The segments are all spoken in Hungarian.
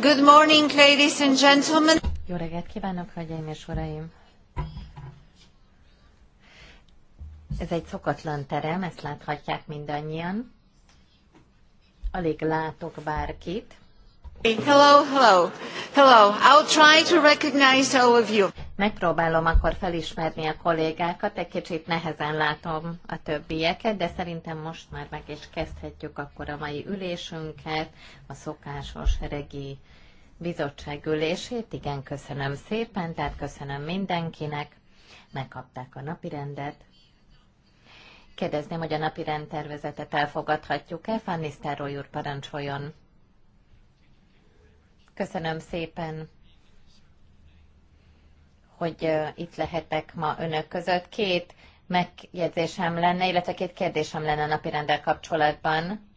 Good morning, ladies and gentlemen. Jó reggelt kívánok, hölgyeim és uraim! Ez egy szokatlan terem, ezt láthatják mindannyian. Alig látok bárkit. Hello, hello, hello. I'll try to recognize all of you. Megpróbálom akkor felismerni a kollégákat, egy kicsit nehezen látom a többieket, de szerintem most már meg is kezdhetjük akkor a mai ülésünket, a szokásos regi bizottság ülését. Igen, köszönöm szépen, tehát köszönöm mindenkinek, megkapták a napirendet. Kérdezném, hogy a napi rendtervezetet elfogadhatjuk-e? Fannisztároly úr parancsoljon. Köszönöm szépen hogy itt lehetek ma önök között. Két megjegyzésem lenne, illetve két kérdésem lenne a napirendel kapcsolatban.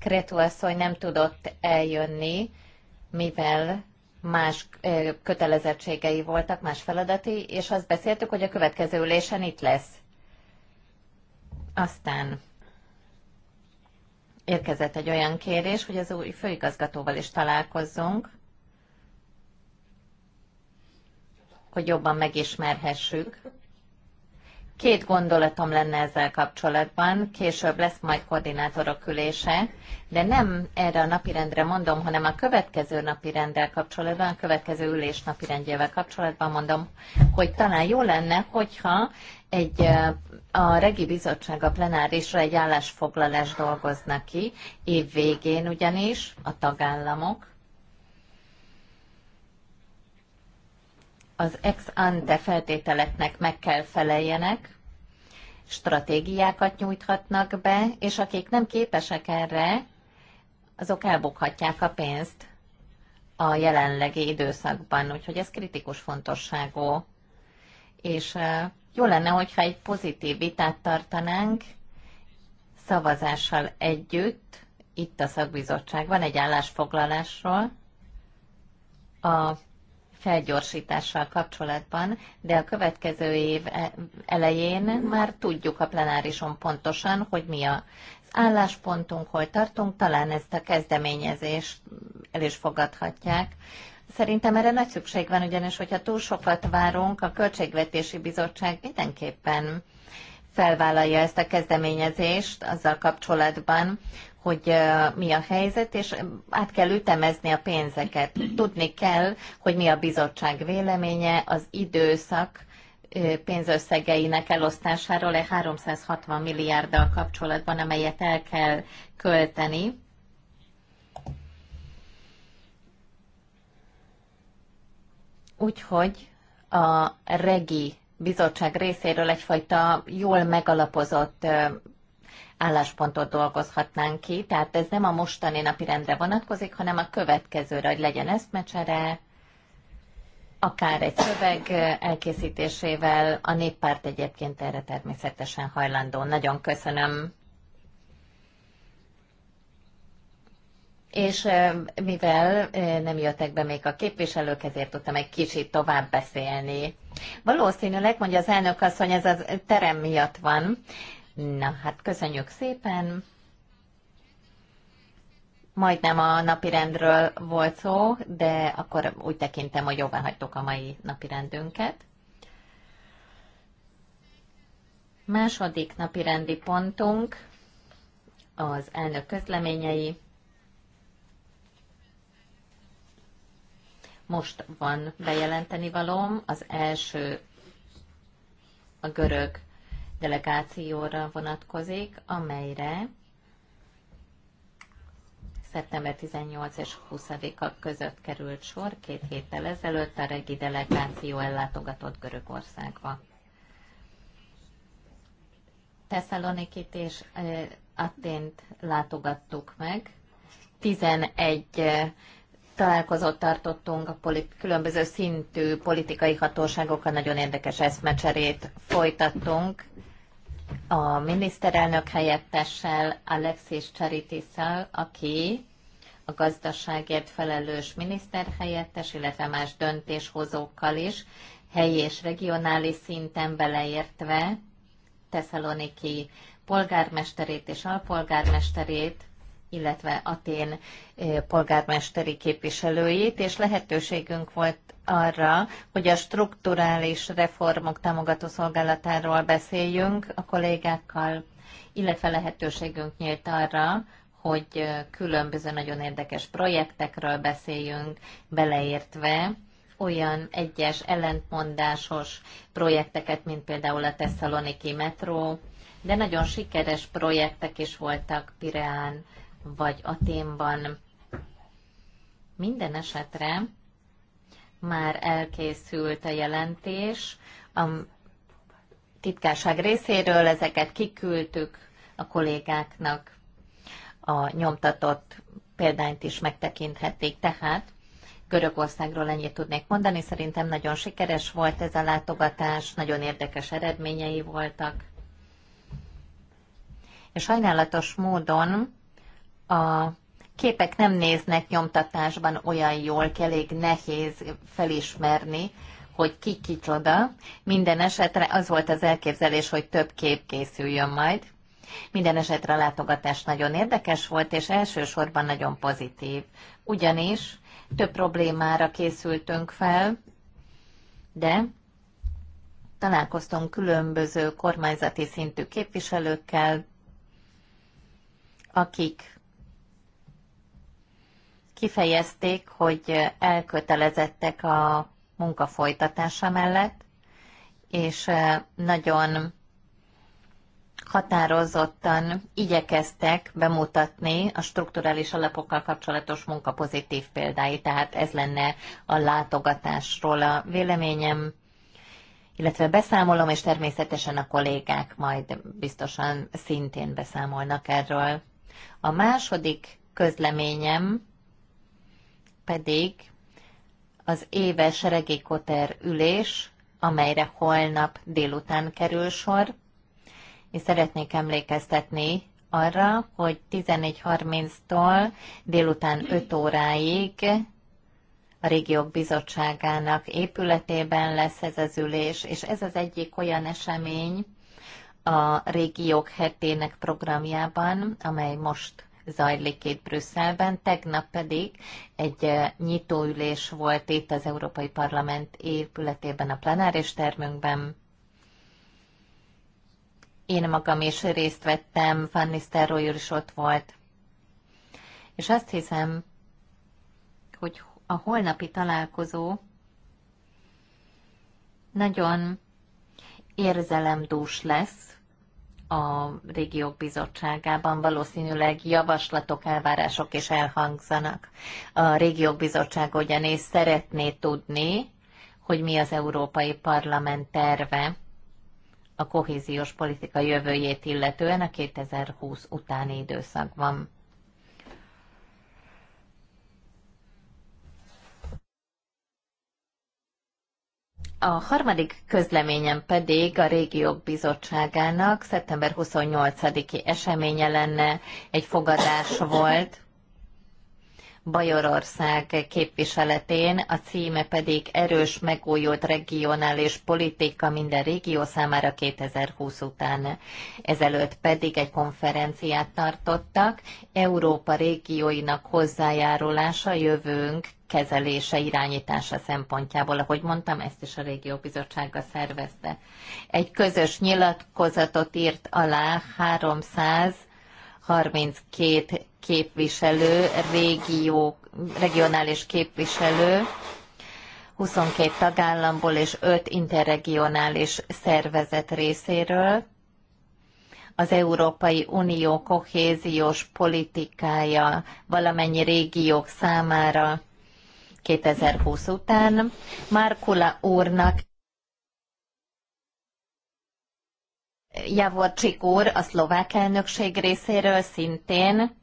Kretu asszony nem tudott eljönni, mivel más kötelezettségei voltak, más feladati, és azt beszéltük, hogy a következő ülésen itt lesz. Aztán érkezett egy olyan kérés, hogy az új főigazgatóval is találkozzunk, hogy jobban megismerhessük. Két gondolatom lenne ezzel kapcsolatban, később lesz majd koordinátorok ülése, de nem erre a napirendre mondom, hanem a következő napirendel kapcsolatban, a következő ülés napirendjével kapcsolatban mondom, hogy talán jó lenne, hogyha egy, a Regi Bizottság a plenárisra egy állásfoglalás dolgozna ki, év végén ugyanis a tagállamok, az ex ante feltételeknek meg kell feleljenek, stratégiákat nyújthatnak be, és akik nem képesek erre, azok elbukhatják a pénzt a jelenlegi időszakban. Úgyhogy ez kritikus fontosságú. És jó lenne, hogyha egy pozitív vitát tartanánk szavazással együtt, itt a szakbizottságban egy állásfoglalásról, a felgyorsítással kapcsolatban, de a következő év e- elején már tudjuk a plenárison pontosan, hogy mi az álláspontunk, hol tartunk, talán ezt a kezdeményezést el is fogadhatják. Szerintem erre nagy szükség van, ugyanis hogyha túl sokat várunk, a Költségvetési Bizottság mindenképpen felvállalja ezt a kezdeményezést azzal kapcsolatban, hogy mi a helyzet, és át kell ütemezni a pénzeket. Tudni kell, hogy mi a bizottság véleménye az időszak pénzösszegeinek elosztásáról egy 360 milliárddal kapcsolatban, amelyet el kell költeni. Úgyhogy a regi bizottság részéről egyfajta jól megalapozott álláspontot dolgozhatnánk ki, tehát ez nem a mostani napirendre vonatkozik, hanem a következőre, hogy legyen eszmecsere, akár egy szöveg elkészítésével. A néppárt egyébként erre természetesen hajlandó. Nagyon köszönöm. És mivel nem jöttek be még a képviselők, ezért tudtam egy kicsit tovább beszélni. Valószínűleg, mondja az elnök asszony, ez a terem miatt van. Na, hát köszönjük szépen. Majdnem a napirendről volt szó, de akkor úgy tekintem, hogy jóvá hagytok a mai napirendünket. Második napirendi pontunk az elnök közleményei. Most van bejelenteni valóm. Az első a görög delegációra vonatkozik, amelyre szeptember 18 és 20-a között került sor két héttel ezelőtt a regi delegáció ellátogatott Görögországba. Tesszalonikit és Attént látogattuk meg. 11 találkozót tartottunk a különböző szintű politikai hatóságokkal, nagyon érdekes eszmecserét folytattunk a miniszterelnök helyettessel, Alexis Charitissal, aki a gazdaságért felelős miniszter illetve más döntéshozókkal is, helyi és regionális szinten beleértve Tesszaloniki polgármesterét és alpolgármesterét, illetve Atén polgármesteri képviselőjét, és lehetőségünk volt arra, hogy a strukturális reformok támogató szolgálatáról beszéljünk a kollégákkal, illetve lehetőségünk nyílt arra, hogy különböző nagyon érdekes projektekről beszéljünk, beleértve olyan egyes ellentmondásos projekteket, mint például a Thessaloniki metró, de nagyon sikeres projektek is voltak Pireán, vagy a témban. Minden esetre már elkészült a jelentés a titkárság részéről, ezeket kiküldtük a kollégáknak, a nyomtatott példányt is megtekinthették. Tehát Görögországról ennyit tudnék mondani. Szerintem nagyon sikeres volt ez a látogatás, nagyon érdekes eredményei voltak. És sajnálatos módon a képek nem néznek nyomtatásban olyan jól, elég nehéz felismerni, hogy ki kicsoda. Minden esetre az volt az elképzelés, hogy több kép készüljön majd. Minden esetre a látogatás nagyon érdekes volt, és elsősorban nagyon pozitív. Ugyanis több problémára készültünk fel, de találkoztunk különböző kormányzati szintű képviselőkkel, akik kifejezték, hogy elkötelezettek a munka folytatása mellett, és eh, nagyon határozottan igyekeztek bemutatni a strukturális alapokkal kapcsolatos munka pozitív példái, tehát ez lenne a látogatásról a véleményem, illetve beszámolom, és természetesen a kollégák majd biztosan szintén beszámolnak erről. A második közleményem pedig az éves regékoter ülés, amelyre holnap délután kerül sor, és szeretnék emlékeztetni arra, hogy 14.30-tól délután 5 óráig a régiók bizottságának épületében lesz ez az ülés, és ez az egyik olyan esemény a régiók hetének programjában, amely most zajlik itt Brüsszelben, tegnap pedig egy nyitóülés volt itt az Európai Parlament épületében, a plenáris termünkben. Én magam is részt vettem, Fanny Sterroyer is ott volt. És azt hiszem, hogy a holnapi találkozó nagyon érzelemdús lesz, a régiók bizottságában valószínűleg javaslatok, elvárások is elhangzanak. A régiók bizottság ugyanis szeretné tudni, hogy mi az Európai Parlament terve a kohéziós politika jövőjét illetően a 2020 utáni időszakban. A harmadik közleményem pedig a Régiók Bizottságának szeptember 28-i eseménye lenne, egy fogadás volt Bajorország képviseletén, a címe pedig Erős megújult regionális politika minden régió számára 2020 után. Ezelőtt pedig egy konferenciát tartottak, Európa régióinak hozzájárulása jövőnk kezelése, irányítása szempontjából. Ahogy mondtam, ezt is a régió bizottsága szervezte. Egy közös nyilatkozatot írt alá 332 képviselő, régió, regionális képviselő, 22 tagállamból és 5 interregionális szervezet részéről. Az Európai Unió kohéziós politikája valamennyi régiók számára 2020 után. Markula úrnak Javorcsik úr a szlovák elnökség részéről szintén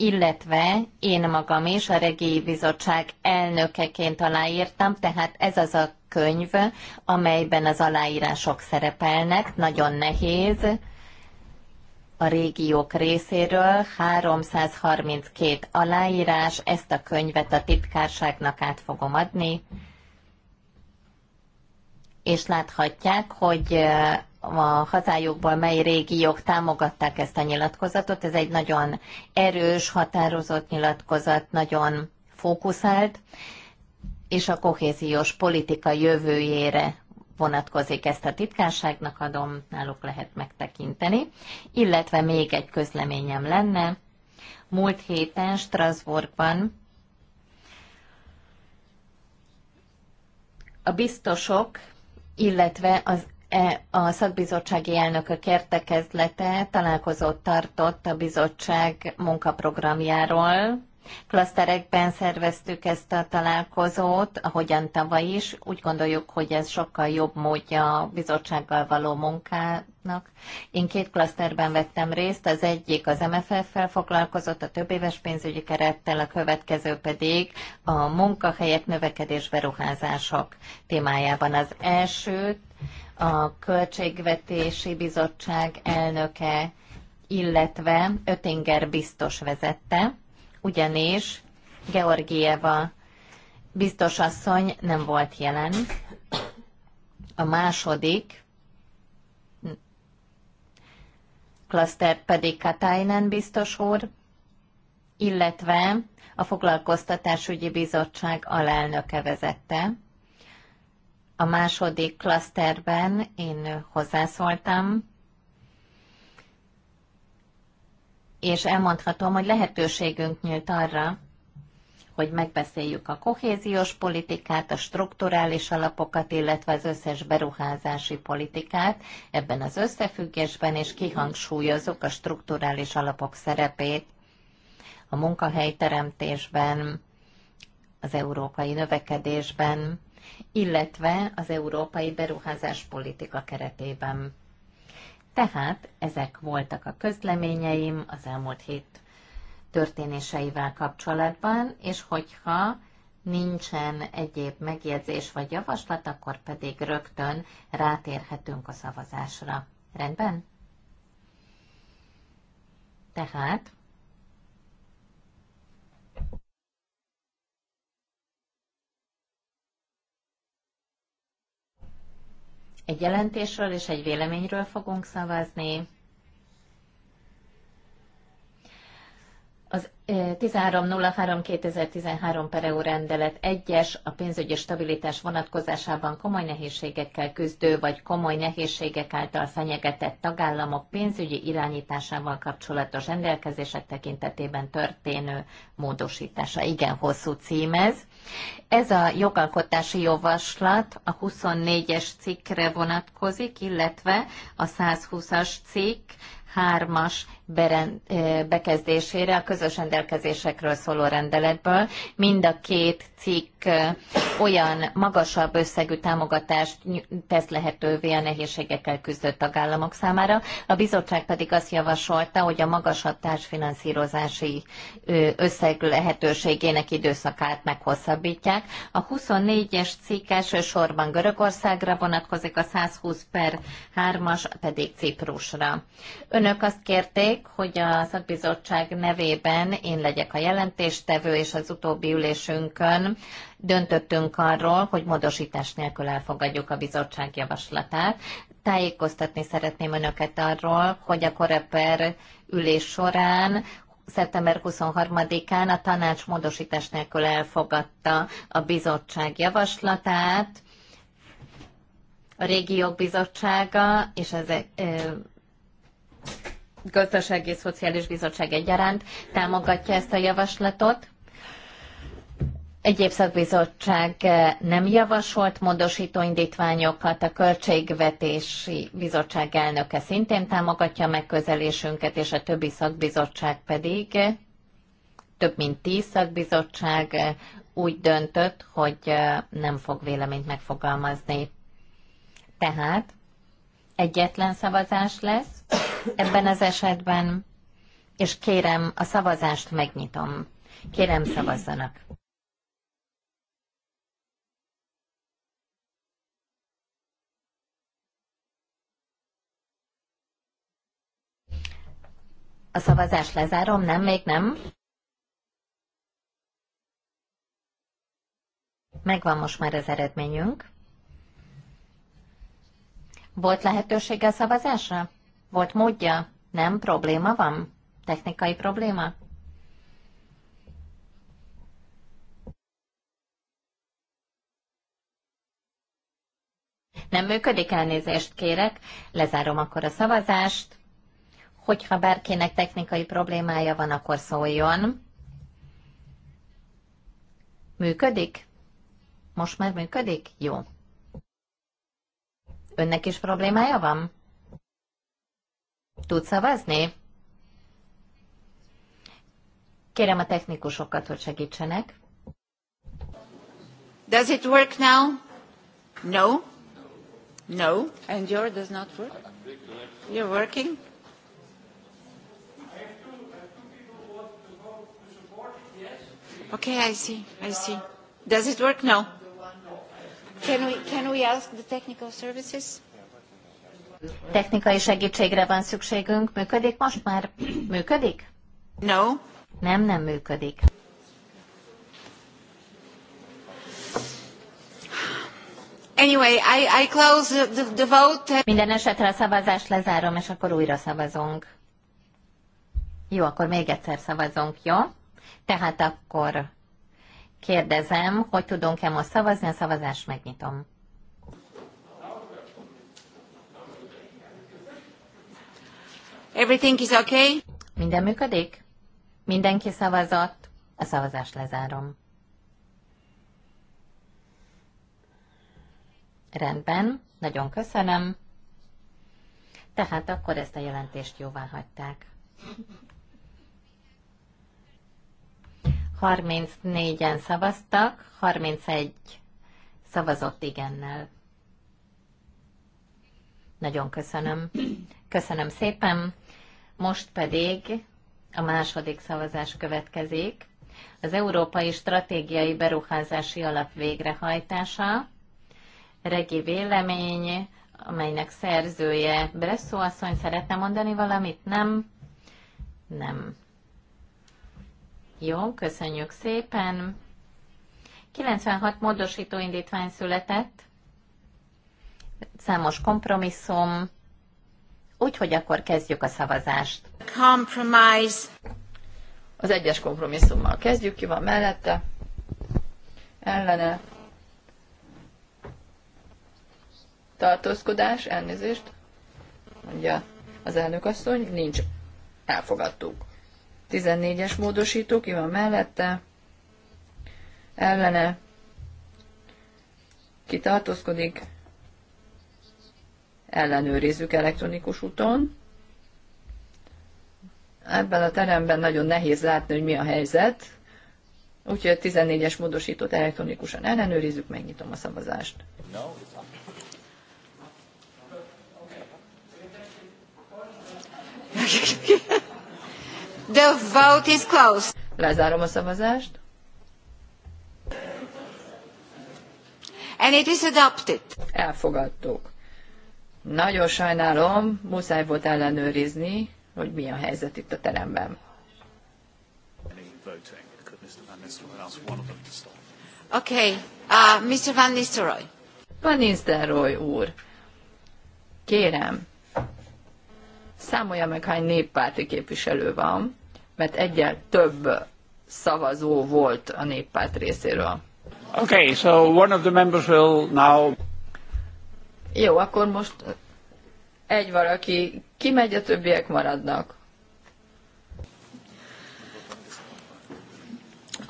illetve én magam is a Regi Bizottság elnökeként aláírtam, tehát ez az a könyv, amelyben az aláírások szerepelnek, nagyon nehéz, a régiók részéről 332 aláírás, ezt a könyvet a titkárságnak át fogom adni, és láthatják, hogy a hazájukból mely régiók támogatták ezt a nyilatkozatot. Ez egy nagyon erős, határozott nyilatkozat, nagyon fókuszált, és a kohéziós politika jövőjére vonatkozik ezt a titkárságnak adom, náluk lehet megtekinteni. Illetve még egy közleményem lenne. Múlt héten Strasbourgban a biztosok, illetve az E, a szakbizottsági elnökök értekezlete találkozót tartott a bizottság munkaprogramjáról. Klaszterekben szerveztük ezt a találkozót, ahogyan tavaly is. Úgy gondoljuk, hogy ez sokkal jobb módja a bizottsággal való munkának. Én két klaszterben vettem részt, az egyik az MFF-fel foglalkozott, a többéves pénzügyi kerettel, a következő pedig a munkahelyek növekedés beruházások témájában. Az elsőt a Költségvetési Bizottság elnöke, illetve Ötinger biztos vezette, ugyanis Georgieva biztosasszony nem volt jelen. A második klaszter pedig Katainen biztos úr, illetve a Foglalkoztatásügyi Bizottság alelnöke vezette. A második klaszterben én hozzászóltam, és elmondhatom, hogy lehetőségünk nyílt arra, hogy megbeszéljük a kohéziós politikát, a strukturális alapokat, illetve az összes beruházási politikát ebben az összefüggésben, és kihangsúlyozok a strukturális alapok szerepét a munkahelyteremtésben, az európai növekedésben, illetve az európai beruházás politika keretében. Tehát ezek voltak a közleményeim az elmúlt hét történéseivel kapcsolatban, és hogyha nincsen egyéb megjegyzés vagy javaslat, akkor pedig rögtön rátérhetünk a szavazásra. Rendben? Tehát Egy jelentésről és egy véleményről fogunk szavazni. Az 1303-2013 pereó rendelet egyes a pénzügyi stabilitás vonatkozásában komoly nehézségekkel küzdő vagy komoly nehézségek által fenyegetett tagállamok pénzügyi irányításával kapcsolatos rendelkezések tekintetében történő módosítása. Igen, hosszú címez. Ez a jogalkotási javaslat a 24-es cikkre vonatkozik, illetve a 120-as cikk 3-as beren bekezdésére a közös rendelkezésekről szóló rendeletből. Mind a két cikk olyan magasabb összegű támogatást tesz lehetővé a nehézségekkel küzdő tagállamok számára. A bizottság pedig azt javasolta, hogy a magasabb társfinanszírozási összeg lehetőségének időszakát meghosszabbítják. A 24-es cikk elsősorban Görögországra vonatkozik, a 120 per 3-as pedig Ciprusra. Önök azt kérték, szeretnék, hogy a szakbizottság nevében én legyek a jelentéstevő, és az utóbbi ülésünkön döntöttünk arról, hogy módosítás nélkül elfogadjuk a bizottság javaslatát. Tájékoztatni szeretném önöket arról, hogy a Koreper ülés során szeptember 23-án a tanács módosítás nélkül elfogadta a bizottság javaslatát, a régiók bizottsága és ezek Gazdasági és Szociális Bizottság egyaránt támogatja ezt a javaslatot. Egyéb szakbizottság eh, nem javasolt módosító indítványokat, a Költségvetési Bizottság elnöke szintén támogatja a megközelésünket, és a többi szakbizottság pedig, eh, több mint tíz szakbizottság eh, úgy döntött, hogy nem fog véleményt megfogalmazni. Tehát egyetlen szavazás lesz, Ebben az esetben, és kérem, a szavazást megnyitom. Kérem, szavazzanak. A szavazást lezárom, nem, még nem. Megvan most már az eredményünk. Volt lehetősége a szavazásra? Volt módja? Nem? Probléma van? Technikai probléma? Nem működik, elnézést kérek, lezárom akkor a szavazást. Hogyha bárkinek technikai problémája van, akkor szóljon. Működik? Most már működik? Jó. Önnek is problémája van? Tud szavazni? Kérem a technikusokat, hogy segítsenek. Does it work now? No. No. And yours does not work? You're working? Okay, I see. I see. Does it work? No. Can we, can we ask the technical services? Technikai segítségre van szükségünk. Működik most már? Működik? No. Nem, nem működik. Anyway, I, I close the, the vote. Minden esetre a szavazást lezárom, és akkor újra szavazunk. Jó, akkor még egyszer szavazunk, jó? Tehát akkor kérdezem, hogy tudunk-e most szavazni, a szavazást megnyitom. Everything is okay? Minden működik? Mindenki szavazott? A szavazást lezárom. Rendben, nagyon köszönöm. Tehát akkor ezt a jelentést jóvá hagyták. 34-en szavaztak, 31 szavazott igennel. Nagyon köszönöm. Köszönöm szépen. Most pedig a második szavazás következik. Az Európai Stratégiai Beruházási Alap végrehajtása, regi vélemény, amelynek szerzője Bresszó asszony szeretne mondani valamit? Nem? Nem. Jó, köszönjük szépen. 96 módosító indítvány született, számos kompromisszum, Úgyhogy akkor kezdjük a szavazást. Compromise. Az egyes kompromisszummal kezdjük, ki van mellette, ellene, tartózkodás, elnézést, mondja az elnökasszony, nincs, elfogadtuk. 14-es módosító, ki van mellette, ellene, ki tartózkodik, ellenőrizzük elektronikus úton. Ebben a teremben nagyon nehéz látni, hogy mi a helyzet, úgyhogy a 14-es módosítót elektronikusan ellenőrizzük, megnyitom a szavazást. The vote is closed. Lezárom a szavazást. And it is adopted. Elfogadtuk. Nagyon sajnálom, muszáj volt ellenőrizni, hogy mi a helyzet itt a teremben. Okay, uh, Mr. Van Nistelrooy. Van Nistelrooy úr, kérem, számolja meg, hány néppárti képviselő van, mert egyel több szavazó volt a néppárt részéről. Okay, so one of the members will now... Jó, akkor most egy valaki kimegy, a többiek maradnak.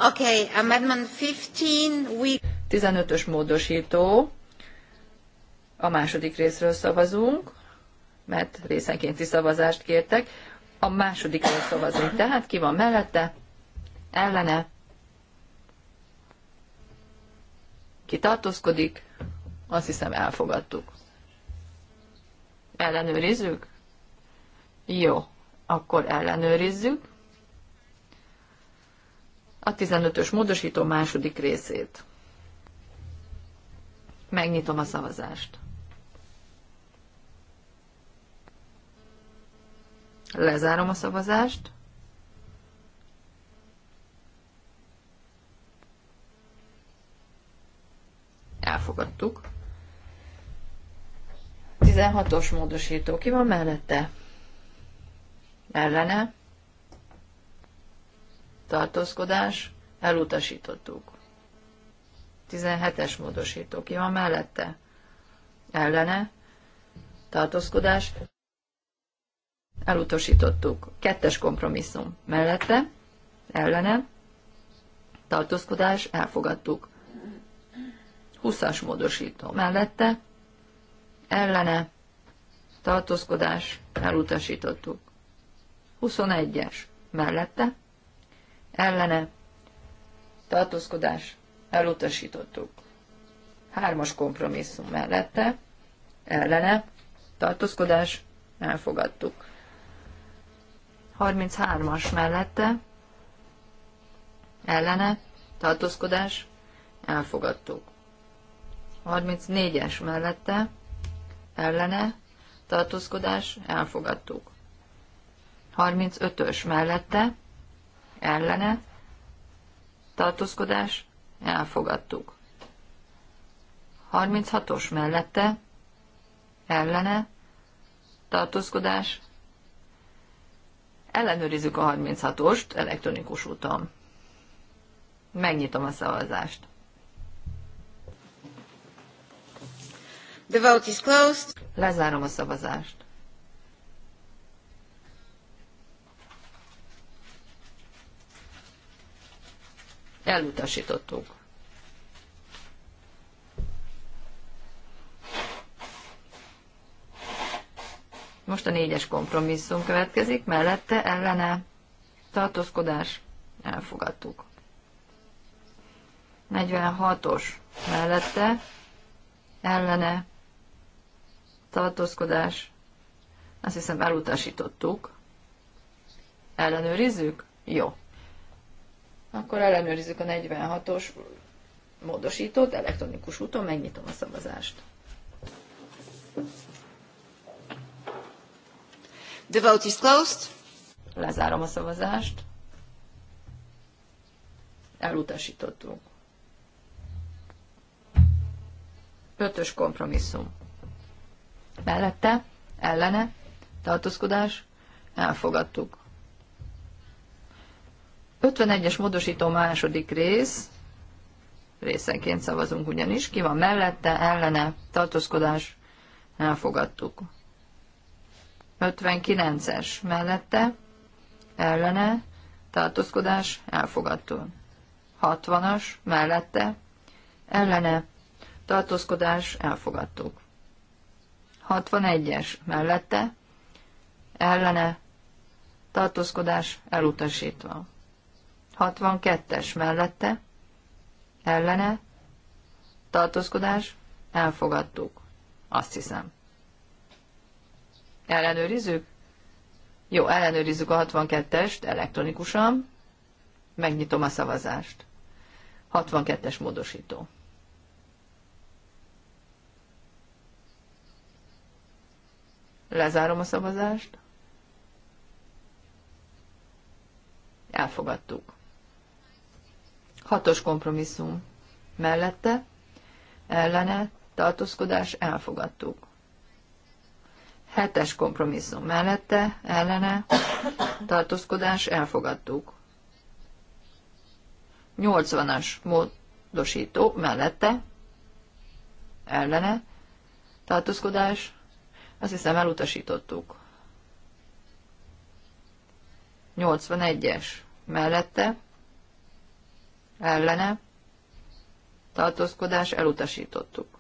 Okay, amendment 15, we... 15-ös módosító. A második részről szavazunk, mert részenkénti szavazást kértek. A másodikról szavazunk, tehát ki van mellette, ellene, ki tartózkodik, azt hiszem elfogadtuk. Ellenőrizzük? Jó, akkor ellenőrizzük a 15-ös módosító második részét. Megnyitom a szavazást. Lezárom a szavazást. Elfogadtuk. 16-os módosító. Ki van mellette? Ellene? Tartózkodás? Elutasítottuk. 17-es módosító. Ki van mellette? Ellene? Tartózkodás? Elutasítottuk. Kettes kompromisszum. Mellette? Ellene? Tartózkodás? Elfogadtuk. 20-as módosító. Mellette? ellene tartózkodás elutasítottuk. 21-es mellette ellene tartózkodás elutasítottuk. Hármas kompromisszum mellette ellene tartózkodás elfogadtuk. 33-as mellette ellene tartózkodás elfogadtuk. 34-es mellette ellene, tartózkodás, elfogadtuk. 35-ös mellette, ellene, tartózkodás, elfogadtuk. 36-os mellette, ellene, tartózkodás, ellenőrizzük a 36-ost elektronikus úton. Megnyitom a szavazást. The vote is closed. Lezárom a szavazást. Elutasítottuk. Most a négyes kompromisszum következik, mellette ellene tartózkodás elfogadtuk. 46-os mellette ellene tartózkodás, azt hiszem elutasítottuk. Ellenőrizzük? Jó. Akkor ellenőrizzük a 46-os módosítót elektronikus úton, megnyitom a szavazást. The vote is closed. Lezárom a szavazást. Elutasítottuk. Ötös kompromisszum mellette, ellene, tartózkodás, elfogadtuk. 51-es módosító második rész, részenként szavazunk ugyanis, ki van mellette, ellene, tartózkodás, elfogadtuk. 59-es mellette, ellene, tartózkodás, elfogadtuk. 60-as mellette, ellene, tartózkodás, elfogadtuk. 61-es mellette, ellene, tartózkodás elutasítva. 62-es mellette, ellene, tartózkodás, elfogadtuk. Azt hiszem. Ellenőrizzük? Jó, ellenőrizzük a 62-est elektronikusan. Megnyitom a szavazást. 62-es módosító. Lezárom a szavazást. Elfogadtuk. Hatos kompromisszum. Mellette, ellene, tartózkodás, elfogadtuk. Hetes kompromisszum. Mellette, ellene, tartózkodás, elfogadtuk. Nyolcvanas módosító mellette, ellene, tartózkodás, azt hiszem elutasítottuk. 81-es mellette, ellene, tartózkodás elutasítottuk.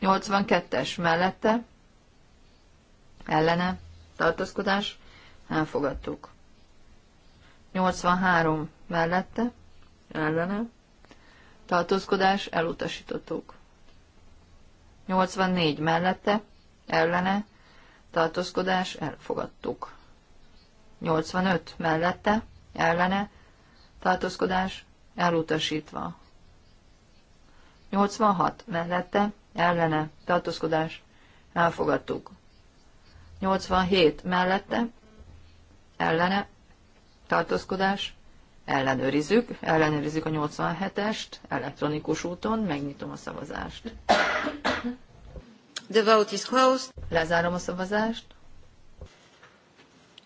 82-es mellette, ellene, tartózkodás elfogadtuk. 83 mellette, ellene, tartózkodás elutasítottuk. 84 mellette, ellene, tartózkodás, elfogadtuk. 85 mellette, ellene, tartózkodás, elutasítva. 86 mellette, ellene, tartózkodás, elfogadtuk. 87 mellette, ellene, tartózkodás, ellenőrizzük, ellenőrizzük a 87-est elektronikus úton, megnyitom a szavazást. The vote is closed. Lezárom a szavazást.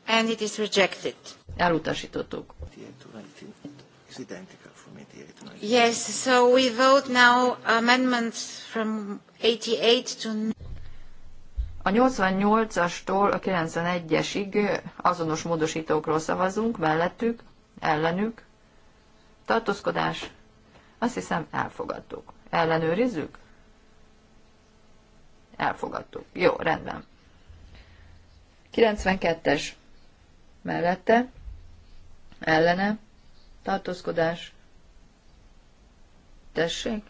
And it is rejected. Elutasítottuk. Yes, so we vote now amendments from 88 to... A 88-astól a 91-esig azonos módosítókról szavazunk, mellettük, ellenük. Tartózkodás. Azt hiszem elfogadtuk. Ellenőrizzük? Elfogadtuk. Jó, rendben. 92-es mellette, ellene, tartózkodás, tessék.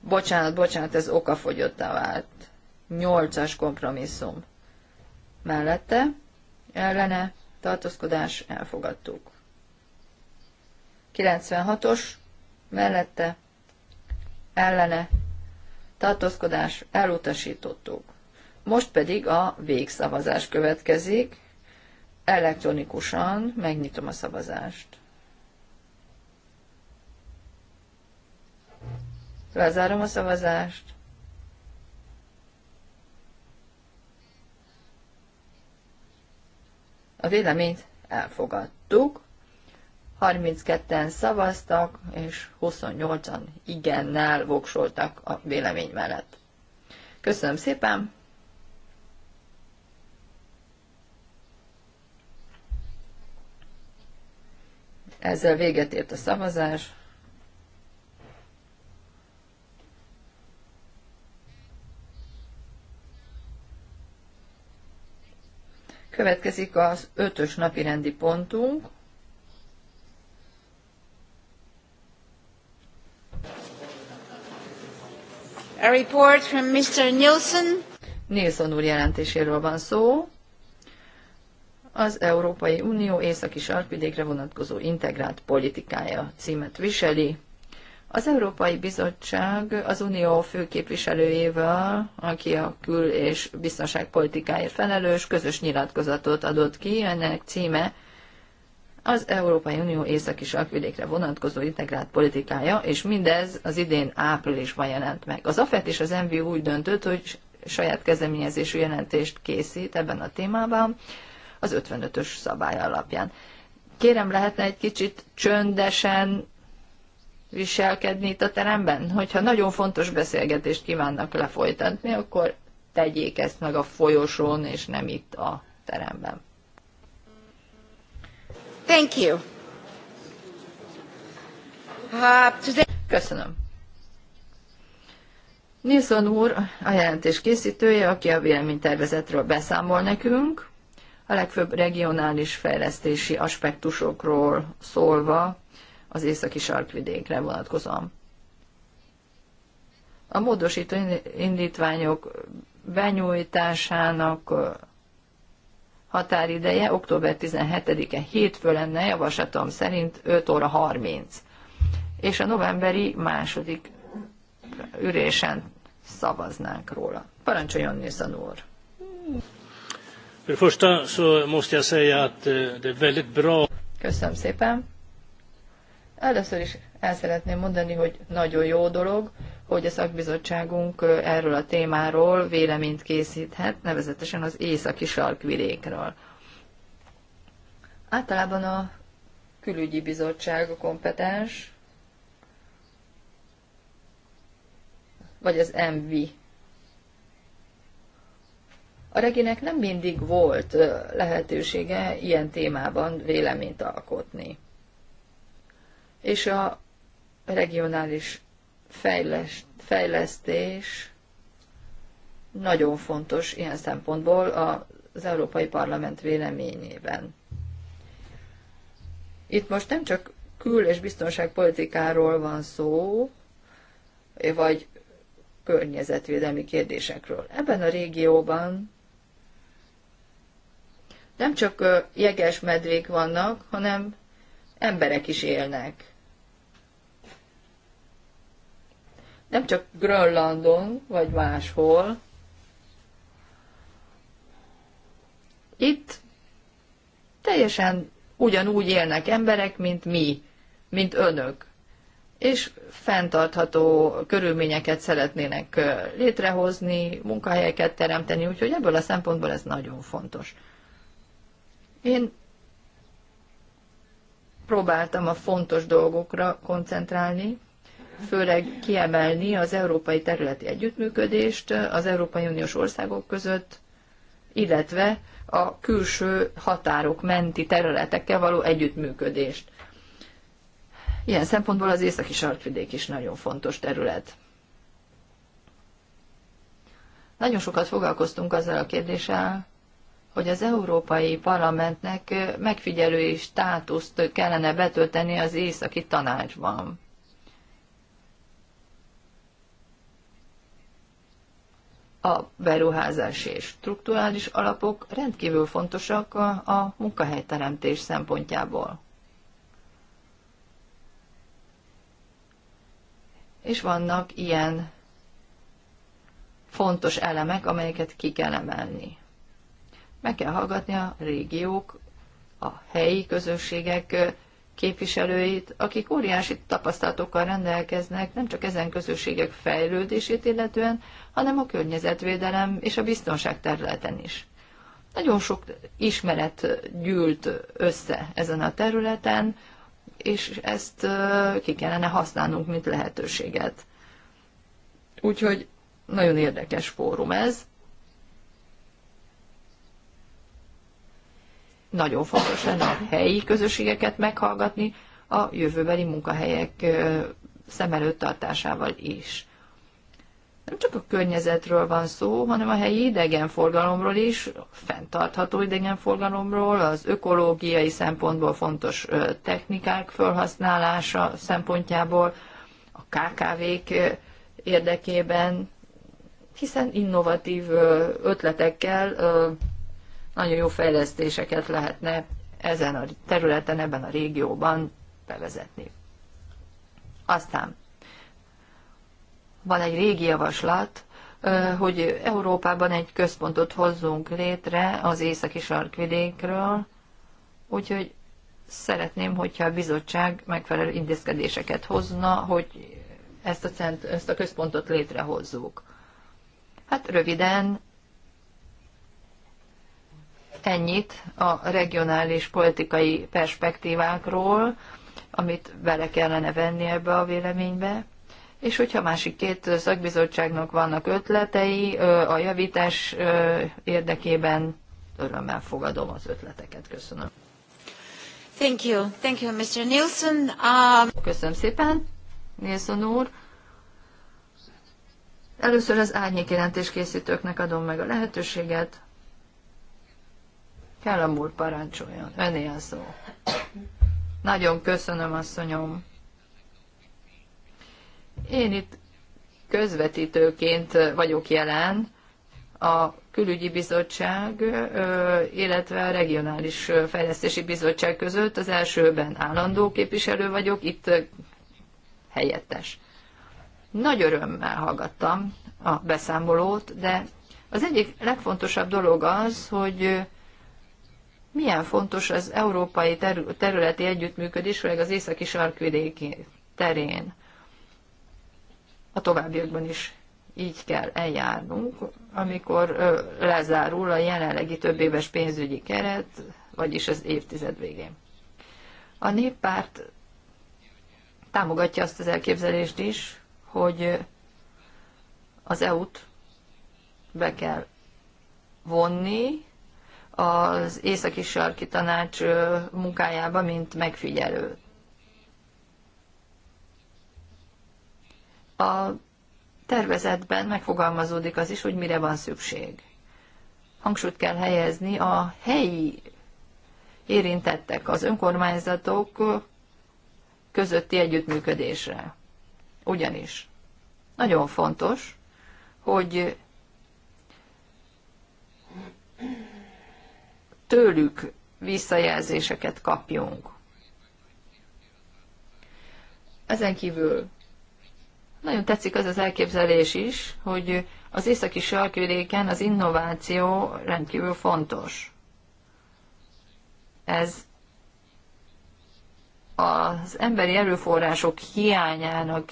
Bocsánat, bocsánat, ez okafogyottá vált. 8-as kompromisszum. Mellette, ellene, tartózkodás, elfogadtuk. 96-os, mellette, ellene, tartózkodás elutasítottuk. Most pedig a végszavazás következik. Elektronikusan megnyitom a szavazást. Lezárom a szavazást. A véleményt elfogadtuk. 32-en szavaztak, és 28-an igennel voksoltak a vélemény mellett. Köszönöm szépen! Ezzel véget ért a szavazás. Következik az ötös napi rendi pontunk, A report from Mr. Nielsen. Nielsen úr jelentéséről van szó. Az Európai Unió északi sarkvidékre vonatkozó integrált politikája címet viseli. Az Európai Bizottság az Unió főképviselőjével, aki a kül- és biztonságpolitikáért felelős, közös nyilatkozatot adott ki, ennek címe az Európai Unió északi sarkvidékre vonatkozó integrált politikája, és mindez az idén áprilisban jelent meg. Az AFET és az MVU úgy döntött, hogy saját kezdeményezésű jelentést készít ebben a témában az 55-ös szabály alapján. Kérem, lehetne egy kicsit csöndesen viselkedni itt a teremben? Hogyha nagyon fontos beszélgetést kívánnak lefolytatni, akkor tegyék ezt meg a folyosón, és nem itt a teremben. Thank you. Uh, Köszönöm. Nilsson úr, a jelentés készítője, aki a véleménytervezetről beszámol nekünk, a legfőbb regionális fejlesztési aspektusokról szólva az északi sarkvidékre vonatkozom. A módosító indítványok benyújtásának határideje október 17-e hétfő lenne, javaslatom szerint 5 óra 30. És a novemberi második ürésen szavaznánk róla. Parancsoljon Nilsson úr! Köszönöm szépen! Először is el szeretném mondani, hogy nagyon jó dolog, hogy a szakbizottságunk erről a témáról véleményt készíthet, nevezetesen az északi sarkvidékről. Általában a külügyi bizottság a kompetens, vagy az MV. A reginek nem mindig volt lehetősége ilyen témában véleményt alkotni. És a regionális fejlesztés nagyon fontos ilyen szempontból az Európai Parlament véleményében. Itt most nem csak kül- és biztonságpolitikáról van szó, vagy környezetvédelmi kérdésekről. Ebben a régióban nem csak jeges medvék vannak, hanem emberek is élnek. nem csak Grönlandon, vagy máshol. Itt teljesen ugyanúgy élnek emberek, mint mi, mint önök. És fenntartható körülményeket szeretnének létrehozni, munkahelyeket teremteni, úgyhogy ebből a szempontból ez nagyon fontos. Én próbáltam a fontos dolgokra koncentrálni, főleg kiemelni az európai területi együttműködést az Európai Uniós országok között, illetve a külső határok menti területekkel való együttműködést. Ilyen szempontból az északi sarkvidék is nagyon fontos terület. Nagyon sokat foglalkoztunk azzal a kérdéssel, hogy az Európai Parlamentnek megfigyelői státuszt kellene betölteni az északi tanácsban. a beruházási és strukturális alapok rendkívül fontosak a, a munkahelyteremtés szempontjából. És vannak ilyen fontos elemek, amelyeket ki kell emelni. Meg kell hallgatni a régiók, a helyi közösségek képviselőit, akik óriási tapasztalatokkal rendelkeznek, nem csak ezen közösségek fejlődését illetően, hanem a környezetvédelem és a biztonság területen is. Nagyon sok ismeret gyűlt össze ezen a területen, és ezt ki kellene használnunk, mint lehetőséget. Úgyhogy nagyon érdekes fórum ez, nagyon fontos lenne a helyi közösségeket meghallgatni a jövőbeli munkahelyek szem előtt tartásával is. Nem csak a környezetről van szó, hanem a helyi idegenforgalomról is, fenntartható idegenforgalomról, az ökológiai szempontból fontos technikák felhasználása szempontjából, a KKV-k érdekében, hiszen innovatív ötletekkel nagyon jó fejlesztéseket lehetne ezen a területen, ebben a régióban bevezetni. Aztán van egy régi javaslat, hogy Európában egy központot hozzunk létre az északi sarkvidékről, úgyhogy szeretném, hogyha a bizottság megfelelő intézkedéseket hozna, hogy ezt a, cent, ezt a központot létrehozzuk. Hát röviden ennyit a regionális politikai perspektívákról, amit bele kellene venni ebbe a véleménybe. És hogyha másik két szakbizottságnak vannak ötletei a javítás érdekében, örömmel fogadom az ötleteket. Köszönöm. Thank you. Thank you, Mr. Nielsen. Um... Köszönöm szépen, Nielsen úr. Először az árnyék készítőknek adom meg a lehetőséget. Kellem úr, parancsoljon. Öné a szó. Nagyon köszönöm, asszonyom. Én itt közvetítőként vagyok jelen a külügyi bizottság, illetve a regionális fejlesztési bizottság között. Az elsőben állandó képviselő vagyok, itt helyettes. Nagy örömmel hallgattam a beszámolót, de az egyik legfontosabb dolog az, hogy milyen fontos az európai területi együttműködés, főleg az északi sarkvidéki terén. A továbbiakban is így kell eljárnunk, amikor lezárul a jelenlegi több éves pénzügyi keret, vagyis az évtized végén. A néppárt támogatja azt az elképzelést is, hogy az EU-t be kell vonni az északi sarki tanács munkájába, mint megfigyelő. A tervezetben megfogalmazódik az is, hogy mire van szükség. Hangsúlyt kell helyezni a helyi érintettek, az önkormányzatok közötti együttműködésre. Ugyanis nagyon fontos, hogy tőlük visszajelzéseket kapjunk. Ezen kívül nagyon tetszik az az elképzelés is, hogy az északi sarkvidéken az innováció rendkívül fontos. Ez az emberi erőforrások hiányának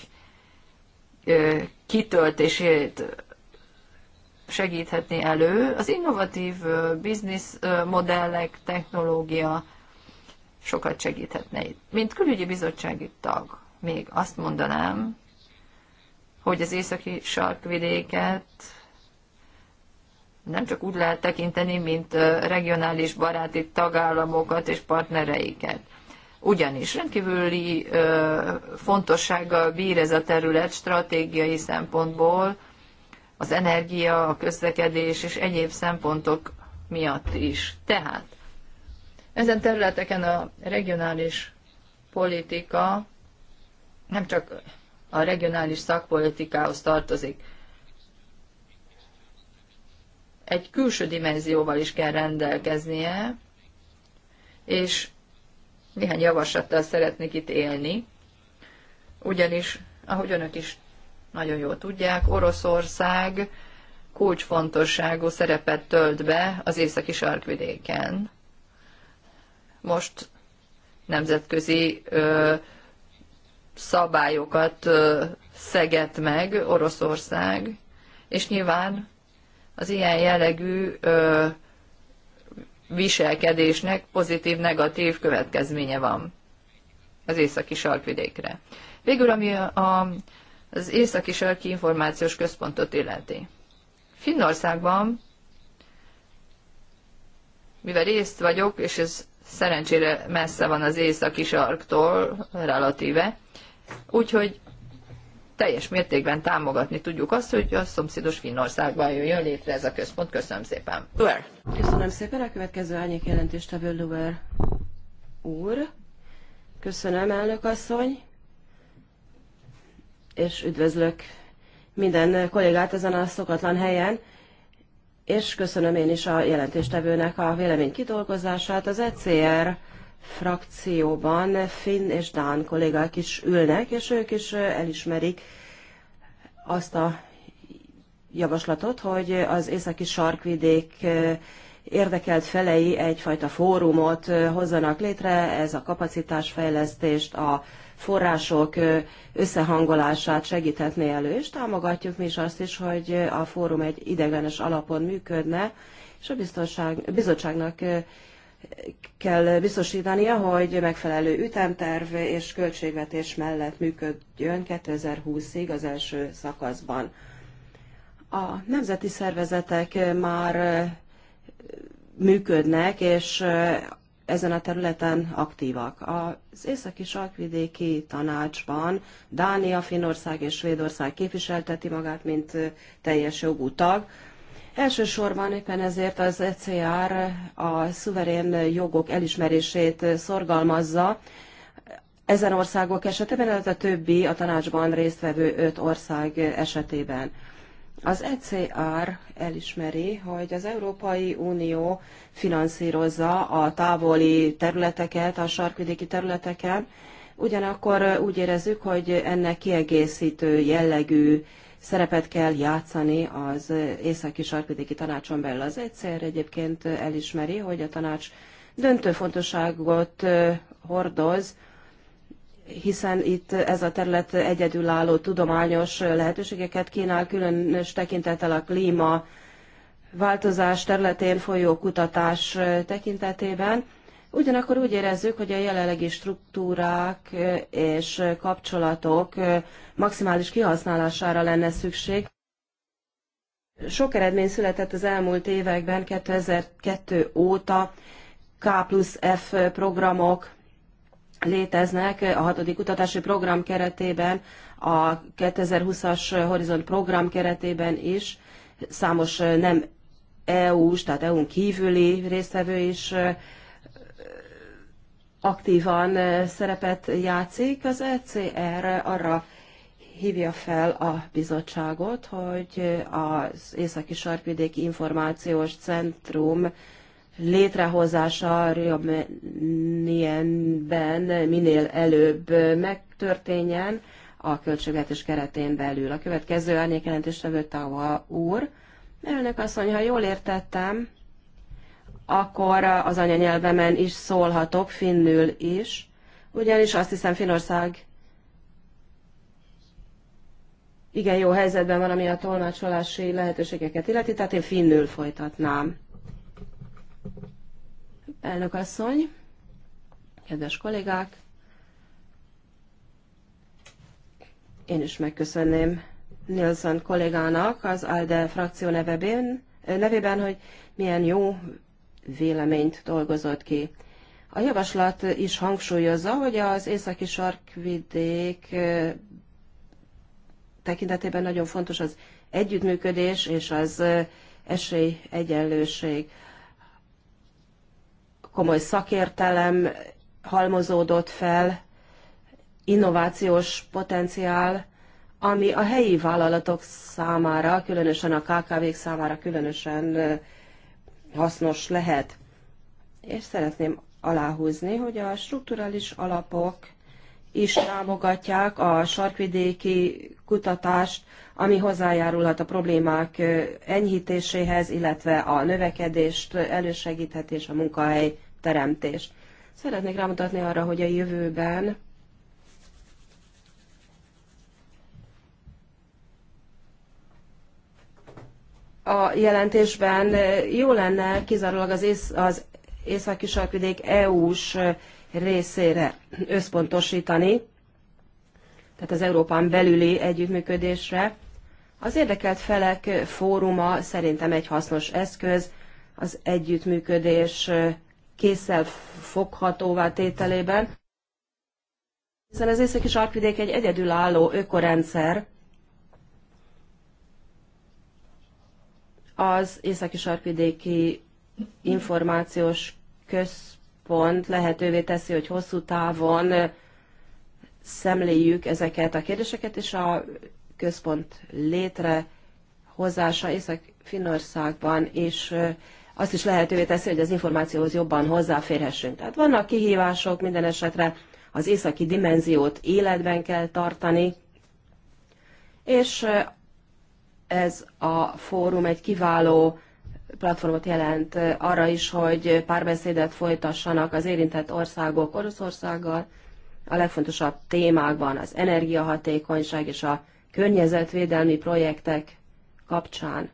kitöltését segíthetni elő. Az innovatív biznisz modellek, technológia sokat segíthetne itt. Mint külügyi bizottsági tag még azt mondanám, hogy az északi sarkvidéket nem csak úgy lehet tekinteni, mint regionális baráti tagállamokat és partnereiket. Ugyanis rendkívüli fontossággal bír ez a terület stratégiai szempontból, az energia, a közlekedés és egyéb szempontok miatt is. Tehát ezen területeken a regionális politika nem csak a regionális szakpolitikához tartozik. Egy külső dimenzióval is kell rendelkeznie, és néhány javaslattal szeretnék itt élni, ugyanis, ahogy önök is nagyon jól tudják, Oroszország kulcsfontosságú szerepet tölt be az északi sarkvidéken. Most nemzetközi ö, szabályokat ö, szeget meg Oroszország, és nyilván az ilyen jellegű ö, viselkedésnek pozitív-negatív következménye van az északi sarkvidékre. Végül, ami a, a az északi sarki információs központot illeti. Finnországban, mivel részt vagyok, és ez szerencsére messze van az északi sarktól, relatíve, úgyhogy teljes mértékben támogatni tudjuk azt, hogy a szomszédos Finnországban jöjjön létre ez a központ. Köszönöm szépen. Luer. Köszönöm szépen. A következő árnyék a Luer úr. Köszönöm, elnök asszony és üdvözlök minden kollégát ezen a szokatlan helyen, és köszönöm én is a jelentéstevőnek a vélemény kidolgozását. Az ECR frakcióban Finn és Dán kollégák is ülnek, és ők is elismerik azt a javaslatot, hogy az északi sarkvidék érdekelt felei egyfajta fórumot hozzanak létre, ez a kapacitásfejlesztést, a források összehangolását segíthetné elő, és támogatjuk mi is azt is, hogy a fórum egy ideglenes alapon működne, és a biztonság, bizottságnak kell biztosítania, hogy megfelelő ütemterv és költségvetés mellett működjön 2020-ig az első szakaszban. A nemzeti szervezetek már működnek, és ezen a területen aktívak. Az északi sarkvidéki tanácsban Dánia, Finnország és Svédország képviselteti magát, mint teljes jogú tag. Elsősorban éppen ezért az ECR a szuverén jogok elismerését szorgalmazza, ezen országok esetében, illetve a többi a tanácsban résztvevő öt ország esetében. Az ECR elismeri, hogy az Európai Unió finanszírozza a távoli területeket, a sarkvidéki területeken, ugyanakkor úgy érezzük, hogy ennek kiegészítő jellegű szerepet kell játszani az északi sarkvidéki tanácson belül. Az ECR egyébként elismeri, hogy a tanács döntő fontosságot hordoz hiszen itt ez a terület egyedülálló tudományos lehetőségeket kínál, különös tekintettel a klíma változás területén folyó kutatás tekintetében. Ugyanakkor úgy érezzük, hogy a jelenlegi struktúrák és kapcsolatok maximális kihasználására lenne szükség. Sok eredmény született az elmúlt években, 2002 óta, K plusz F programok, léteznek a hatodik kutatási program keretében, a 2020-as Horizont program keretében is, számos nem EU-s, tehát EU-n kívüli résztvevő is aktívan szerepet játszik. Az ECR arra hívja fel a bizottságot, hogy az Északi Sarkvidéki Információs Centrum létrehozása Riomenienben minél előbb megtörténjen a költségvetés keretén belül. A következő árnyékjelentéstevő Tava úr. Elnök asszony, ha jól értettem, akkor az anyanyelvemen is szólhatok, finnül is, ugyanis azt hiszem Finország igen jó helyzetben van, ami a tolmácsolási lehetőségeket illeti, tehát én finnül folytatnám. Elnök asszony, kedves kollégák, én is megköszönném Nilsson kollégának az ALDE frakció nevében, nevében, hogy milyen jó véleményt dolgozott ki. A javaslat is hangsúlyozza, hogy az északi sarkvidék eh, tekintetében nagyon fontos az együttműködés és az eh, esélyegyenlőség komoly szakértelem halmozódott fel, innovációs potenciál, ami a helyi vállalatok számára, különösen a KKV-k számára különösen hasznos lehet. És szeretném aláhúzni, hogy a strukturális alapok is támogatják a sarkvidéki kutatást, ami hozzájárulhat a problémák enyhítéséhez, illetve a növekedést elősegíthet és a munkahely teremtés. Szeretnék rámutatni arra, hogy a jövőben a jelentésben jó lenne kizárólag az, ész, az északi sarkvidék EU-s részére összpontosítani, tehát az Európán belüli együttműködésre. Az érdekelt felek fóruma szerintem egy hasznos eszköz az együttműködés kézzel foghatóvá tételében, hiszen az északi sarkvidék egy egyedülálló ökorendszer, az északi sarkvidéki információs központ lehetővé teszi, hogy hosszú távon szemléljük ezeket a kérdéseket, és a központ létrehozása Észak-Finnországban is azt is lehetővé teszi, hogy az információhoz jobban hozzáférhessünk. Tehát vannak kihívások minden esetre, az északi dimenziót életben kell tartani, és ez a fórum egy kiváló platformot jelent arra is, hogy párbeszédet folytassanak az érintett országok Oroszországgal, a legfontosabb témákban az energiahatékonyság és a környezetvédelmi projektek kapcsán.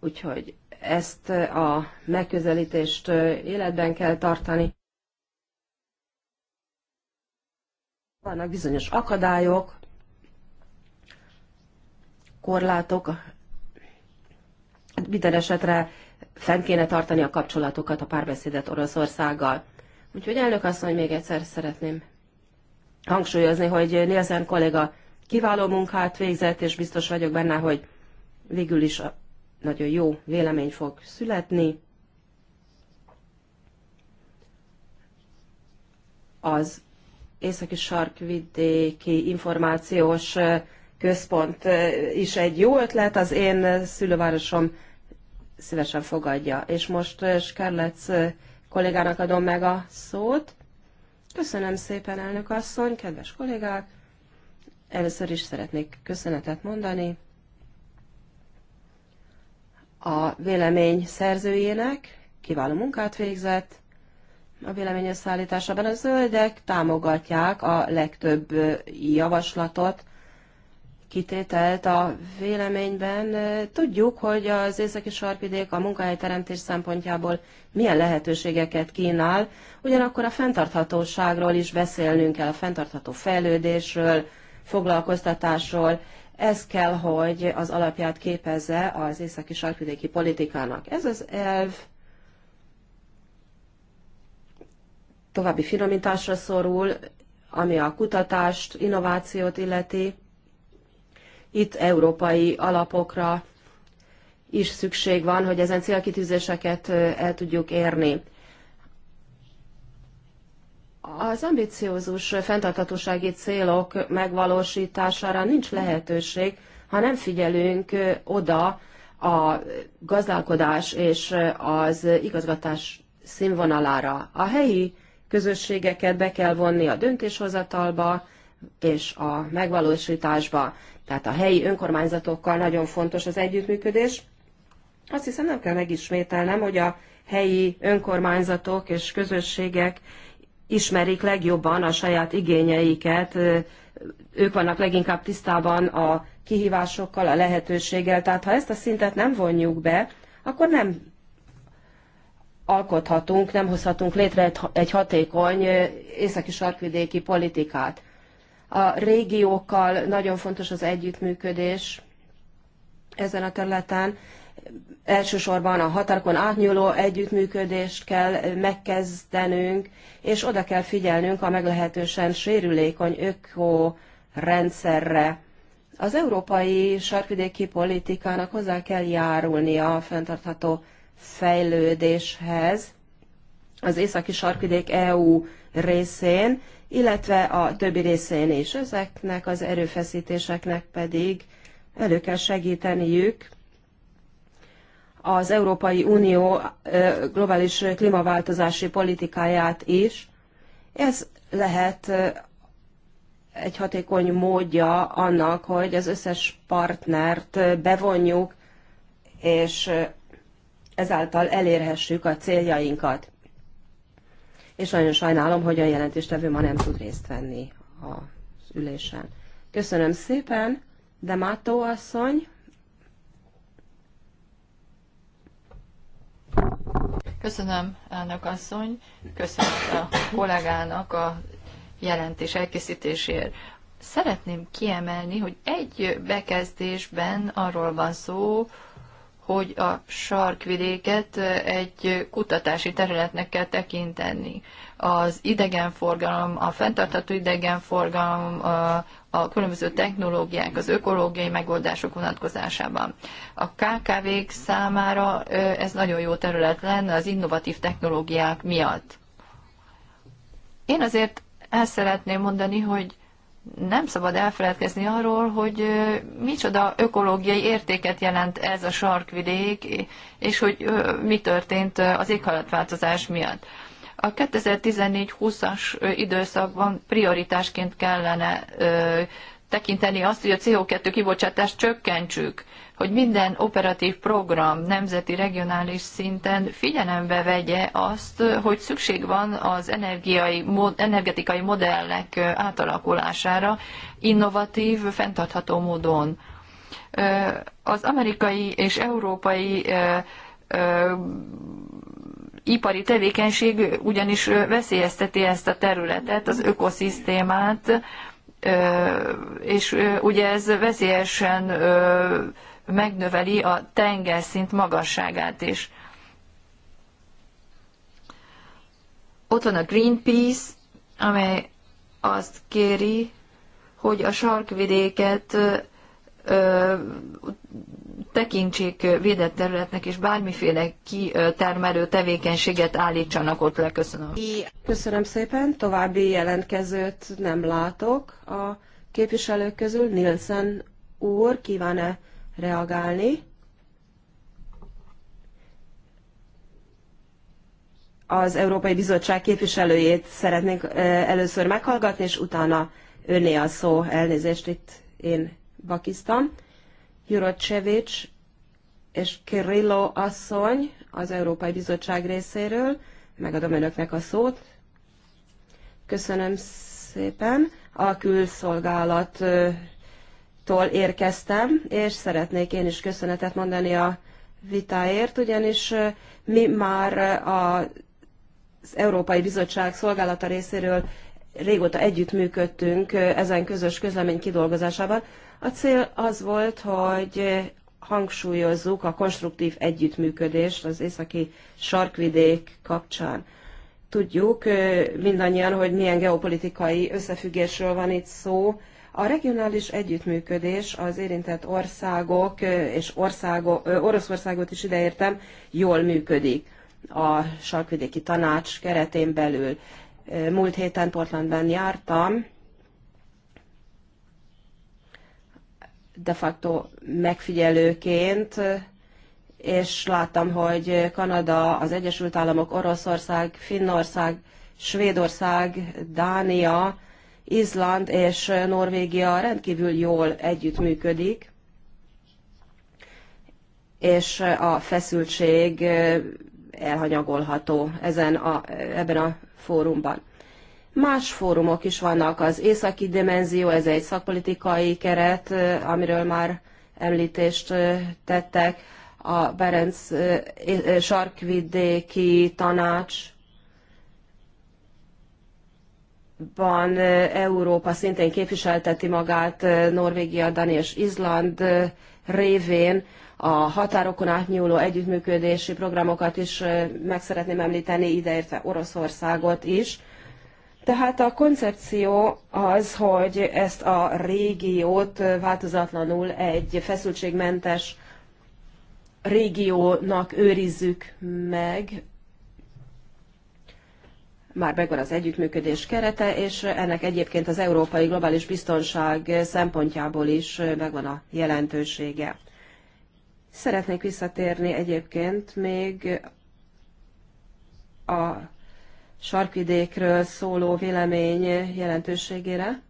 Úgyhogy ezt a megközelítést életben kell tartani. Vannak bizonyos akadályok, korlátok, minden esetre fent kéne tartani a kapcsolatokat, a párbeszédet Oroszországgal. Úgyhogy elnök asszony, még egyszer szeretném hangsúlyozni, hogy Nielsen kolléga kiváló munkát végzett, és biztos vagyok benne, hogy végül is nagyon jó vélemény fog születni. Az északi sarkvidéki információs központ is egy jó ötlet, az én szülővárosom szívesen fogadja. És most Skerlec kollégának adom meg a szót. Köszönöm szépen, elnök asszony, kedves kollégák! Először is szeretnék köszönetet mondani a vélemény szerzőjének, kiváló munkát végzett a vélemény összeállításában. A zöldek támogatják a legtöbb javaslatot, kitételt a véleményben. Tudjuk, hogy az északi sarpidék a munkahelyteremtés szempontjából milyen lehetőségeket kínál, ugyanakkor a fenntarthatóságról is beszélnünk kell, a fenntartható fejlődésről, foglalkoztatásról. Ez kell, hogy az alapját képezze az északi sarkvidéki politikának. Ez az elv további finomításra szorul, ami a kutatást, innovációt illeti. Itt európai alapokra is szükség van, hogy ezen célkitűzéseket el tudjuk érni. Az ambiciózus fenntartatósági célok megvalósítására nincs lehetőség, ha nem figyelünk oda a gazdálkodás és az igazgatás színvonalára. A helyi közösségeket be kell vonni a döntéshozatalba és a megvalósításba. Tehát a helyi önkormányzatokkal nagyon fontos az együttműködés. Azt hiszem nem kell megismételnem, hogy a helyi önkormányzatok és közösségek ismerik legjobban a saját igényeiket, ők vannak leginkább tisztában a kihívásokkal, a lehetőséggel. Tehát ha ezt a szintet nem vonjuk be, akkor nem alkothatunk, nem hozhatunk létre egy hatékony északi sarkvidéki politikát. A régiókkal nagyon fontos az együttműködés ezen a területen, elsősorban a határokon átnyúló együttműködést kell megkezdenünk, és oda kell figyelnünk a meglehetősen sérülékony öko rendszerre. Az európai sarkvidéki politikának hozzá kell járulnia a fenntartható fejlődéshez az északi sarkvidék EU részén, illetve a többi részén is. Ezeknek az erőfeszítéseknek pedig elő kell segíteniük az Európai Unió globális klímaváltozási politikáját is. Ez lehet egy hatékony módja annak, hogy az összes partnert bevonjuk, és ezáltal elérhessük a céljainkat. És nagyon sajnálom, hogy a jelentéstevő ma nem tud részt venni az ülésen. Köszönöm szépen, Demato asszony! Köszönöm, elnök asszony, köszönöm a kollégának a jelentés elkészítésért. Szeretném kiemelni, hogy egy bekezdésben arról van szó, hogy a sarkvidéket egy kutatási területnek kell tekinteni. Az idegenforgalom, a fenntartható idegenforgalom, a különböző technológiák, az ökológiai megoldások vonatkozásában. A KKV-k számára ez nagyon jó terület lenne az innovatív technológiák miatt. Én azért el szeretném mondani, hogy nem szabad elfeledkezni arról, hogy micsoda ökológiai értéket jelent ez a sarkvidék, és hogy mi történt az éghajlatváltozás miatt. A 2014-20-as időszakban prioritásként kellene tekinteni azt, hogy a CO2 kibocsátást csökkentsük, hogy minden operatív program nemzeti, regionális szinten figyelembe vegye azt, hogy szükség van az energiai, energetikai modellek átalakulására innovatív, fenntartható módon. Az amerikai és európai ipari tevékenység ugyanis veszélyezteti ezt a területet, az ökoszisztémát, és ugye ez veszélyesen megnöveli a tengerszint magasságát is. Ott van a Greenpeace, amely azt kéri, hogy a sarkvidéket tekintsék védett területnek, és bármiféle kitermelő tevékenységet állítsanak ott le. Köszönöm. Köszönöm szépen. További jelentkezőt nem látok a képviselők közül. Nielsen úr kíván-e reagálni? Az Európai Bizottság képviselőjét szeretnénk először meghallgatni, és utána önné a szó. Elnézést itt én bakiztam. Jurocsevics és Kirillo asszony az Európai Bizottság részéről. Megadom önöknek a szót. Köszönöm szépen. A külszolgálattól érkeztem, és szeretnék én is köszönetet mondani a vitáért, ugyanis mi már az Európai Bizottság szolgálata részéről régóta együttműködtünk ezen közös közlemény kidolgozásában. A cél az volt, hogy hangsúlyozzuk a konstruktív együttműködést az északi sarkvidék kapcsán. Tudjuk mindannyian, hogy milyen geopolitikai összefüggésről van itt szó. A regionális együttműködés az érintett országok, és országo, Oroszországot is ideértem, jól működik a sarkvidéki tanács keretén belül. Múlt héten Portlandben jártam, de facto megfigyelőként, és láttam, hogy Kanada, az Egyesült Államok, Oroszország, Finnország, Svédország, Dánia, Izland és Norvégia rendkívül jól együttműködik, és a feszültség elhanyagolható ezen a, ebben a fórumban. Más fórumok is vannak, az északi dimenzió, ez egy szakpolitikai keret, amiről már említést tettek, a Berenc sarkvidéki tanács, Van Európa szintén képviselteti magát Norvégia, Dani és Izland révén a határokon átnyúló együttműködési programokat is meg szeretném említeni, ideértve Oroszországot is. Tehát a koncepció az, hogy ezt a régiót változatlanul egy feszültségmentes régiónak őrizzük meg, már megvan az együttműködés kerete, és ennek egyébként az európai globális biztonság szempontjából is megvan a jelentősége. Szeretnék visszatérni egyébként még a sarkvidékről szóló vélemény jelentőségére.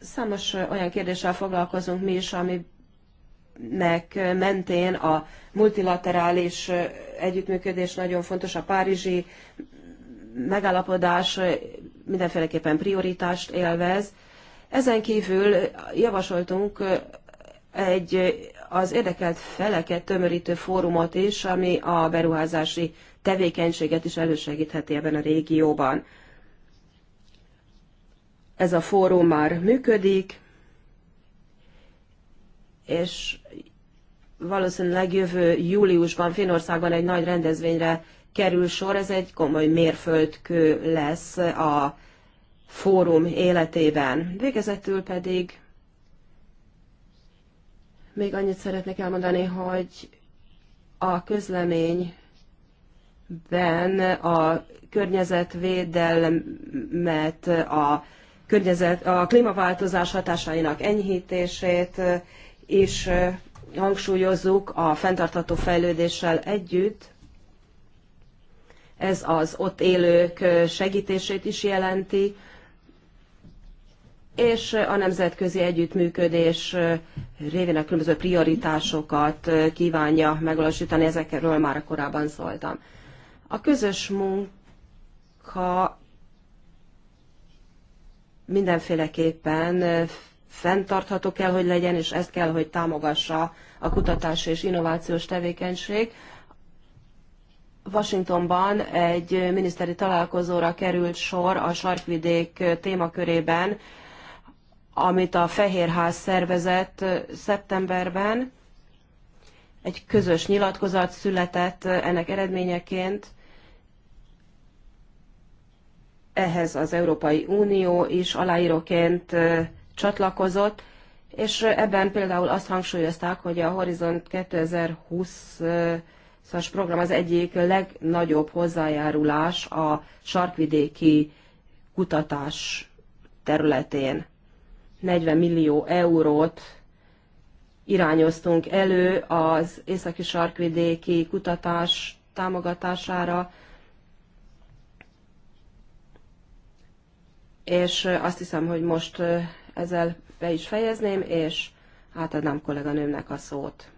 Számos olyan kérdéssel foglalkozunk mi is, aminek mentén a multilaterális együttműködés nagyon fontos, a párizsi megállapodás mindenféleképpen prioritást élvez. Ezen kívül javasoltunk egy az érdekelt feleket tömörítő fórumot is, ami a beruházási tevékenységet is elősegítheti ebben a régióban. Ez a fórum már működik, és valószínűleg jövő júliusban Finországban egy nagy rendezvényre kerül sor. Ez egy komoly mérföldkő lesz a fórum életében. Végezetül pedig még annyit szeretnék elmondani, hogy a közlemény ben a környezetvédelmet, a, környezet, a klímaváltozás hatásainak enyhítését is hangsúlyozzuk a fenntartható fejlődéssel együtt. Ez az ott élők segítését is jelenti, és a nemzetközi együttműködés révén a különböző prioritásokat kívánja megvalósítani, ezekről már korábban szóltam. A közös munka mindenféleképpen eh, fenntartható kell, hogy legyen, és ezt kell, hogy támogassa a kutatás és innovációs tevékenység. Washingtonban egy miniszteri találkozóra került sor a sarkvidék eh, témakörében, amit a Fehérház szervezett eh, szeptemberben. Egy közös nyilatkozat született ennek eredményeként, ehhez az Európai Unió is aláíróként csatlakozott, és ebben például azt hangsúlyozták, hogy a Horizont 2020-as program az egyik legnagyobb hozzájárulás a sarkvidéki kutatás területén. 40 millió eurót irányoztunk elő az északi sarkvidéki kutatás támogatására, és azt hiszem, hogy most ezzel be is fejezném, és átadnám kolléganőmnek a szót.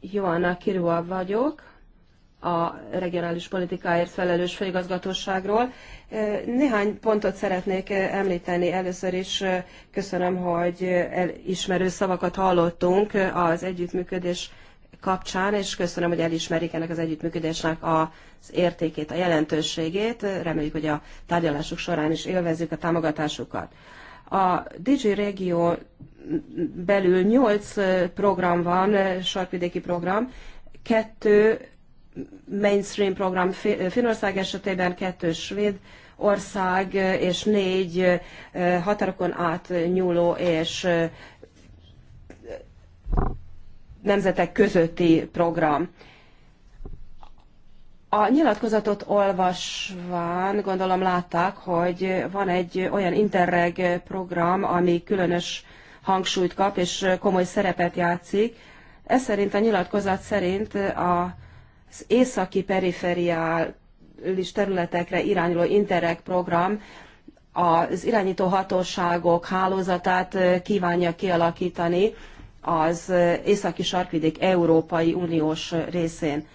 Joanna Kirua vagyok, a regionális politikáért felelős főigazgatóságról. Néhány pontot szeretnék említeni. Először is köszönöm, hogy ismerő szavakat hallottunk az együttműködés kapcsán, és köszönöm, hogy elismerik ennek az együttműködésnek az értékét, a jelentőségét. Reméljük, hogy a tárgyalások során is élvezzük a támogatásukat. A Digi Régió belül nyolc program van, sarkvidéki program, kettő mainstream program Finország esetében, kettő svéd ország, és négy határokon átnyúló és nemzetek közötti program. A nyilatkozatot olvasván gondolom látták, hogy van egy olyan interreg program, ami különös hangsúlyt kap és komoly szerepet játszik. Ez szerint a nyilatkozat szerint az északi perifériális területekre irányuló interreg program az irányító hatóságok hálózatát kívánja kialakítani, az északi sarkvidék Európai Uniós részén.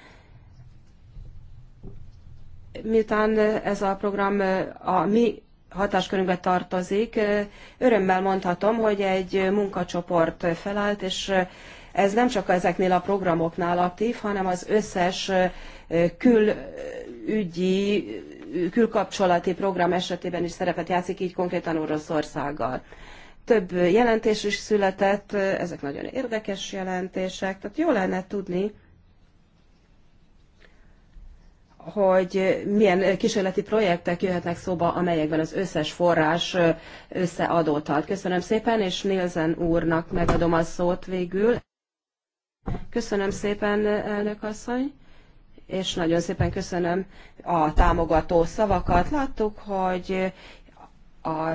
Miután ez a program a mi hatáskörünkbe tartozik, örömmel mondhatom, hogy egy munkacsoport felállt, és ez nem csak ezeknél a programoknál aktív, hanem az összes külügyi, külkapcsolati program esetében is szerepet játszik, így konkrétan Oroszországgal több jelentés is született, ezek nagyon érdekes jelentések, tehát jó lenne tudni, hogy milyen kísérleti projektek jöhetnek szóba, amelyekben az összes forrás összeadódhat. Köszönöm szépen, és Nielsen úrnak megadom a szót végül. Köszönöm szépen, elnök asszony, és nagyon szépen köszönöm a támogató szavakat. Láttuk, hogy a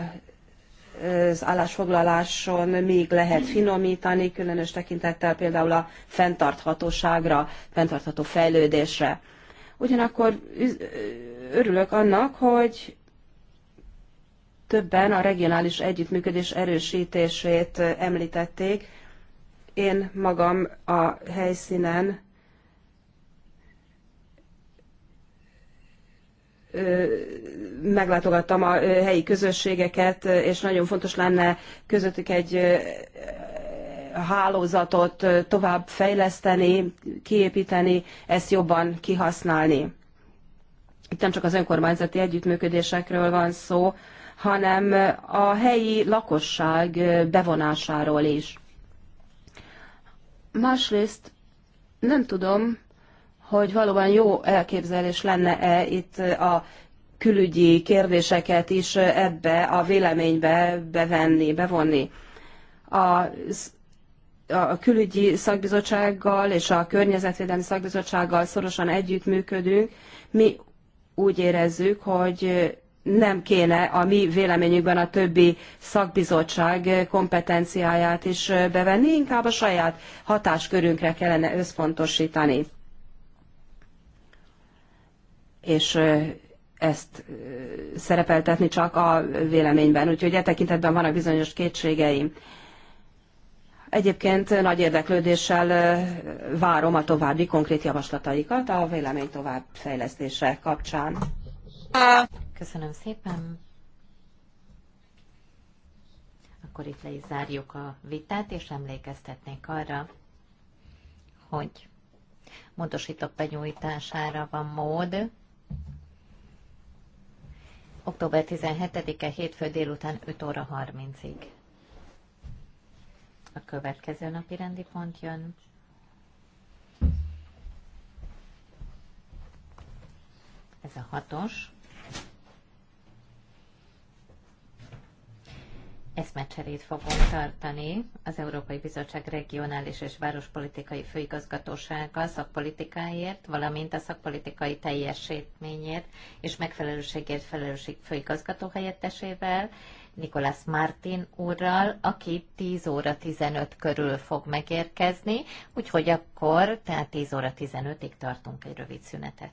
az állásfoglaláson még lehet finomítani, különös tekintettel például a fenntarthatóságra, fenntartható fejlődésre. Ugyanakkor örülök annak, hogy többen a regionális együttműködés erősítését említették. Én magam a helyszínen meglátogattam a helyi közösségeket, és nagyon fontos lenne közöttük egy hálózatot tovább fejleszteni, kiépíteni, ezt jobban kihasználni. Itt nem csak az önkormányzati együttműködésekről van szó, hanem a helyi lakosság bevonásáról is. Másrészt nem tudom, hogy valóban jó elképzelés lenne-e itt a külügyi kérdéseket is ebbe a véleménybe bevenni, bevonni. A a külügyi szakbizottsággal és a környezetvédelmi szakbizottsággal szorosan együttműködünk. Mi úgy érezzük, hogy nem kéne a mi véleményükben a többi szakbizottság kompetenciáját is bevenni, inkább a saját hatáskörünkre kellene összpontosítani és ezt szerepeltetni csak a véleményben. Úgyhogy e tekintetben vannak bizonyos kétségeim. Egyébként nagy érdeklődéssel várom a további konkrét javaslataikat a vélemény továbbfejlesztése kapcsán. Köszönöm szépen. Akkor itt le is zárjuk a vitát, és emlékeztetnék arra, hogy módosított benyújtására van mód október 17-e hétfő délután 5 óra 30-ig. A következő napi rendi pont jön. Ez a hatos. eszmecserét fogom tartani az Európai Bizottság regionális és várospolitikai főigazgatósága szakpolitikáért, valamint a szakpolitikai teljesítményért és megfelelőségért felelősség főigazgató helyettesével, Nikolás Martin úrral, aki 10 óra 15 körül fog megérkezni, úgyhogy akkor, tehát 10 óra 15-ig tartunk egy rövid szünetet.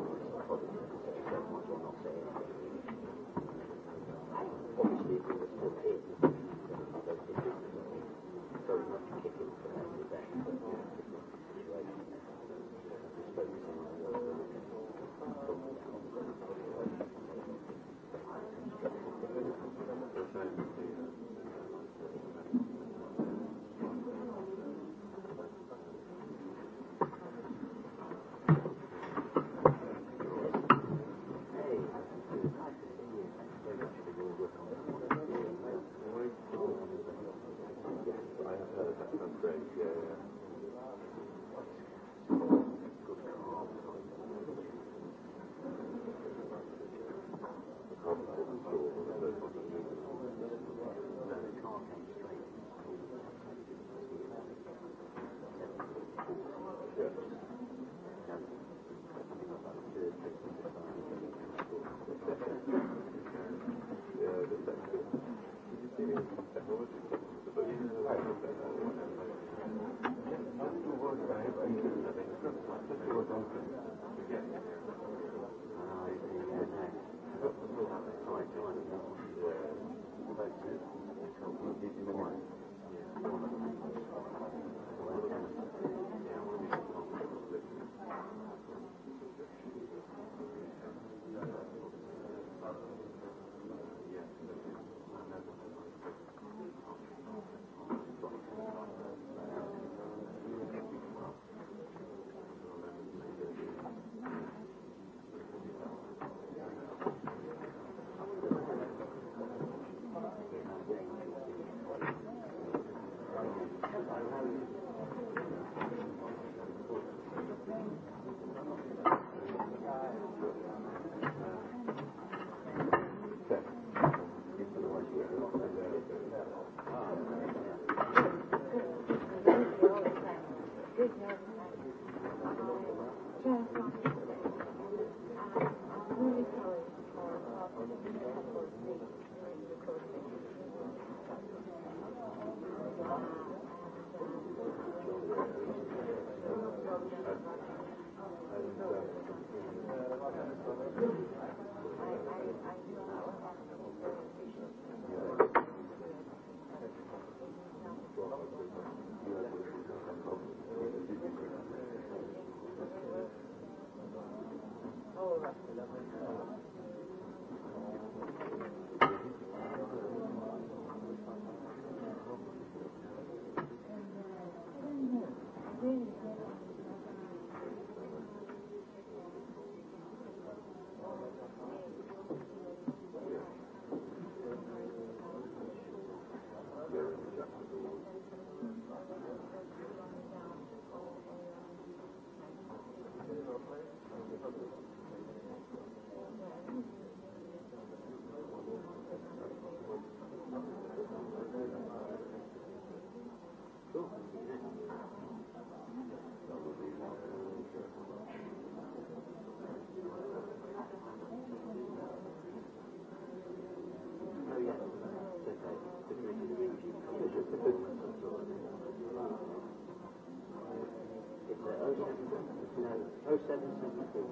No, 0774.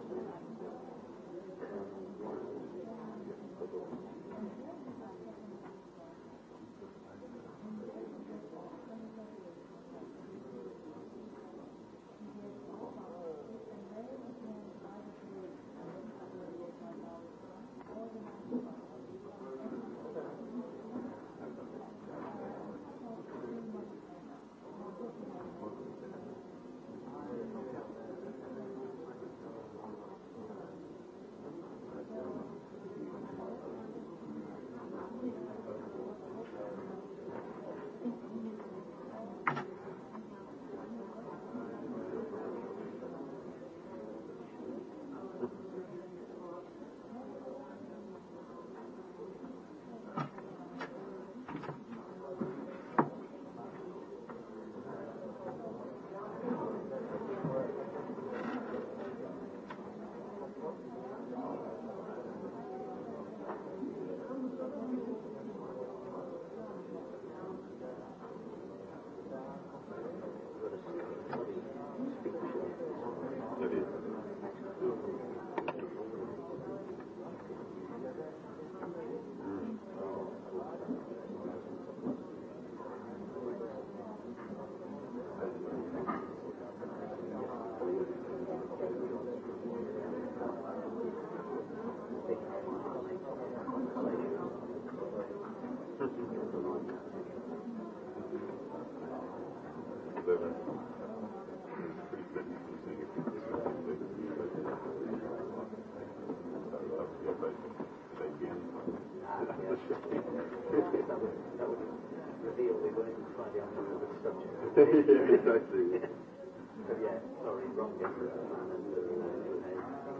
Um,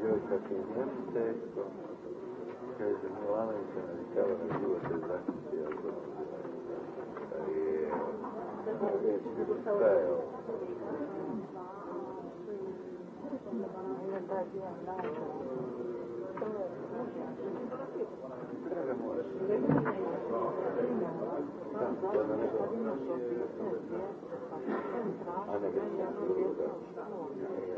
Девочка Клинтенце, Кайзен Иванович, она летала на его создательстве, я забыл. И я тебе представил. Она говорит, что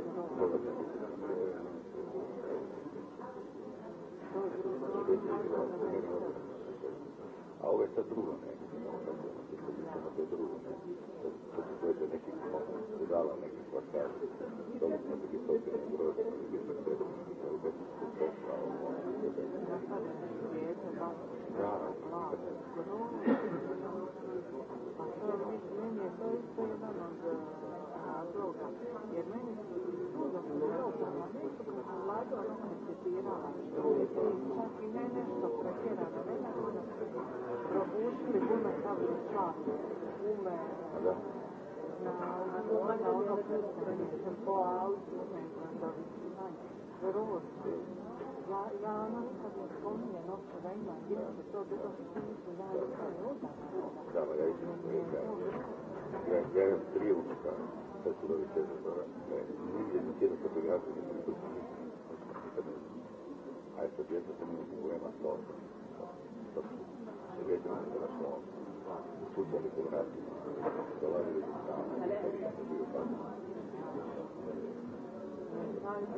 A ovo je sad drugo neko. To je drugo neko. To je neki dala neki kvartal. To je neki socijalni broj. To je neki socijalni broj. Da. A to je meni je to isto jedan od razloga. Jer meni su Da, ma lei non può entrare. Era un triunfo particolari peso sarà quindi chiedo fotografo che tutto a essa piazza come un problema storico si vede anche la sua tutto le colorati trovare le Gracias.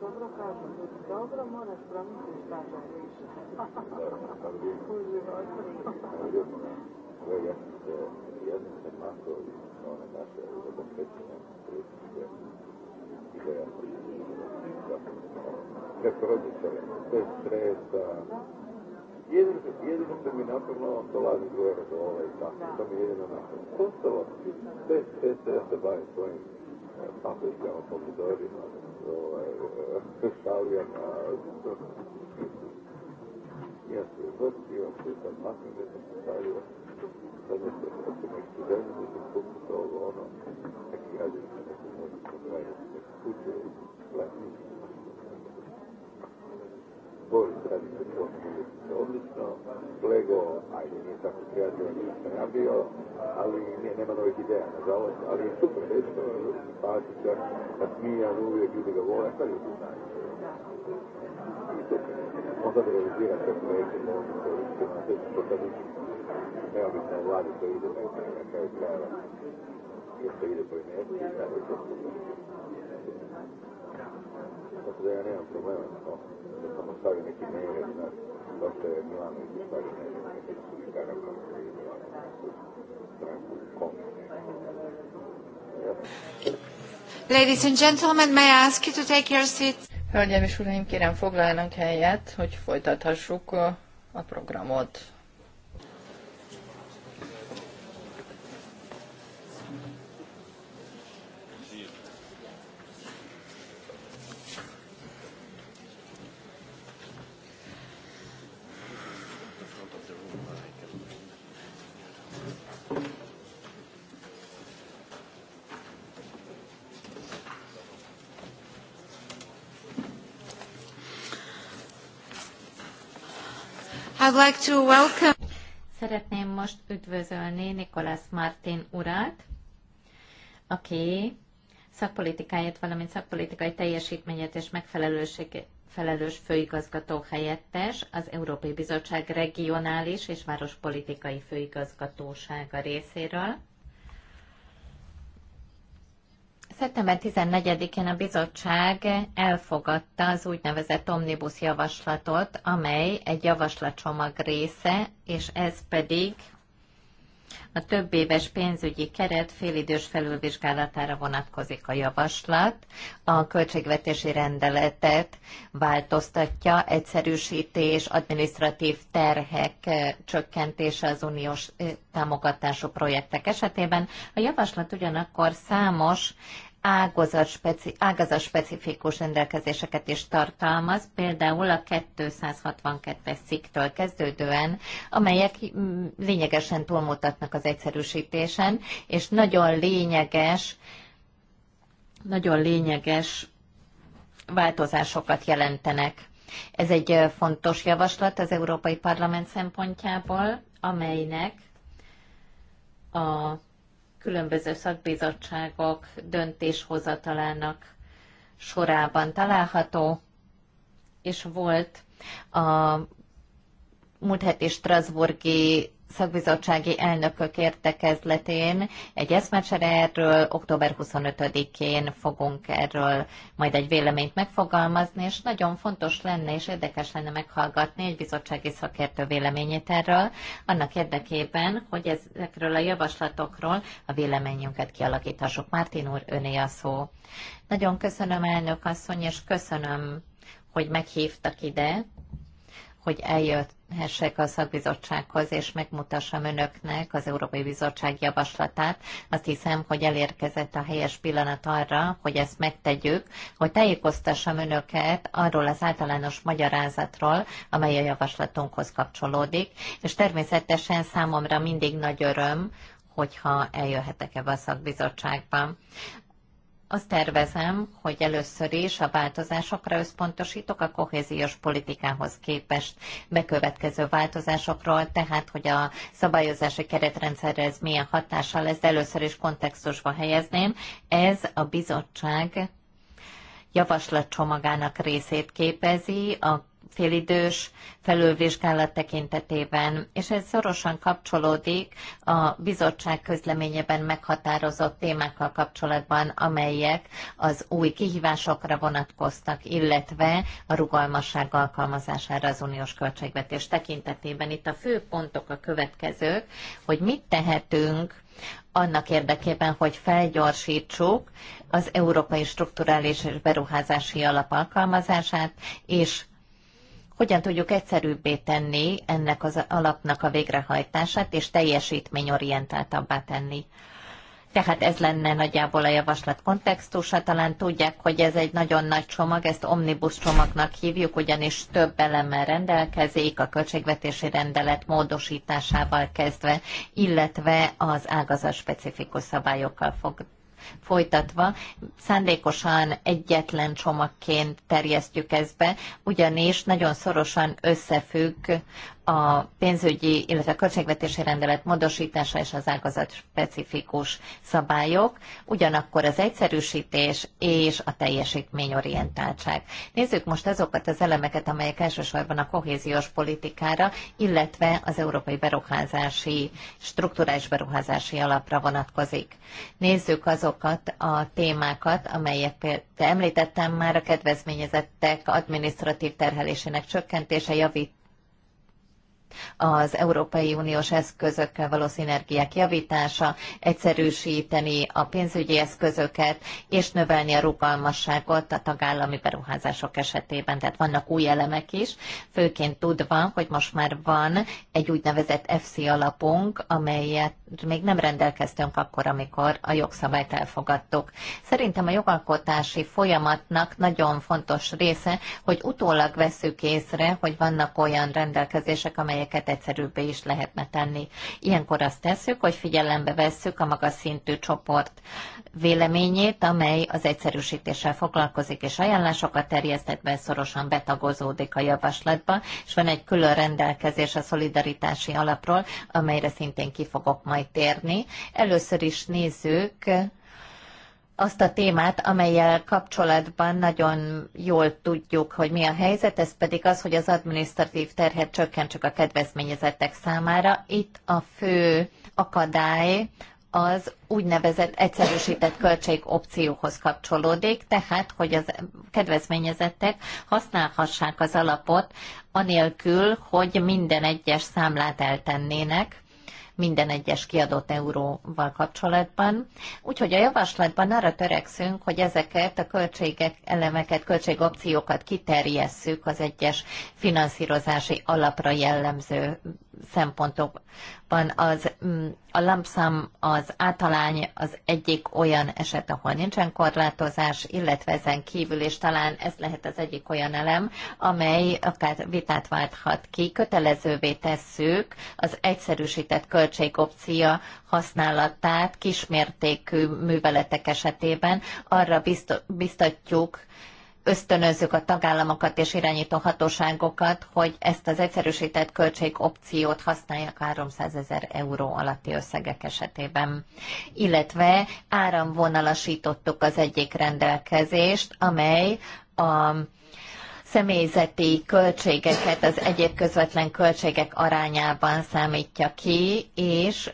Dobro kažem, dobro moraš promisliti šta želiš. Kolega, ja sam se mako na one naše zakonfecije priješnje ideja. Kako roditelje, bez stresa, Jedan, jedan što mi napravno dolazi gore do ovaj tako, to mi jedino napravno. Gotovo, sve, sve, sve ja se bavim svojim paprikama, pomidorima, ovaj, šalijama, ja se vrtio, sve sam maknem, ne sam postavio, sad ne se vrtim ekstudent, ne sam kupio ovo ono, neki građani se neki možda potrajati, kuće, gledati, voi tradizione dell'Egitto, prego ai ministri creatori del Sarabio, ali nemano ideja, nažalost, ali je super dečko, simpatiča, nasmijan uvijek, ljudi ga vole, šta ljudi znaju. I super, možda da realizira sve projekte, možda da realizira na sve što sad uči. Neobično vladi to ide, na kraju krajeva, jer to ide po inerciji, tako je to super no se debe ningún problema, no, no, no saben de quién es, no, no se debe nada, no se sabe de quién es, no se sabe de quién es, Ladies and gentlemen, may I ask you to take your seat? Hölgyeim és uraim, kérem foglaljanak helyet, hogy folytathassuk eh, a programot. I'd like to welcome... Szeretném most üdvözölni Nikolász Martin urat, aki szakpolitikáját, valamint szakpolitikai teljesítményet és megfelelőséget felelős főigazgató helyettes, az Európai Bizottság regionális és várospolitikai főigazgatósága részéről. Szeptember 14-én a bizottság elfogadta az úgynevezett omnibus javaslatot, amely egy javaslatcsomag része, és ez pedig a több éves pénzügyi keret félidős felülvizsgálatára vonatkozik a javaslat, a költségvetési rendeletet változtatja, egyszerűsítés, adminisztratív terhek csökkentése az uniós támogatású projektek esetében. A javaslat ugyanakkor számos ágazat, specifikus rendelkezéseket is tartalmaz, például a 262-es cikktől kezdődően, amelyek mm, lényegesen túlmutatnak az egyszerűsítésen, és nagyon lényeges, nagyon lényeges változásokat jelentenek. Ez egy fontos javaslat az Európai Parlament szempontjából, amelynek a különböző szakbizottságok döntéshozatalának sorában található, és volt a múlt heti Strasburgi szakbizottsági elnökök értekezletén egy eszmecsere erről, október 25-én fogunk erről majd egy véleményt megfogalmazni, és nagyon fontos lenne és érdekes lenne meghallgatni egy bizottsági szakértő véleményét erről, annak érdekében, hogy ezekről a javaslatokról a véleményünket kialakíthassuk. Mártin úr, öné a szó. Nagyon köszönöm elnök asszony, és köszönöm, hogy meghívtak ide, hogy eljöhessek a szakbizottsághoz, és megmutassam önöknek az Európai Bizottság javaslatát. Azt hiszem, hogy elérkezett a helyes pillanat arra, hogy ezt megtegyük, hogy tájékoztassam önöket arról az általános magyarázatról, amely a javaslatunkhoz kapcsolódik, és természetesen számomra mindig nagy öröm, hogyha eljöhetek ebbe a szakbizottságban azt tervezem, hogy először is a változásokra összpontosítok a kohéziós politikához képest bekövetkező változásokról, tehát hogy a szabályozási keretrendszerre ez milyen hatással lesz, először is kontextusba helyezném. Ez a bizottság javaslatcsomagának részét képezi a félidős felülvizsgálat tekintetében, és ez szorosan kapcsolódik a bizottság közleményében meghatározott témákkal kapcsolatban, amelyek az új kihívásokra vonatkoztak, illetve a rugalmasság alkalmazására az uniós költségvetés tekintetében. Itt a fő pontok a következők, hogy mit tehetünk annak érdekében, hogy felgyorsítsuk az Európai Strukturális és Beruházási Alap alkalmazását, és hogyan tudjuk egyszerűbbé tenni ennek az alapnak a végrehajtását, és teljesítményorientáltabbá tenni. Tehát ez lenne nagyjából a javaslat kontextusa. Talán tudják, hogy ez egy nagyon nagy csomag, ezt omnibus csomagnak hívjuk, ugyanis több elemmel rendelkezik, a költségvetési rendelet módosításával kezdve, illetve az ágazat specifikus szabályokkal fog, folytatva, szándékosan egyetlen csomagként terjesztjük ezt be, ugyanis nagyon szorosan összefügg a pénzügyi, illetve a költségvetési rendelet módosítása és az ágazat specifikus szabályok, ugyanakkor az egyszerűsítés és a teljesítményorientáltság. Nézzük most azokat az elemeket, amelyek elsősorban a kohéziós politikára, illetve az európai beruházási, strukturális beruházási alapra vonatkozik. Nézzük azokat a témákat, amelyek említettem már a kedvezményezettek adminisztratív terhelésének csökkentése, javít az Európai Uniós eszközökkel való szinergiák javítása, egyszerűsíteni a pénzügyi eszközöket, és növelni a rugalmasságot a tagállami beruházások esetében. Tehát vannak új elemek is, főként tudva, hogy most már van egy úgynevezett FC alapunk, amelyet még nem rendelkeztünk akkor, amikor a jogszabályt elfogadtuk. Szerintem a jogalkotási folyamatnak nagyon fontos része, hogy utólag veszük észre, hogy vannak olyan rendelkezések, amelyek amelyeket egyszerűbbé is lehetne tenni. Ilyenkor azt tesszük, hogy figyelembe vesszük a magas szintű csoport véleményét, amely az egyszerűsítéssel foglalkozik, és ajánlásokat terjesztett be, szorosan betagozódik a javaslatba, és van egy külön rendelkezés a szolidaritási alapról, amelyre szintén ki fogok majd térni. Először is nézzük azt a témát, amelyel kapcsolatban nagyon jól tudjuk, hogy mi a helyzet, ez pedig az, hogy az adminisztratív terhet csak a kedvezményezettek számára. Itt a fő akadály az úgynevezett egyszerűsített opcióhoz kapcsolódik, tehát hogy az kedvezményezettek használhassák az alapot, anélkül, hogy minden egyes számlát eltennének, minden egyes kiadott euróval kapcsolatban. Úgyhogy a javaslatban arra törekszünk, hogy ezeket a költségek, elemeket, költségopciókat kiterjesszük az egyes finanszírozási alapra jellemző szempontokban. Az mm, a lampszám, az általány az egyik olyan eset, ahol nincsen korlátozás, illetve ezen kívül, és talán ez lehet az egyik olyan elem, amely akár vitát válthat ki. Kötelezővé tesszük az egyszerűsített költségopcia használatát kismértékű műveletek esetében. Arra biztatjuk, ösztönözzük a tagállamokat és irányító hatóságokat, hogy ezt az egyszerűsített költségopciót használják 300 ezer euró alatti összegek esetében. Illetve áramvonalasítottuk az egyik rendelkezést, amely a személyzeti költségeket az egyéb közvetlen költségek arányában számítja ki, és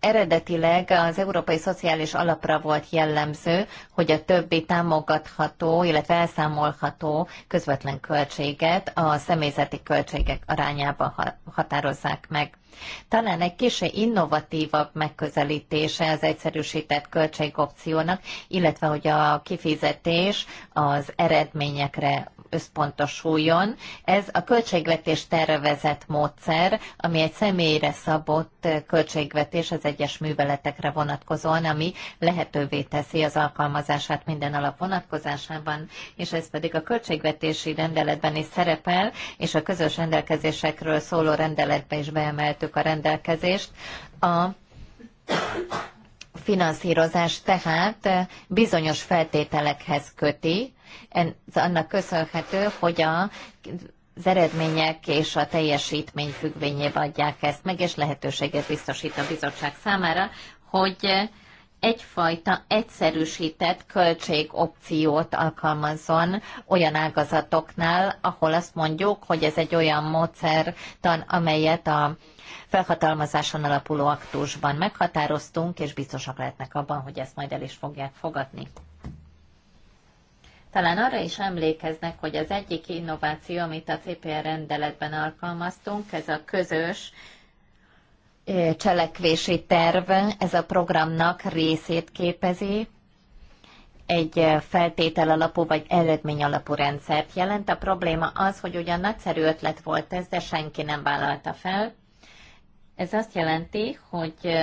eredetileg az Európai Szociális Alapra volt jellemző, hogy a többi támogatható, illetve elszámolható közvetlen költséget a személyzeti költségek arányába határozzák meg. Talán egy kicsi innovatívabb megközelítése az egyszerűsített költségopciónak, illetve hogy a kifizetés az eredményekre összpontosuljon. Ez a költségvetés tervezett módszer, ami egy személyre szabott költségvetés az egyes műveletekre vonatkozóan, ami lehetővé teszi az alkalmazását minden alap vonatkozásában, és ez pedig a költségvetési rendeletben is szerepel, és a közös rendelkezésekről szóló rendeletbe is beemeltük a rendelkezést. A finanszírozás tehát bizonyos feltételekhez köti, ez annak köszönhető, hogy a az eredmények és a teljesítmény függvényében adják ezt meg, és lehetőséget biztosít a bizottság számára, hogy egyfajta egyszerűsített költségopciót alkalmazzon olyan ágazatoknál, ahol azt mondjuk, hogy ez egy olyan módszertan, amelyet a felhatalmazáson alapuló aktusban meghatároztunk, és biztosak lehetnek abban, hogy ezt majd el is fogják fogadni. Talán arra is emlékeznek, hogy az egyik innováció, amit a CPR rendeletben alkalmaztunk, ez a közös cselekvési terv, ez a programnak részét képezi, egy feltétel alapú vagy eredmény alapú rendszert jelent. A probléma az, hogy ugyan nagyszerű ötlet volt ez, de senki nem vállalta fel. Ez azt jelenti, hogy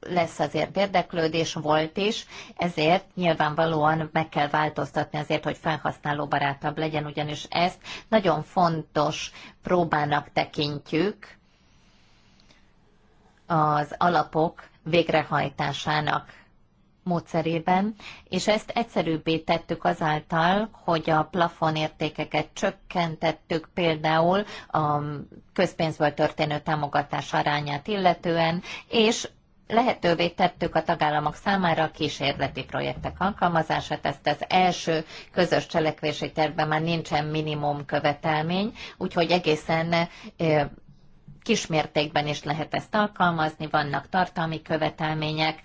lesz azért érdeklődés, volt is, ezért nyilvánvalóan meg kell változtatni azért, hogy barátabb legyen, ugyanis ezt nagyon fontos próbának tekintjük az alapok végrehajtásának módszerében, és ezt egyszerűbbé tettük azáltal, hogy a plafonértékeket csökkentettük például a közpénzből történő támogatás arányát illetően, és lehetővé tettük a tagállamok számára a kísérleti projektek alkalmazását, ezt az első közös cselekvési tervben már nincsen minimum követelmény, úgyhogy egészen kismértékben is lehet ezt alkalmazni, vannak tartalmi követelmények,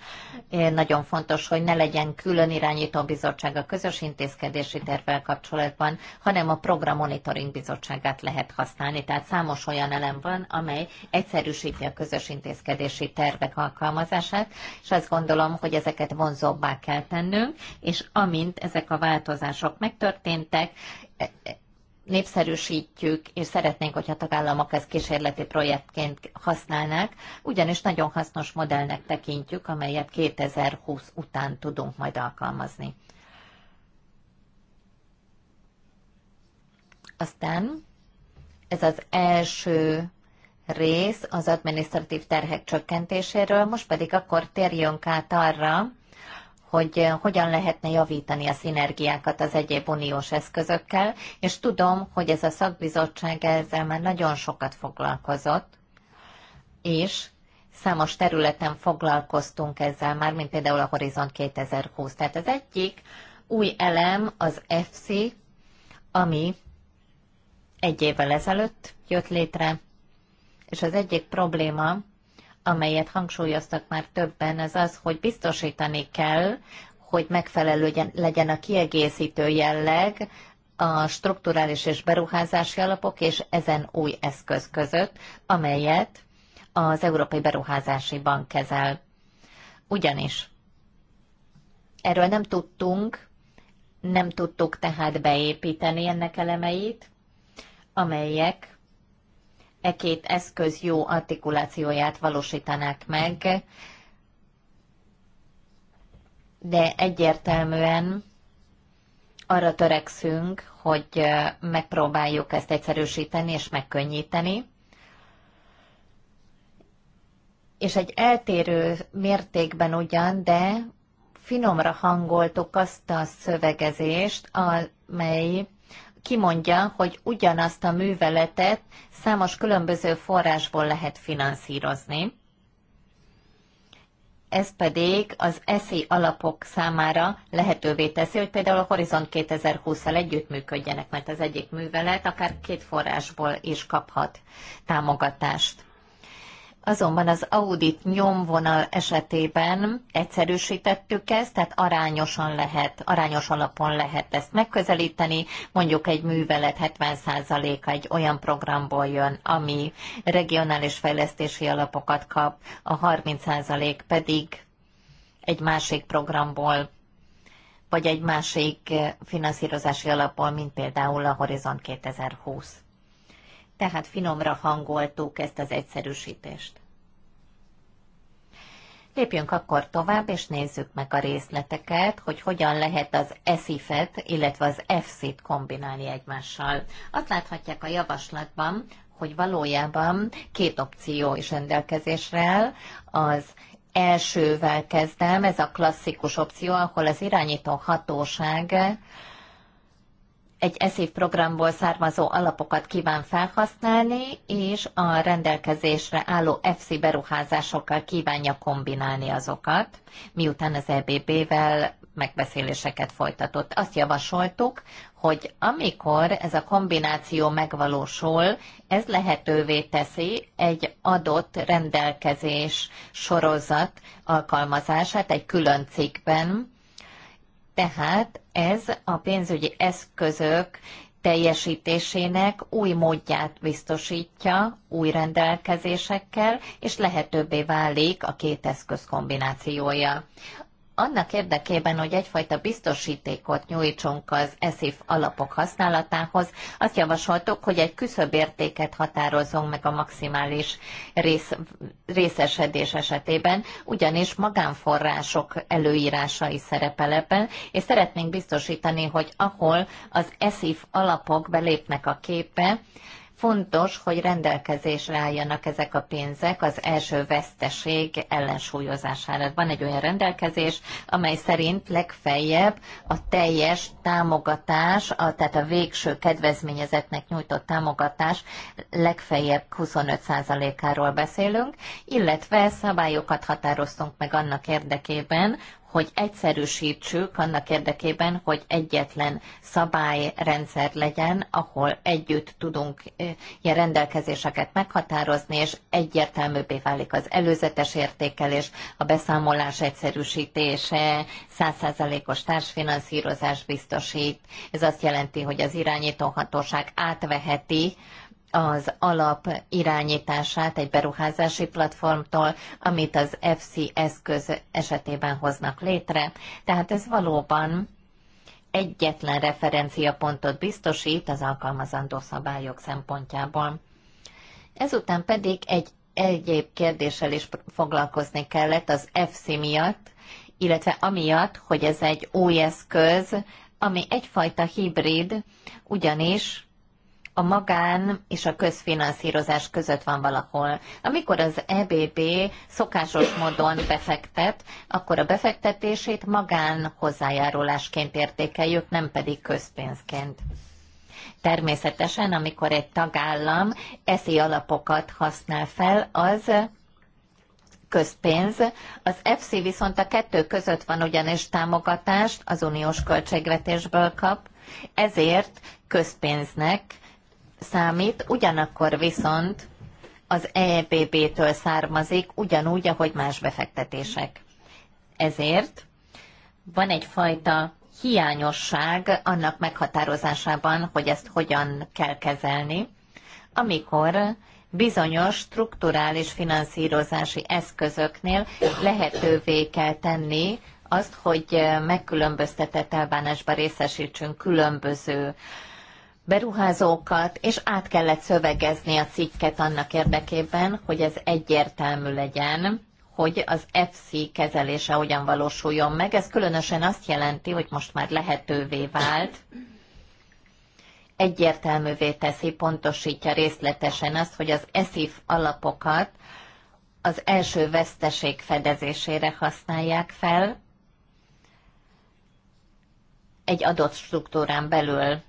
nagyon fontos, hogy ne legyen külön irányító bizottság a közös intézkedési tervvel kapcsolatban, hanem a program monitoring bizottságát lehet használni, tehát számos olyan elem van, amely egyszerűsíti a közös intézkedési tervek alkalmazását, és azt gondolom, hogy ezeket vonzóbbá kell tennünk, és amint ezek a változások megtörténtek, népszerűsítjük, és szeretnénk, hogyha a tagállamok ezt kísérleti projektként használnák, ugyanis nagyon hasznos modellnek tekintjük, amelyet 2020 után tudunk majd alkalmazni. Aztán ez az első rész az adminisztratív terhek csökkentéséről, most pedig akkor térjünk át arra, hogy eh, hogyan lehetne javítani a szinergiákat az egyéb uniós eszközökkel, és tudom, hogy ez a szakbizottság ezzel már nagyon sokat foglalkozott, és számos területen foglalkoztunk ezzel már, mint például a Horizont 2020. Tehát az egyik új elem az FC, ami egy évvel ezelőtt jött létre, és az egyik probléma amelyet hangsúlyoztak már többen, az az, hogy biztosítani kell, hogy megfelelő legyen a kiegészítő jelleg a strukturális és beruházási alapok és ezen új eszköz között, amelyet az Európai Beruházási Bank kezel. Ugyanis erről nem tudtunk, nem tudtuk tehát beépíteni ennek elemeit, amelyek e két eszköz jó artikulációját valósítanák meg, de egyértelműen arra törekszünk, hogy megpróbáljuk ezt egyszerűsíteni és megkönnyíteni. És egy eltérő mértékben ugyan, de finomra hangoltuk azt a szövegezést, amely kimondja, hogy ugyanazt a műveletet számos különböző forrásból lehet finanszírozni. Ez pedig az eszi alapok számára lehetővé teszi, hogy például a Horizont 2020 szal együttműködjenek, mert az egyik művelet akár két forrásból is kaphat támogatást. Azonban az audit nyomvonal esetében egyszerűsítettük ezt, tehát arányosan lehet, arányos alapon lehet ezt megközelíteni. Mondjuk egy művelet 70%-a egy olyan programból jön, ami regionális fejlesztési alapokat kap, a 30% pedig egy másik programból, vagy egy másik finanszírozási alapból, mint például a Horizon 2020 tehát finomra hangoltuk ezt az egyszerűsítést. Lépjünk akkor tovább, és nézzük meg a részleteket, hogy hogyan lehet az eszifet, et illetve az EFSZ-t kombinálni egymással. Azt láthatják a javaslatban, hogy valójában két opció is rendelkezésre áll. Az elsővel kezdem, ez a klasszikus opció, ahol az irányító hatóság egy eszív programból származó alapokat kíván felhasználni, és a rendelkezésre álló FC beruházásokkal kívánja kombinálni azokat, miután az EBB-vel megbeszéléseket folytatott. Azt javasoltuk, hogy amikor ez a kombináció megvalósul, ez lehetővé teszi egy adott rendelkezés sorozat alkalmazását egy külön cikkben, tehát ez a pénzügyi eszközök teljesítésének új módját biztosítja új rendelkezésekkel, és lehetőbbé válik a két eszköz kombinációja annak érdekében, hogy egyfajta biztosítékot nyújtsunk az ESIF alapok használatához, azt javasoltuk, hogy egy küszöbértéket határozzunk meg a maximális rész, részesedés esetében, ugyanis magánforrások előírásai szerepel ebben, és szeretnénk biztosítani, hogy ahol az ESIF alapok belépnek a képbe, Fontos, hogy rendelkezésre álljanak ezek a pénzek az első veszteség ellensúlyozására. Van egy olyan rendelkezés, amely szerint legfeljebb a teljes támogatás, a, tehát a végső kedvezményezetnek nyújtott támogatás legfeljebb 25%-áról beszélünk, illetve szabályokat határoztunk meg annak érdekében, hogy egyszerűsítsük annak érdekében, hogy egyetlen szabályrendszer legyen, ahol együtt tudunk ilyen rendelkezéseket meghatározni, és egyértelműbbé válik az előzetes értékelés, a beszámolás egyszerűsítése, százszázalékos társfinanszírozás biztosít. Ez azt jelenti, hogy az irányítóhatóság átveheti az alap irányítását egy beruházási platformtól, amit az FC eszköz esetében hoznak létre. Tehát ez valóban egyetlen referenciapontot biztosít az alkalmazandó szabályok szempontjából. Ezután pedig egy egyéb kérdéssel is foglalkozni kellett az FC miatt, illetve amiatt, hogy ez egy új eszköz, ami egyfajta hibrid, ugyanis a magán és a közfinanszírozás között van valahol. Amikor az EBB szokásos módon befektet, akkor a befektetését magán hozzájárulásként értékeljük, nem pedig közpénzként. Természetesen, amikor egy tagállam eszi alapokat használ fel, az közpénz. Az FC viszont a kettő között van ugyanis támogatást, az uniós költségvetésből kap, ezért közpénznek számít, ugyanakkor viszont az EBB-től származik, ugyanúgy, ahogy más befektetések. Ezért van egyfajta hiányosság annak meghatározásában, hogy ezt hogyan kell kezelni, amikor bizonyos strukturális finanszírozási eszközöknél lehetővé kell tenni azt, hogy megkülönböztetett elbánásba részesítsünk különböző beruházókat, és át kellett szövegezni a cikket annak érdekében, hogy ez egyértelmű legyen, hogy az FC kezelése hogyan valósuljon meg. Ez különösen azt jelenti, hogy most már lehetővé vált, egyértelművé teszi, pontosítja részletesen azt, hogy az ESIF alapokat az első veszteség fedezésére használják fel, egy adott struktúrán belül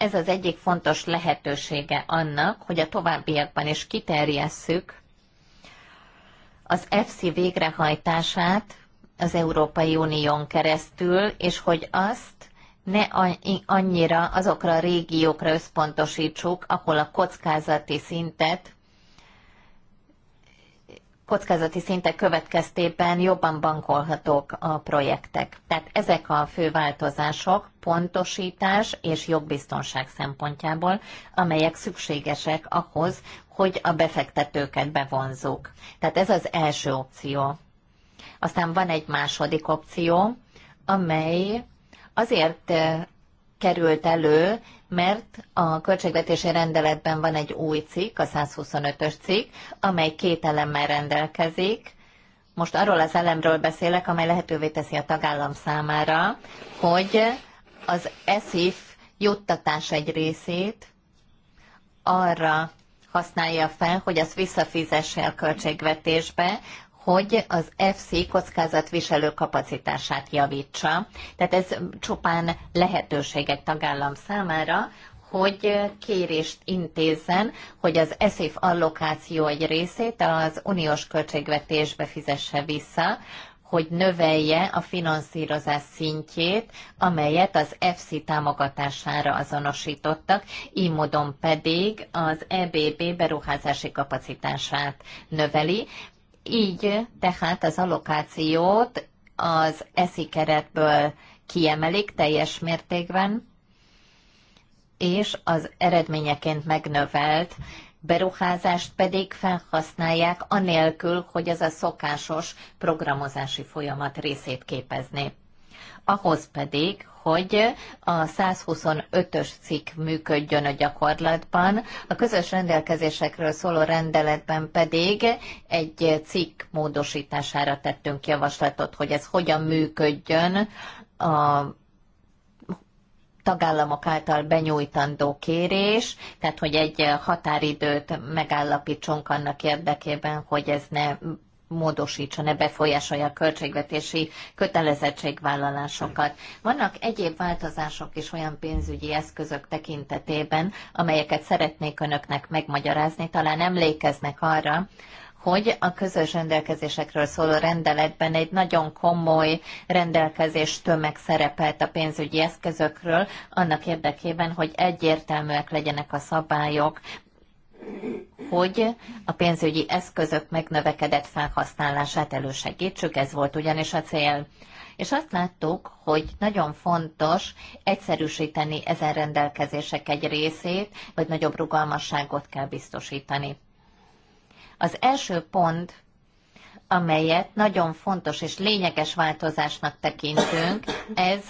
ez az egyik fontos lehetősége annak, hogy a továbbiakban is kiterjesszük az EFSI végrehajtását az Európai Unión keresztül, és hogy azt ne annyira azokra a régiókra összpontosítsuk, ahol a kockázati szintet kockázati szintek következtében jobban bankolhatók a projektek. Tehát ezek a fő változások pontosítás és jogbiztonság szempontjából, amelyek szükségesek ahhoz, hogy a befektetőket bevonzuk. Tehát ez az első opció. Aztán van egy második opció, amely azért eh, került elő, mert a költségvetési rendeletben van egy új cikk, a 125-ös cikk, amely két elemmel rendelkezik. Most arról az elemről beszélek, amely lehetővé teszi a tagállam számára, hogy az ESIF juttatás egy részét arra használja fel, hogy azt visszafizesse a költségvetésbe, hogy az FC kockázatviselő kapacitását javítsa. Tehát ez csupán lehetőség egy tagállam számára, hogy kérést intézzen, hogy az ESIF allokáció egy részét az uniós költségvetésbe fizesse vissza, hogy növelje a finanszírozás szintjét, amelyet az FC támogatására azonosítottak, így módon pedig az EBB beruházási kapacitását növeli, így tehát az allokációt az eszi keretből kiemelik teljes mértékben, és az eredményeként megnövelt beruházást pedig felhasználják anélkül, hogy ez a szokásos programozási folyamat részét képezné. Ahhoz pedig, hogy a 125-ös cikk működjön a gyakorlatban. A közös rendelkezésekről szóló rendeletben pedig egy cikk módosítására tettünk javaslatot, hogy ez hogyan működjön a tagállamok által benyújtandó kérés, tehát hogy egy határidőt megállapítsunk annak érdekében, hogy ez ne módosítsa, ne befolyásolja a költségvetési kötelezettségvállalásokat. Vannak egyéb változások is olyan pénzügyi eszközök tekintetében, amelyeket szeretnék önöknek megmagyarázni, talán emlékeznek arra, hogy a közös rendelkezésekről szóló rendeletben egy nagyon komoly rendelkezés tömeg szerepelt a pénzügyi eszközökről, annak érdekében, hogy egyértelműek legyenek a szabályok hogy a pénzügyi eszközök megnövekedett felhasználását elősegítsük, ez volt ugyanis a cél. És azt láttuk, hogy nagyon fontos egyszerűsíteni ezen rendelkezések egy részét, vagy nagyobb rugalmasságot kell biztosítani. Az első pont amelyet nagyon fontos és lényeges változásnak tekintünk, ez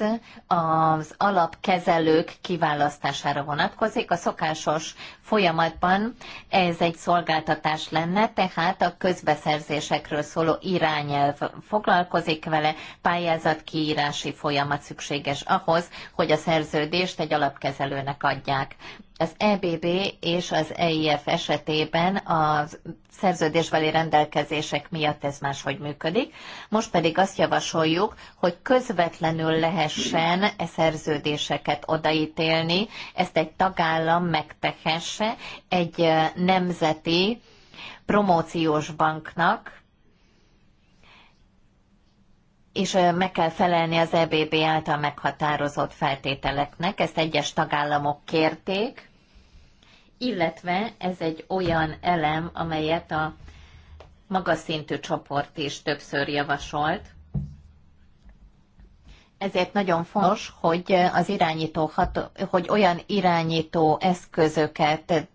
az alapkezelők kiválasztására vonatkozik. A szokásos folyamatban ez egy szolgáltatás lenne, tehát a közbeszerzésekről szóló irányelv foglalkozik vele, pályázat kiírási folyamat szükséges ahhoz, hogy a szerződést egy alapkezelőnek adják. Az EBB és az EIF esetében a szerződésbeli rendelkezések miatt ez máshogy működik. Most pedig azt javasoljuk, hogy közvetlenül lehessen e szerződéseket odaítélni, ezt egy tagállam megtehesse egy nemzeti promóciós banknak, és meg kell felelni az EBB által meghatározott feltételeknek. Ezt egyes tagállamok kérték, illetve ez egy olyan elem, amelyet a magas szintű csoport is többször javasolt. Ezért nagyon fontos, hogy az irányító ható, hogy olyan irányító eszközöket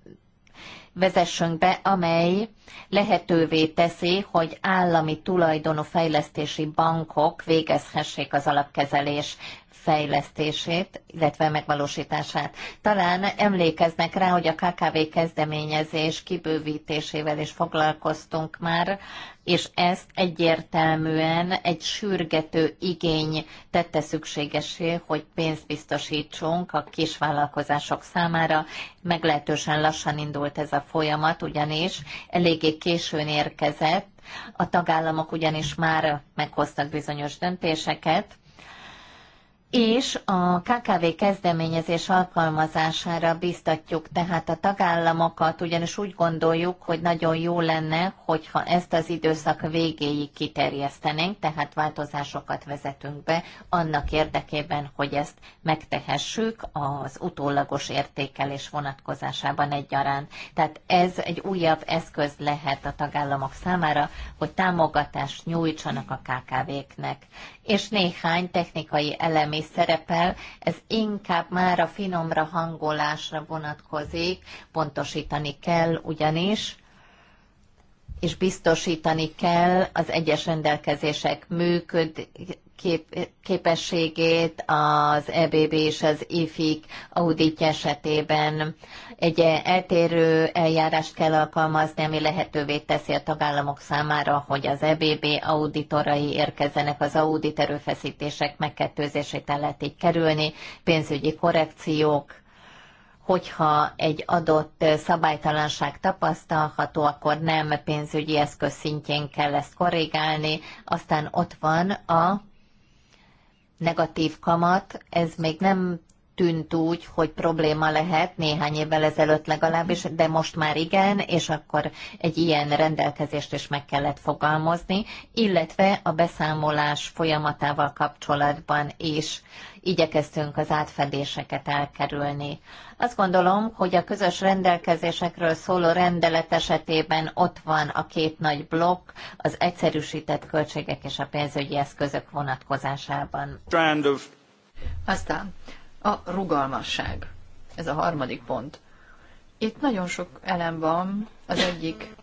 vezessünk be, amely lehetővé teszi, hogy állami tulajdonú fejlesztési bankok végezhessék az alapkezelés fejlesztését, illetve megvalósítását. Talán emlékeznek rá, hogy a KKV kezdeményezés kibővítésével is foglalkoztunk már, és ezt egyértelműen egy sürgető igény tette szükségesé, hogy pénzt biztosítsunk a kisvállalkozások számára. Meglehetősen lassan indult ez a folyamat, ugyanis eléggé későn érkezett, a tagállamok ugyanis már meghoztak bizonyos döntéseket, és a KKV kezdeményezés alkalmazására biztatjuk tehát a tagállamokat, ugyanis úgy gondoljuk, hogy nagyon jó lenne, hogyha ezt az időszak végéig kiterjesztenénk, tehát változásokat vezetünk be annak érdekében, hogy ezt megtehessük az utólagos értékelés vonatkozásában egyaránt. Tehát ez egy újabb eszköz lehet a tagállamok számára, hogy támogatást nyújtsanak a KKV-knek és néhány technikai elem is szerepel, ez inkább már a finomra hangolásra vonatkozik, pontosítani kell ugyanis, és biztosítani kell az egyes rendelkezések működ, kép- képességét az EBB és az IFIK auditja esetében. Egy eltérő eljárást kell alkalmazni, ami lehetővé teszi a tagállamok számára, hogy az EBB auditorai érkezzenek az audit erőfeszítések megkettőzését el lehet így kerülni, pénzügyi korrekciók, hogyha egy adott szabálytalanság tapasztalható, akkor nem pénzügyi eszköz szintjén kell ezt korrigálni. Aztán ott van a negatív kamat, ez még nem tűnt úgy, hogy probléma lehet néhány évvel ezelőtt legalábbis, de most már igen, és akkor egy ilyen rendelkezést is meg kellett fogalmazni, illetve a beszámolás folyamatával kapcsolatban is igyekeztünk az átfedéseket elkerülni. Azt gondolom, hogy a közös rendelkezésekről szóló rendelet esetében ott van a két nagy blokk az egyszerűsített költségek és a pénzügyi eszközök vonatkozásában. Aztán a rugalmasság. Ez a harmadik pont. Itt nagyon sok elem van. Az egyik,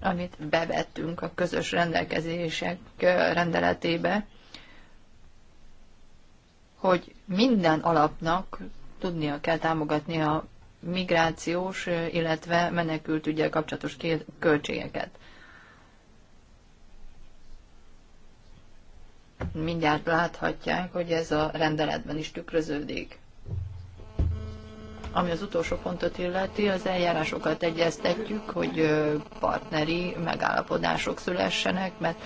amit bevettünk a közös rendelkezések rendeletébe, hogy minden alapnak tudnia kell támogatni a migrációs, illetve menekült ügyel kapcsolatos költségeket. Mindjárt láthatják, hogy ez a rendeletben is tükröződik. Ami az utolsó pontot illeti, az eljárásokat egyeztetjük, hogy partneri megállapodások szülessenek, mert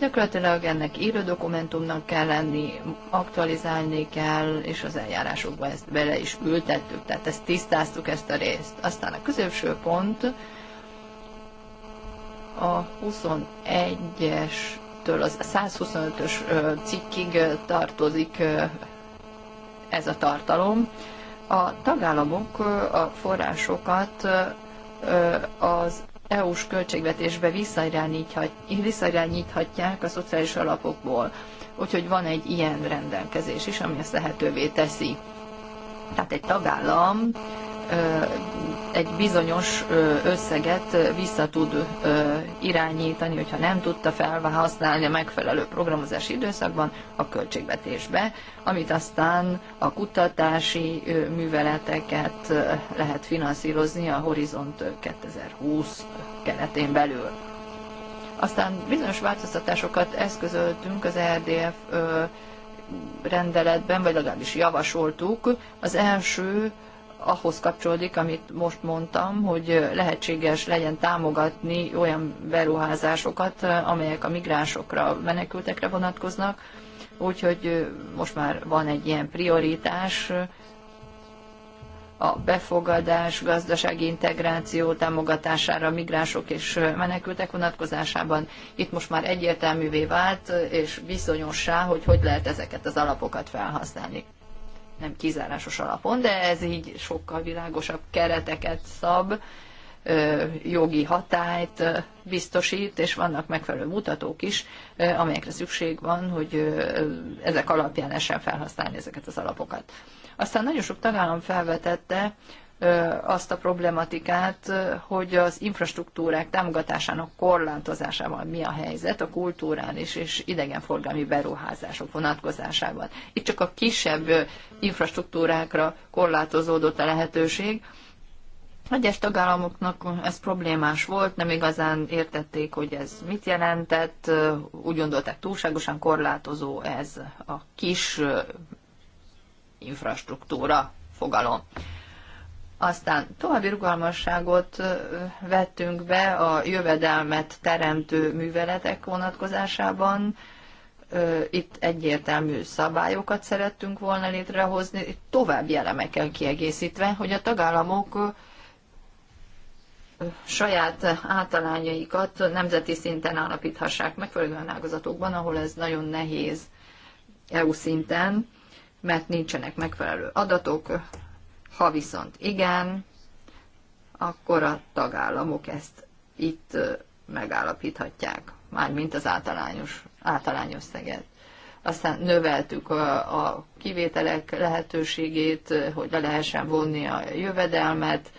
Gyakorlatilag ennek élő dokumentumnak kell lenni, aktualizálni kell, és az eljárásokba ezt bele is ültettük, tehát ezt tisztáztuk ezt a részt. Aztán a középső pont a 21-estől az 125-ös cikkig tartozik ez a tartalom. A tagállamok a forrásokat az EU-s költségvetésbe visszairányíthatják a szociális alapokból. Úgyhogy van egy ilyen rendelkezés is, ami ezt lehetővé teszi. Tehát egy tagállam egy bizonyos összeget vissza tud irányítani, hogyha nem tudta felhasználni a megfelelő programozási időszakban a költségvetésbe, amit aztán a kutatási műveleteket lehet finanszírozni a Horizont 2020 keretén belül. Aztán bizonyos változtatásokat eszközöltünk az RDF e rendeletben, vagy legalábbis javasoltuk. Az első ahhoz kapcsolódik, amit most mondtam, hogy lehetséges legyen támogatni olyan beruházásokat, amelyek a migránsokra, menekültekre vonatkoznak. Úgyhogy most már van egy ilyen prioritás, a befogadás, gazdasági integráció támogatására migránsok és menekültek vonatkozásában. Itt most már egyértelművé vált, és bizonyossá, hogy hogy lehet ezeket az alapokat felhasználni nem kizárásos alapon, de ez így sokkal világosabb kereteket szab, jogi hatályt biztosít, és vannak megfelelő mutatók is, amelyekre szükség van, hogy ezek alapján lehessen felhasználni ezeket az alapokat. Aztán nagyon sok tagállam felvetette, azt a problematikát, hogy az infrastruktúrák támogatásának korlátozásával mi a helyzet a kulturális és idegenforgalmi beruházások vonatkozásában. Itt csak a kisebb infrastruktúrákra korlátozódott a lehetőség. Egyes tagállamoknak ez problémás volt, nem igazán értették, hogy ez mit jelentett, úgy gondolták túlságosan korlátozó ez a kis infrastruktúra fogalom. Aztán további rugalmasságot vettünk be a jövedelmet teremtő műveletek vonatkozásában. Itt egyértelmű szabályokat szerettünk volna létrehozni, további elemekkel kiegészítve, hogy a tagállamok saját általányaikat nemzeti szinten állapíthassák meg, főleg olyan ágazatokban, ahol ez nagyon nehéz EU szinten, mert nincsenek megfelelő adatok, ha viszont igen, akkor a tagállamok ezt itt megállapíthatják, mármint az általányos, általányos szeget. Aztán növeltük a, a kivételek lehetőségét, hogy le lehessen vonni a jövedelmet,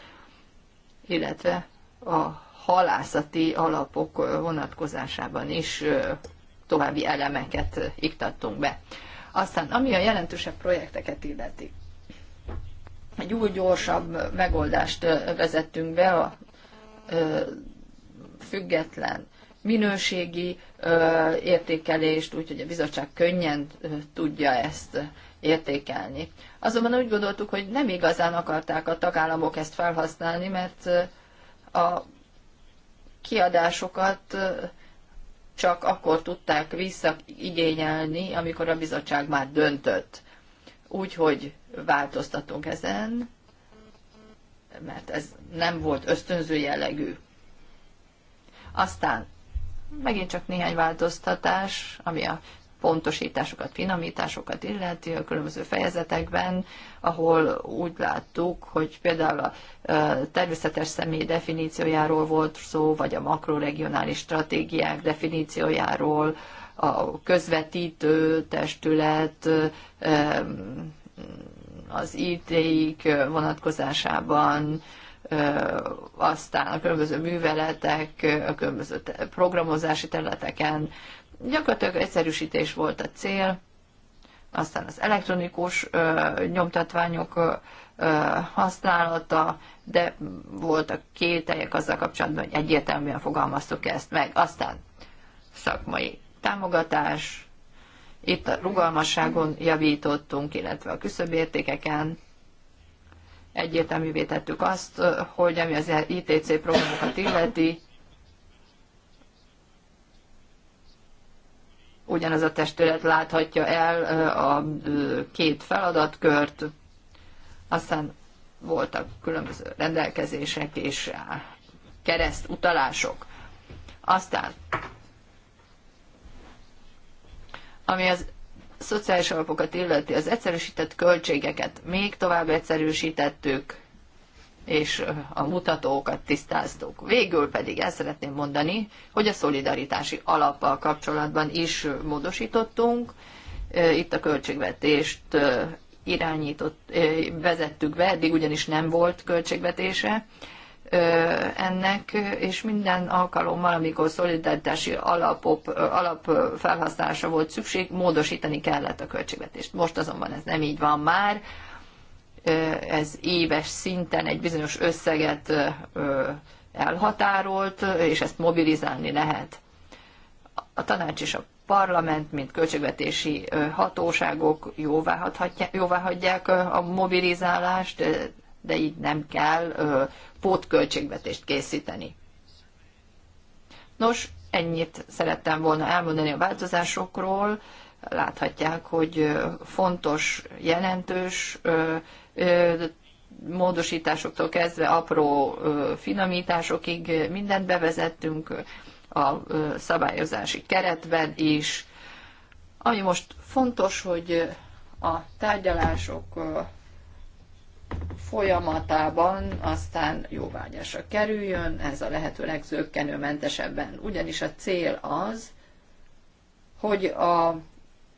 illetve a halászati alapok vonatkozásában is további elemeket iktattunk be. Aztán, ami a jelentősebb projekteket illeti, egy új, gyorsabb megoldást vezettünk be a független minőségi értékelést, úgyhogy a bizottság könnyen tudja ezt értékelni. Azonban úgy gondoltuk, hogy nem igazán akarták a tagállamok ezt felhasználni, mert a kiadásokat csak akkor tudták visszaigényelni, amikor a bizottság már döntött. Úgyhogy változtatunk ezen, mert ez nem volt ösztönző jellegű. Aztán megint csak néhány változtatás, ami a pontosításokat, finomításokat illeti a különböző fejezetekben, ahol úgy láttuk, hogy például a természetes személy definíciójáról volt szó, vagy a makroregionális stratégiák definíciójáról, a közvetítő testület az it vonatkozásában, aztán a különböző műveletek, a különböző programozási területeken. Gyakorlatilag egyszerűsítés volt a cél, aztán az elektronikus nyomtatványok használata, de voltak kételjek azzal kapcsolatban, hogy egyértelműen fogalmaztuk ezt meg. Aztán szakmai támogatás, itt a rugalmasságon javítottunk, illetve a küszöbértékeken. Egyértelművé tettük azt, hogy ami az ITC programokat illeti, ugyanaz a testület láthatja el a két feladatkört, aztán voltak különböző rendelkezések és keresztutalások. Aztán ami az szociális alapokat illeti, az egyszerűsített költségeket még tovább egyszerűsítettük, és a mutatókat tisztáztuk. Végül pedig el szeretném mondani, hogy a szolidaritási alappal kapcsolatban is módosítottunk. Itt a költségvetést irányított, vezettük be, eddig ugyanis nem volt költségvetése ennek, és minden alkalommal, amikor szolidaritási alapok, alap felhasználása volt szükség, módosítani kellett a költségvetést. Most azonban ez nem így van már, ez éves szinten egy bizonyos összeget elhatárolt, és ezt mobilizálni lehet. A tanács és a parlament, mint költségvetési hatóságok jóváhagyják jóvá a mobilizálást, de így nem kell pótköltségvetést készíteni. Nos, ennyit szerettem volna elmondani a változásokról. Láthatják, hogy fontos, jelentős módosításoktól kezdve apró finomításokig mindent bevezettünk a szabályozási keretben is. Ami most fontos, hogy a tárgyalások folyamatában aztán jóvágyásra kerüljön, ez a lehető legzökkenőmentesebben. Ugyanis a cél az, hogy a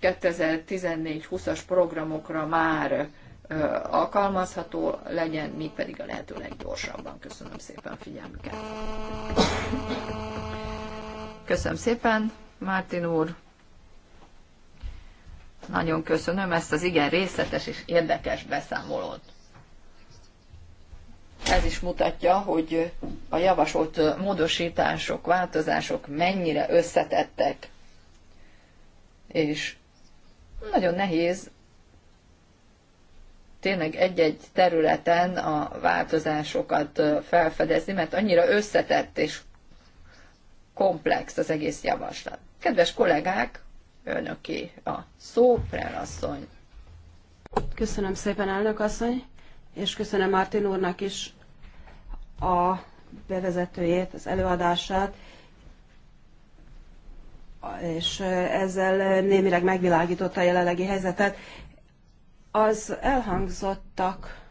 2014-20-as programokra már alkalmazható legyen, még pedig a lehető leggyorsabban. Köszönöm szépen a figyelmüket. Köszönöm szépen, Mártin úr. Nagyon köszönöm ezt az igen részletes és érdekes beszámolót ez is mutatja, hogy a javasolt módosítások, változások mennyire összetettek, és nagyon nehéz tényleg egy-egy területen a változásokat felfedezni, mert annyira összetett és komplex az egész javaslat. Kedves kollégák, önöké a szó, asszony. Köszönöm szépen, elnök asszony, és köszönöm Martin úrnak is a bevezetőjét, az előadását, és ezzel némileg megvilágította a jelenlegi helyzetet. Az elhangzottak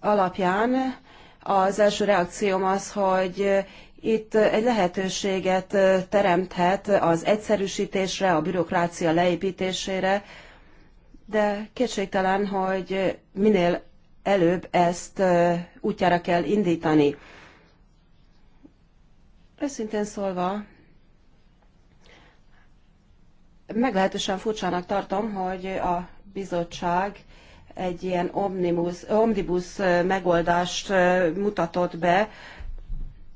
alapján az első reakcióm az, hogy itt egy lehetőséget teremthet az egyszerűsítésre, a bürokrácia leépítésére, de kétségtelen, hogy minél előbb ezt útjára kell indítani. Őszintén szólva, meglehetősen furcsának tartom, hogy a bizottság egy ilyen omnibus, omnibus megoldást mutatott be.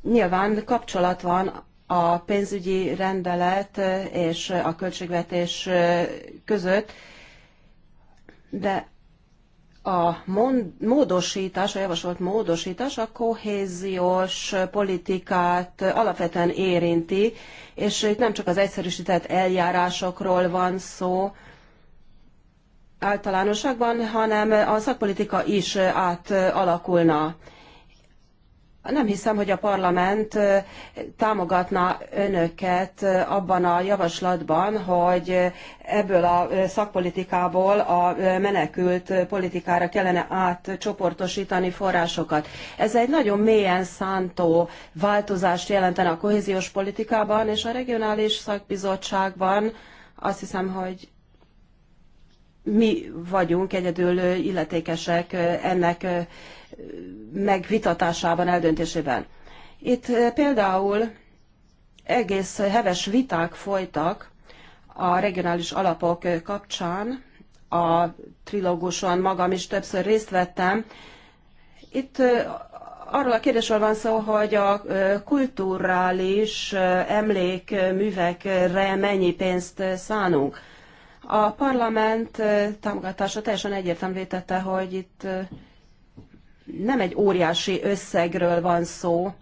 Nyilván kapcsolat van a pénzügyi rendelet és a költségvetés között, de a módosítás, a javasolt módosítás a kohéziós politikát alapvetően érinti, és itt nem csak az egyszerűsített eljárásokról van szó általánosságban, hanem a szakpolitika is átalakulna. Nem hiszem, hogy a parlament támogatna önöket abban a javaslatban, hogy ebből a szakpolitikából a menekült politikára kellene átcsoportosítani forrásokat. Ez egy nagyon mélyen szántó változást jelentene a kohéziós politikában és a regionális szakbizottságban. Azt hiszem, hogy mi vagyunk egyedül illetékesek ennek megvitatásában, eldöntésében. Itt eh, például egész heves viták folytak a regionális alapok eh, kapcsán, a trilóguson magam is többször részt vettem. Itt eh, arról a kérdésről van szó, hogy a kulturális emlékművekre mennyi pénzt szánunk. A parlament támogatása teljesen egyértelmű tette, hogy itt nem egy óriási összegről van szó,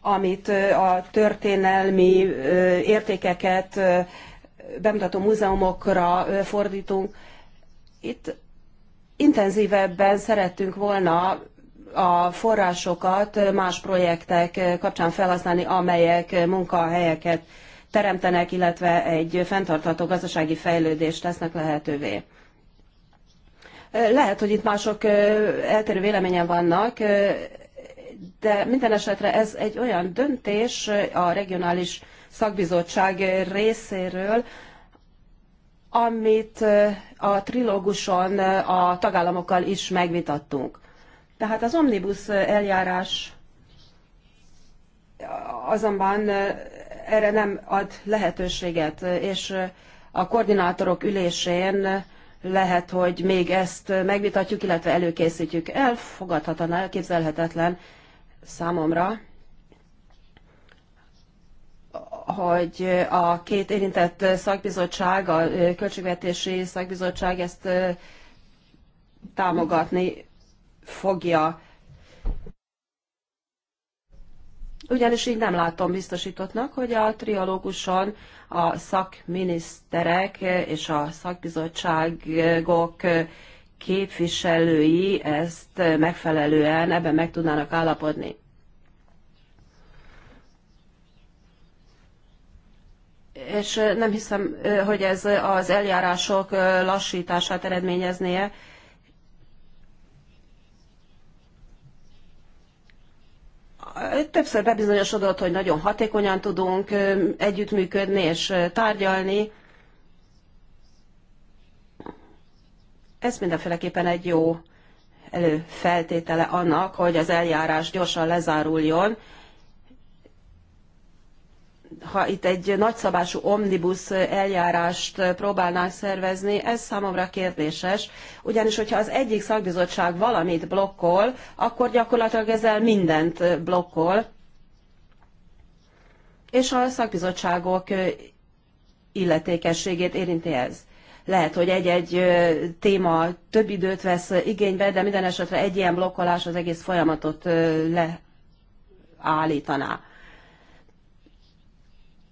amit a történelmi értékeket bemutató múzeumokra fordítunk. Itt intenzívebben szerettünk volna a forrásokat más projektek kapcsán felhasználni, amelyek munkahelyeket teremtenek, illetve egy fenntartható gazdasági fejlődést tesznek lehetővé. Lehet, hogy itt mások eltérő véleményen vannak, de minden esetre ez egy olyan döntés a regionális szakbizottság részéről, amit a trilóguson a tagállamokkal is megvitattunk. Tehát az omnibus eljárás azonban erre nem ad lehetőséget, és a koordinátorok ülésén lehet, hogy még ezt megvitatjuk, illetve előkészítjük. Elfogadhatatlan, elképzelhetetlen számomra, hogy a két érintett szakbizottság, a költségvetési szakbizottság ezt támogatni fogja. Ugyanis így nem látom biztosítottnak, hogy a trialóguson a szakminiszterek és a szakbizottságok képviselői ezt megfelelően ebben meg tudnának állapodni. És nem hiszem, hogy ez az eljárások lassítását eredményeznie, többször bebizonyosodott, hogy nagyon hatékonyan tudunk együttműködni és tárgyalni. Ez mindenféleképpen egy jó előfeltétele annak, hogy az eljárás gyorsan lezáruljon, ha itt egy nagyszabású omnibus eljárást próbálnánk szervezni, ez számomra kérdéses, ugyanis hogyha az egyik szakbizottság valamit blokkol, akkor gyakorlatilag ezzel mindent blokkol, és a szakbizottságok illetékességét érinti ez. Lehet, hogy egy-egy téma több időt vesz igénybe, de minden esetre egy ilyen blokkolás az egész folyamatot leállítaná.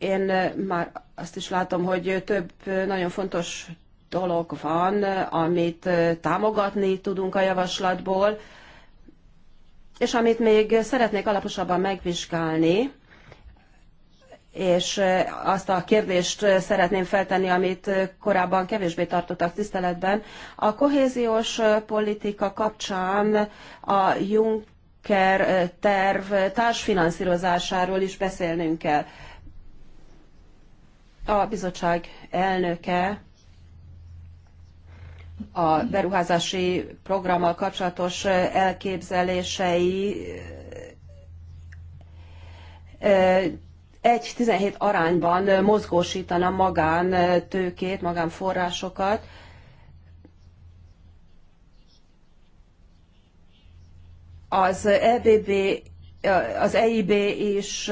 Én már azt is látom, hogy több nagyon fontos dolog van, amit támogatni tudunk a javaslatból, és amit még szeretnék alaposabban megvizsgálni, és azt a kérdést szeretném feltenni, amit korábban kevésbé tartottak tiszteletben. A kohéziós politika kapcsán a Juncker terv társfinanszírozásáról is beszélnünk kell a bizottság elnöke a beruházási programmal kapcsolatos elképzelései egy 17 arányban mozgósítana magán tőkét, magánforrásokat. Az EBB az EIB is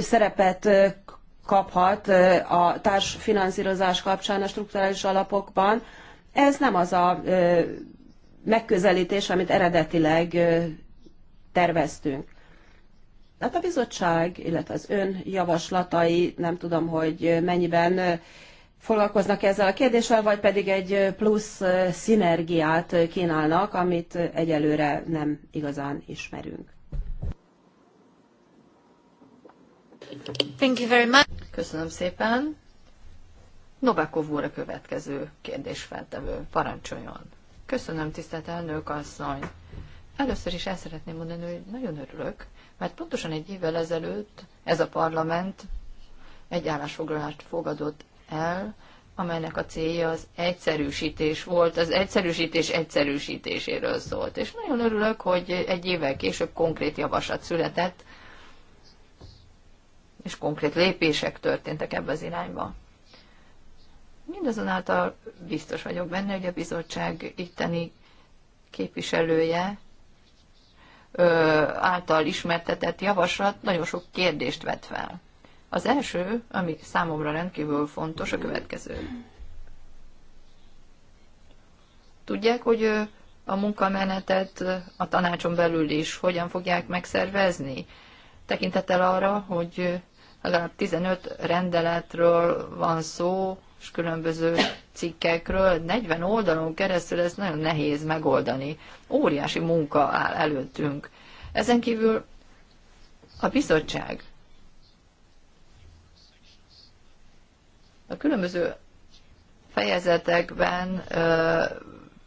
szerepet kaphat a társfinanszírozás kapcsán a strukturális alapokban. Ez nem az a megközelítés, amit eredetileg terveztünk. Hát a bizottság, illetve az ön javaslatai, nem tudom, hogy mennyiben foglalkoznak ezzel a kérdéssel, vagy pedig egy plusz szinergiát kínálnak, amit egyelőre nem igazán ismerünk. Thank you very much. Köszönöm szépen. Novakov úr a következő kérdésfeltevő. Parancsoljon. Köszönöm, tisztelt elnök asszony. Először is el szeretném mondani, hogy nagyon örülök, mert pontosan egy évvel ezelőtt ez a parlament egy állásfoglalást fogadott el, amelynek a célja az egyszerűsítés volt, az egyszerűsítés egyszerűsítéséről szólt. És nagyon örülök, hogy egy évvel később konkrét javaslat született, és konkrét lépések történtek ebbe az irányba. Mindazonáltal biztos vagyok benne, hogy a bizottság itteni képviselője ö, által ismertetett javaslat nagyon sok kérdést vet fel. Az első, ami számomra rendkívül fontos, a következő. Tudják, hogy a munkamenetet a tanácson belül is hogyan fogják megszervezni? Tekintettel arra, hogy legalább 15 rendeletről van szó, és különböző cikkekről, 40 oldalon keresztül ez nagyon nehéz megoldani. Óriási munka áll előttünk. Ezen kívül a bizottság a különböző fejezetekben ö,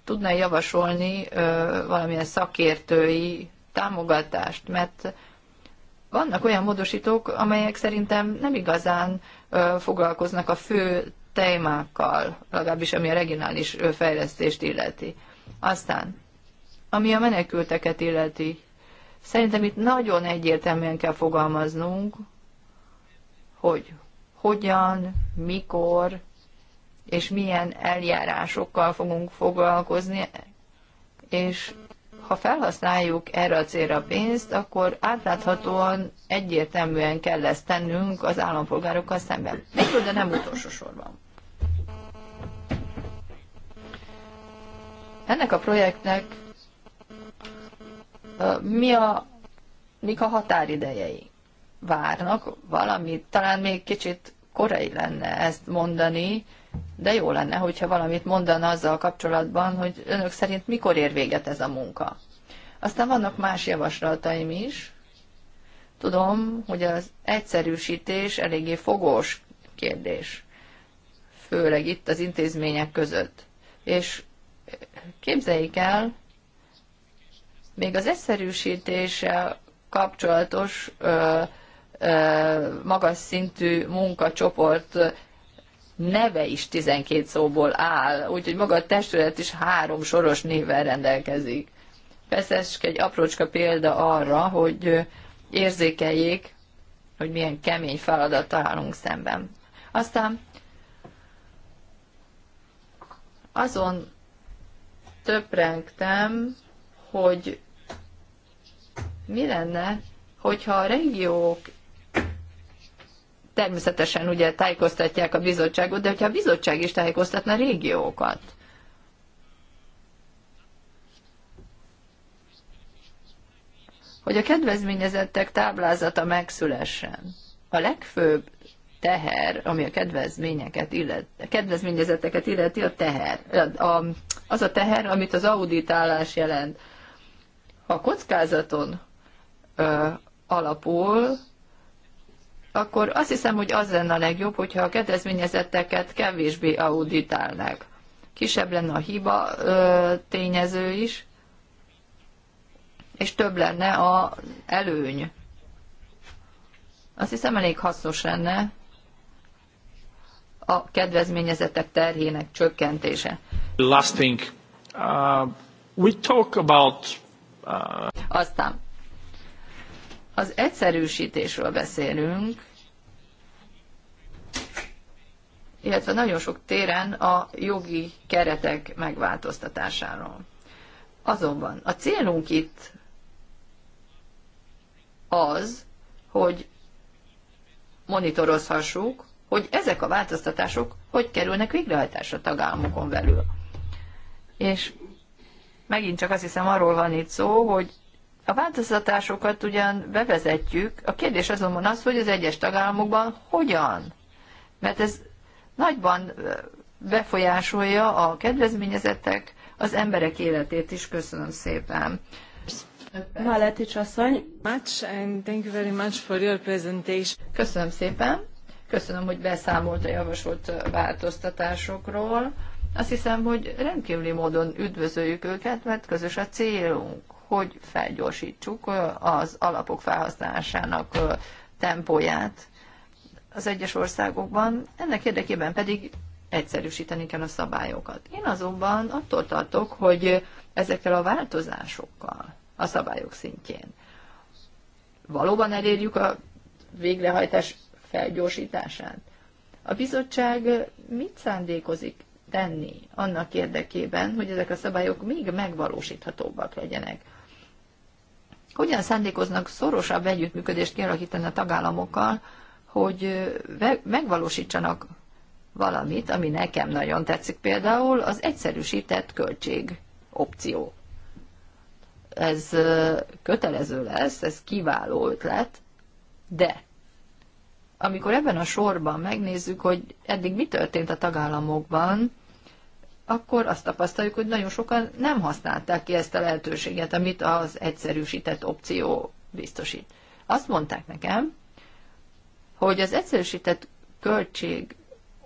tudná javasolni ö, valamilyen szakértői támogatást, mert vannak olyan módosítók, amelyek szerintem nem igazán foglalkoznak a fő témákkal, legalábbis ami a regionális fejlesztést illeti. Aztán, ami a menekülteket illeti, szerintem itt nagyon egyértelműen kell fogalmaznunk, hogy hogyan, mikor és milyen eljárásokkal fogunk foglalkozni, és ha felhasználjuk erre a célra a pénzt, akkor átláthatóan, egyértelműen kell ezt tennünk az állampolgárokkal szemben. Még de nem utolsó sorban. Ennek a projektnek mi a, mik a határidejei? Várnak valamit, talán még kicsit korai lenne ezt mondani, de jó lenne, hogyha valamit mondana azzal kapcsolatban, hogy önök szerint mikor ér véget ez a munka. Aztán vannak más javaslataim is. Tudom, hogy az egyszerűsítés eléggé fogós kérdés, főleg itt az intézmények között. És képzeljék el, még az egyszerűsítéssel kapcsolatos ö, ö, magas szintű munkacsoport neve is 12 szóból áll, úgyhogy maga a testület is három soros névvel rendelkezik. Persze egy aprócska példa arra, hogy érzékeljék, hogy milyen kemény feladat állunk szemben. Aztán azon töprengtem, hogy mi lenne, hogyha a régiók természetesen ugye tájékoztatják a bizottságot, de hogyha a bizottság is tájékoztatna régiókat. Hogy a kedvezményezettek táblázata megszülessen. A legfőbb teher, ami a kedvezményeket illet, a kedvezményezeteket illeti, a teher. A, az a teher, amit az auditálás jelent. Ha a kockázaton ö, alapul, akkor azt hiszem, hogy az lenne a legjobb, hogyha a kedvezményezetteket kevésbé auditálnák. Kisebb lenne a hiba ö, tényező is, és több lenne a előny. Azt hiszem, elég hasznos lenne a kedvezményezetek terhének csökkentése. Last thing. Uh, we talk about, uh... Aztán az egyszerűsítésről beszélünk, illetve nagyon sok téren a jogi keretek megváltoztatásáról. Azonban a célunk itt az, hogy monitorozhassuk, hogy ezek a változtatások hogy kerülnek végrehajtásra tagállamokon belül. És megint csak azt hiszem arról van itt szó, hogy a változtatásokat ugyan bevezetjük, a kérdés azonban az, hogy az egyes tagállamokban hogyan. Mert ez nagyban befolyásolja a kedvezményezettek, az emberek életét is. Köszönöm szépen. Maletics asszony. Much and thank you very much for your presentation. Köszönöm szépen. Köszönöm, hogy beszámolt a javasolt változtatásokról. Azt hiszem, hogy rendkívüli módon üdvözöljük őket, mert közös a célunk hogy felgyorsítsuk az alapok felhasználásának tempóját az egyes országokban, ennek érdekében pedig egyszerűsíteni kell a szabályokat. Én azonban attól tartok, hogy ezekkel a változásokkal a szabályok szintjén valóban elérjük a végrehajtás felgyorsítását. A bizottság mit szándékozik tenni annak érdekében, hogy ezek a szabályok még megvalósíthatóbbak legyenek? hogyan szándékoznak szorosabb együttműködést kialakítani a tagállamokkal, hogy megvalósítsanak valamit, ami nekem nagyon tetszik például, az egyszerűsített költség opció. Ez kötelező lesz, ez kiváló ötlet, de amikor ebben a sorban megnézzük, hogy eddig mi történt a tagállamokban, akkor azt tapasztaljuk, hogy nagyon sokan nem használták ki ezt a lehetőséget, amit az egyszerűsített opció biztosít. Azt mondták nekem, hogy az egyszerűsített költség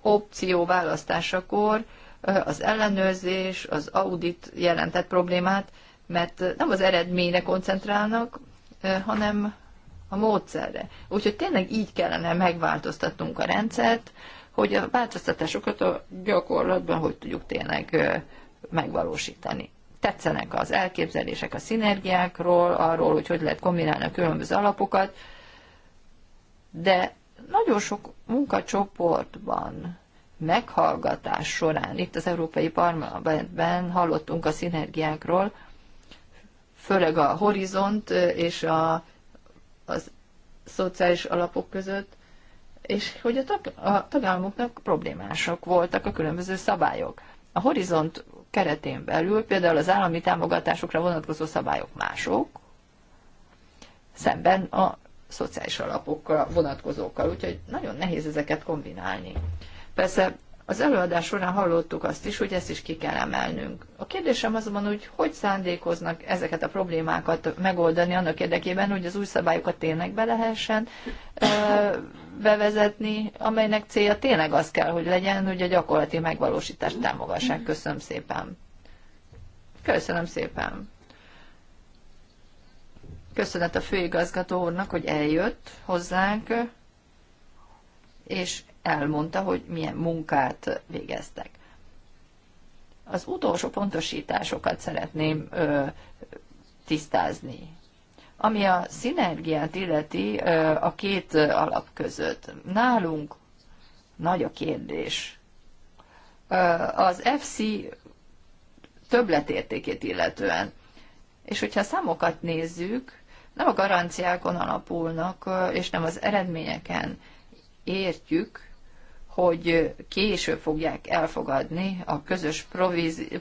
opció választásakor az ellenőrzés, az audit jelentett problémát, mert nem az eredményre koncentrálnak, hanem a módszerre. Úgyhogy tényleg így kellene megváltoztatnunk a rendszert, hogy a változtatásokat a gyakorlatban hogy tudjuk tényleg megvalósítani. Tetszenek az elképzelések a szinergiákról, arról, hogy hogy lehet kombinálni a különböző alapokat, de nagyon sok munkacsoportban meghallgatás során itt az Európai Parlamentben hallottunk a szinergiákról, főleg a horizont és a, az szociális alapok között, és hogy a, tag, a tagállamoknak problémások voltak a különböző szabályok. A horizont keretén belül például az állami támogatásokra vonatkozó szabályok mások, szemben a szociális alapokkal vonatkozókkal, úgyhogy nagyon nehéz ezeket kombinálni. Persze az előadás során hallottuk azt is, hogy ezt is ki kell emelnünk. A kérdésem azonban, hogy hogy szándékoznak ezeket a problémákat megoldani annak érdekében, hogy az új szabályokat tényleg be lehessen ö, bevezetni, amelynek célja tényleg az kell, hogy legyen, hogy a gyakorlati megvalósítást támogassák. Köszönöm szépen. Köszönöm szépen. Köszönet a főigazgató úrnak, hogy eljött hozzánk, és elmondta, hogy milyen munkát végeztek. Az utolsó pontosításokat szeretném ö, tisztázni. Ami a szinergiát illeti ö, a két alap között. Nálunk nagy a kérdés. Ö, az FC többletértékét illetően. És hogyha számokat nézzük, nem a garanciákon alapulnak, és nem az eredményeken értjük, hogy később fogják elfogadni a közös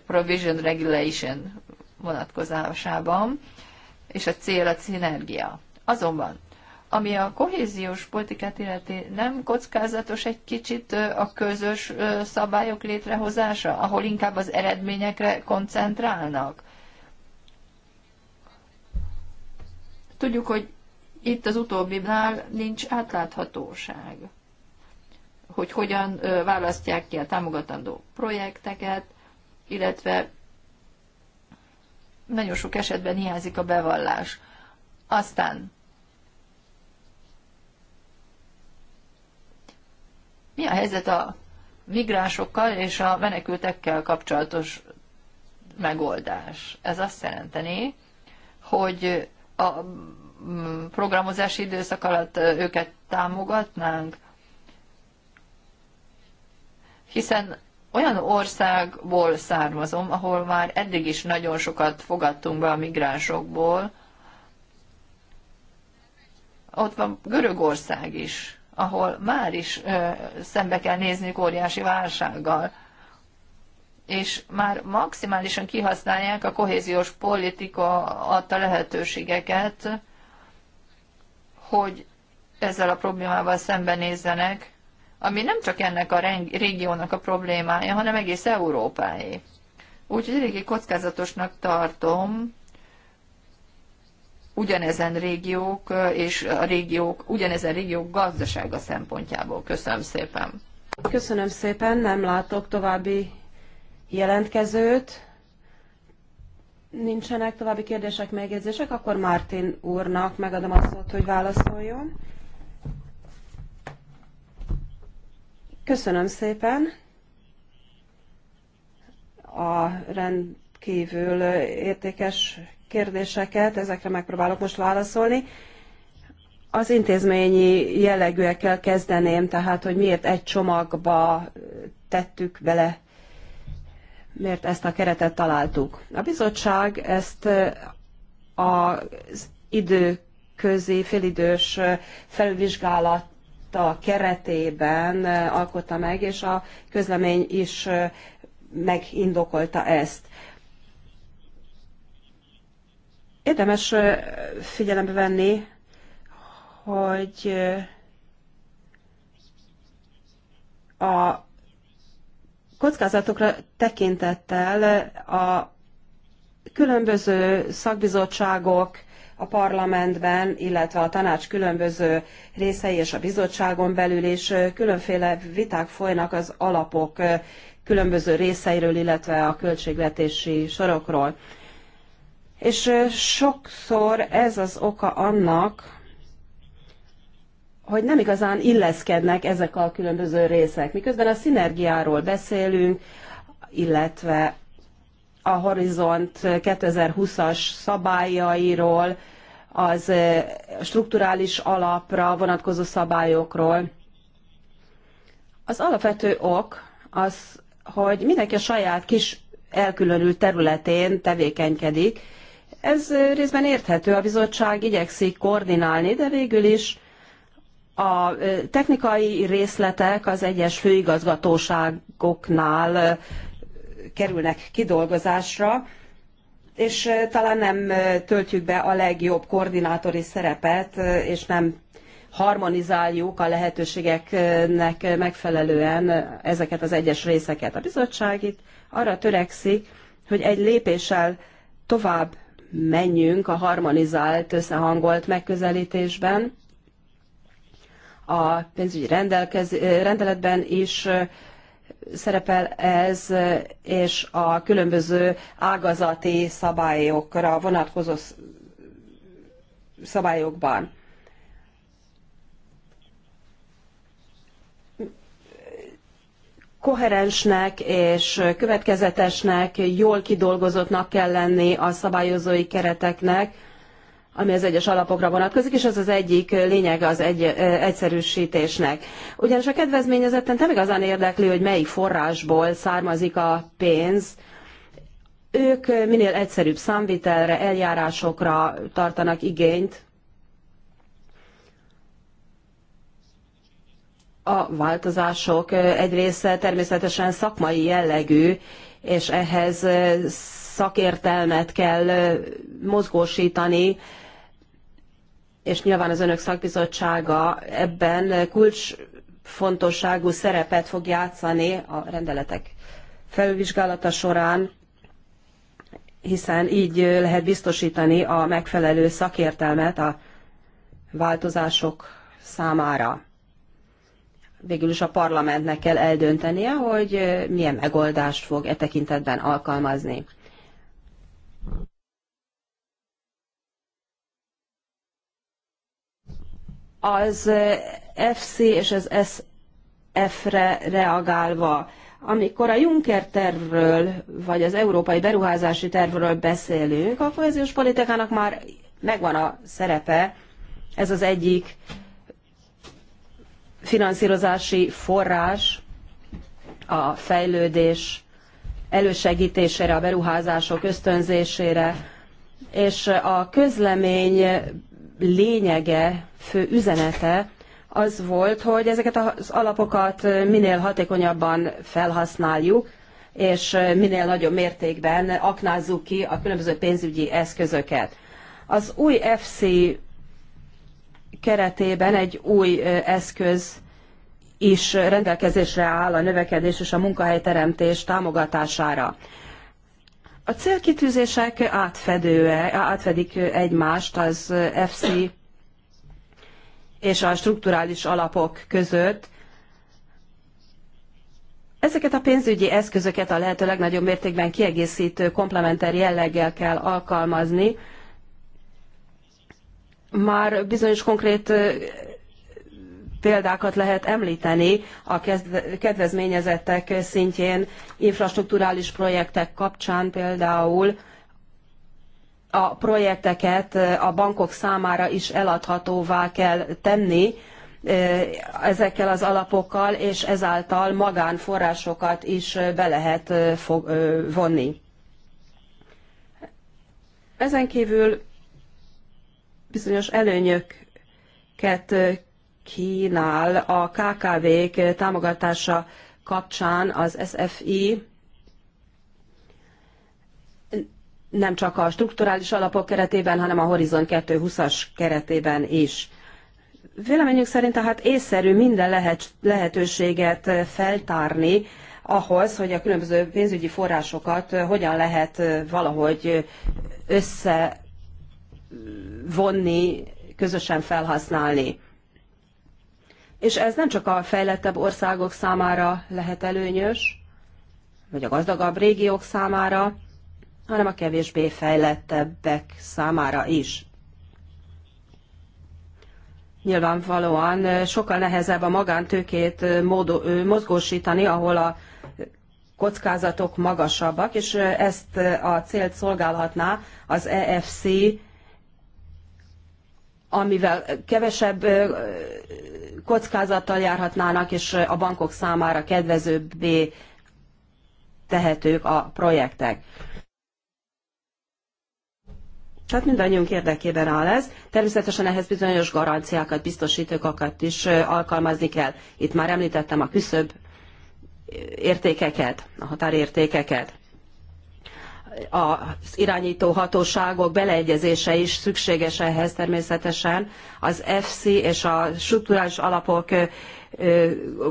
provision regulation vonatkozásában, és a cél a szinergia. Azonban, ami a kohéziós politikát illeti, nem kockázatos egy kicsit a közös szabályok létrehozása, ahol inkább az eredményekre koncentrálnak? Tudjuk, hogy itt az utóbbinál nincs átláthatóság hogy hogyan választják ki a támogatandó projekteket, illetve nagyon sok esetben hiányzik a bevallás. Aztán mi a helyzet a migránsokkal és a menekültekkel kapcsolatos megoldás? Ez azt jelenteni, hogy a mm, programozási időszak alatt őket támogatnánk, hiszen olyan országból származom, ahol már eddig is nagyon sokat fogadtunk be a migránsokból. Ott van Görögország is, ahol már is ö, szembe kell nézni óriási válsággal. És már maximálisan kihasználják a kohéziós politika adta lehetőségeket, hogy ezzel a problémával szembenézzenek, ami nem csak ennek a régiónak a problémája, hanem egész Európáé. Úgyhogy eléggé kockázatosnak tartom ugyanezen régiók és a régiók, ugyanezen régiók gazdasága szempontjából. Köszönöm szépen. Köszönöm szépen, nem látok további jelentkezőt. Nincsenek további kérdések, megjegyzések, akkor Mártin úrnak megadom a szót, hogy válaszoljon. Köszönöm szépen. A rendkívül értékes kérdéseket, ezekre megpróbálok most válaszolni. Az intézményi jellegűekkel kezdeném, tehát hogy miért egy csomagba tettük bele, miért ezt a keretet találtuk. A bizottság ezt az időközi félidős felvizsgálat vita keretében alkotta meg, és a közlemény is megindokolta ezt. Érdemes figyelembe venni, hogy a kockázatokra tekintettel a különböző szakbizottságok a parlamentben, illetve a tanács különböző részei és a bizottságon belül is különféle viták folynak az alapok különböző részeiről, illetve a költségvetési sorokról. És sokszor ez az oka annak, hogy nem igazán illeszkednek ezek a különböző részek. Miközben a szinergiáról beszélünk, illetve a Horizont 2020-as szabályairól, az strukturális alapra vonatkozó szabályokról. Az alapvető ok az, hogy mindenki a saját kis elkülönült területén tevékenykedik. Ez részben érthető, a bizottság igyekszik koordinálni, de végül is a technikai részletek az egyes főigazgatóságoknál kerülnek kidolgozásra, és talán nem töltjük be a legjobb koordinátori szerepet, és nem harmonizáljuk a lehetőségeknek megfelelően ezeket az egyes részeket. A bizottság itt arra törekszik, hogy egy lépéssel tovább menjünk a harmonizált, összehangolt megközelítésben. A pénzügyi rendeletben is szerepel ez, és a különböző ágazati szabályokra vonatkozó szabályokban. koherensnek és következetesnek, jól kidolgozottnak kell lenni a szabályozói kereteknek, ami az egyes alapokra vonatkozik, és az az egyik lényege az egy, egyszerűsítésnek. Ugyanis a kedvezményezetten nem igazán érdekli, hogy melyik forrásból származik a pénz, ők minél egyszerűbb számvitelre, eljárásokra tartanak igényt. A változások egy része természetesen szakmai jellegű, és ehhez szakértelmet kell mozgósítani, és nyilván az önök szakbizottsága ebben kulcsfontosságú szerepet fog játszani a rendeletek felülvizsgálata során, hiszen így lehet biztosítani a megfelelő szakértelmet a változások számára. Végül is a parlamentnek kell eldöntenie, hogy milyen megoldást fog e tekintetben alkalmazni. az FC és az SF-re reagálva, amikor a Juncker tervről, vagy az európai beruházási tervről beszélünk, a kohéziós politikának már megvan a szerepe, ez az egyik finanszírozási forrás a fejlődés elősegítésére, a beruházások ösztönzésére, és a közlemény lényege fő üzenete az volt, hogy ezeket az alapokat minél hatékonyabban felhasználjuk, és minél nagyobb mértékben aknázzuk ki a különböző pénzügyi eszközöket. Az új FC keretében egy új eszköz is rendelkezésre áll a növekedés és a munkahelyteremtés támogatására. A célkitűzések átfedőek, átfedik egymást az FC és a strukturális alapok között. Ezeket a pénzügyi eszközöket a lehető legnagyobb mértékben kiegészítő, komplementer jelleggel kell alkalmazni. Már bizonyos konkrét példákat lehet említeni a kedvezményezettek szintjén, infrastrukturális projektek kapcsán például, a projekteket a bankok számára is eladhatóvá kell tenni ezekkel az alapokkal, és ezáltal magánforrásokat is be lehet vonni. Ezen kívül bizonyos előnyöket kínál a KKV-k támogatása kapcsán az SFI, nem csak a strukturális alapok keretében, hanem a Horizon 2020 as keretében is. Véleményünk szerint tehát észszerű minden lehet, lehetőséget feltárni ahhoz, hogy a különböző pénzügyi forrásokat hogyan lehet valahogy összevonni, közösen felhasználni. És ez nem csak a fejlettebb országok számára lehet előnyös, vagy a gazdagabb régiók számára, hanem a kevésbé fejlettebbek számára is. Nyilvánvalóan sokkal nehezebb a magántőkét mozgósítani, ahol a kockázatok magasabbak, és ezt a célt szolgálhatná az EFC, amivel kevesebb kockázattal járhatnának, és a bankok számára kedvezőbbé tehetők a projektek. Tehát mindannyiunk érdekében áll ez. Természetesen ehhez bizonyos garanciákat, biztosítókat is alkalmazni kell. Itt már említettem a küszöb értékeket, a határértékeket. Az irányító hatóságok beleegyezése is szükséges ehhez természetesen. Az FC és a struktúrális alapok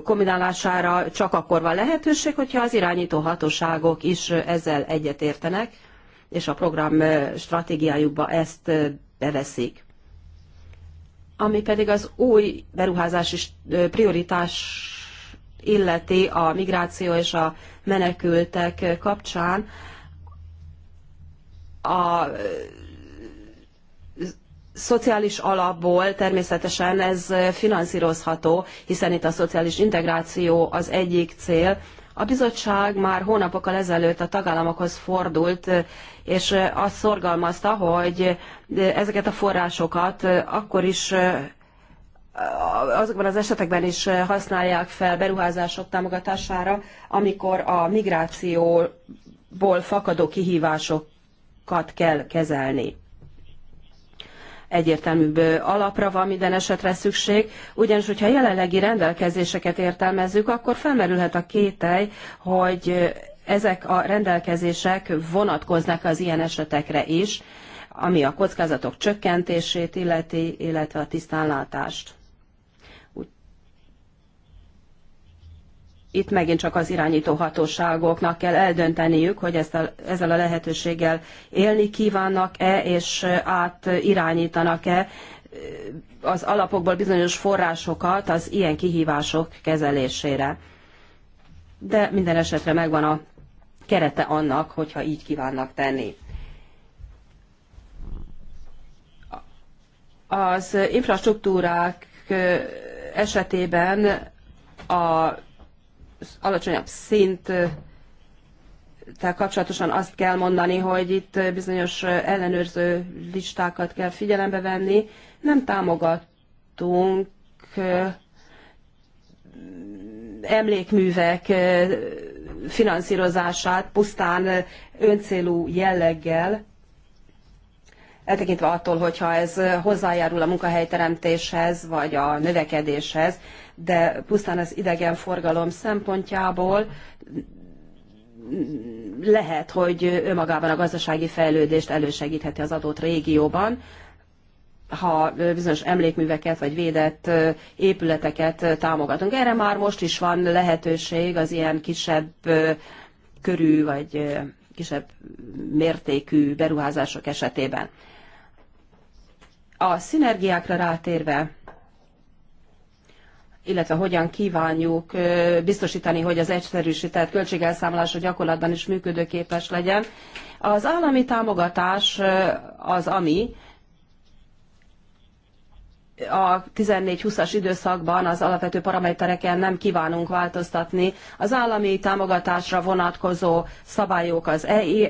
kombinálására csak akkor van lehetőség, hogyha az irányító hatóságok is ezzel egyetértenek és a program stratégiájukba ezt beveszik. Ami pedig az új beruházási prioritás illeti a migráció és a menekültek kapcsán, a szociális alapból természetesen ez finanszírozható, hiszen itt a szociális integráció az egyik cél, a bizottság már hónapokkal ezelőtt a tagállamokhoz fordult, és azt szorgalmazta, hogy ezeket a forrásokat akkor is azokban az esetekben is használják fel beruházások támogatására, amikor a migrációból fakadó kihívásokat kell kezelni egyértelműbb alapra van minden esetre szükség, ugyanis hogyha jelenlegi rendelkezéseket értelmezzük, akkor felmerülhet a kételj, hogy ezek a rendelkezések vonatkoznak az ilyen esetekre is, ami a kockázatok csökkentését illeti, illetve a tisztánlátást. itt megint csak az irányító hatóságoknak kell eldönteniük, hogy ezt a, ezzel a lehetőséggel élni kívánnak-e, és átirányítanak-e az alapokból bizonyos forrásokat az ilyen kihívások kezelésére. De minden esetre megvan a kerete annak, hogyha így kívánnak tenni. Az infrastruktúrák esetében a alacsonyabb szint tehát kapcsolatosan azt kell mondani, hogy itt bizonyos ellenőrző listákat kell figyelembe venni. Nem támogatunk emlékművek finanszírozását pusztán öncélú jelleggel, eltekintve attól, hogyha ez hozzájárul a munkahelyteremtéshez, vagy a növekedéshez, de pusztán az idegenforgalom szempontjából lehet, hogy önmagában a gazdasági fejlődést elősegítheti az adott régióban, ha bizonyos emlékműveket vagy védett épületeket támogatunk. Erre már most is van lehetőség az ilyen kisebb körű vagy kisebb mértékű beruházások esetében. A szinergiákra rátérve, illetve hogyan kívánjuk biztosítani, hogy az egyszerűsített költségelszámolás a gyakorlatban is működőképes legyen. Az állami támogatás az, ami a 14-20-as időszakban az alapvető paramétereken nem kívánunk változtatni. Az állami támogatásra vonatkozó szabályok az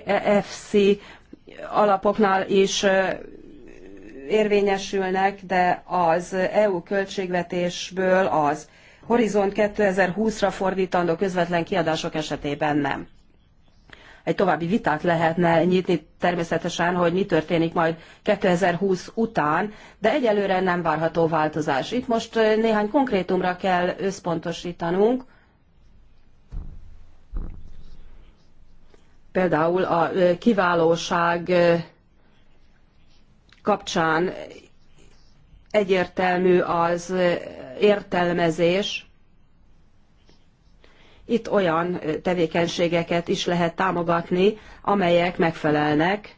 EFC alapoknál is érvényesülnek, de az EU költségvetésből az Horizont 2020-ra fordítandó közvetlen kiadások esetében nem. Egy további vitát lehetne nyitni természetesen, hogy mi történik majd 2020 után, de egyelőre nem várható változás. Itt most néhány konkrétumra kell összpontosítanunk, például a kiválóság kapcsán egyértelmű az értelmezés, itt olyan tevékenységeket is lehet támogatni, amelyek megfelelnek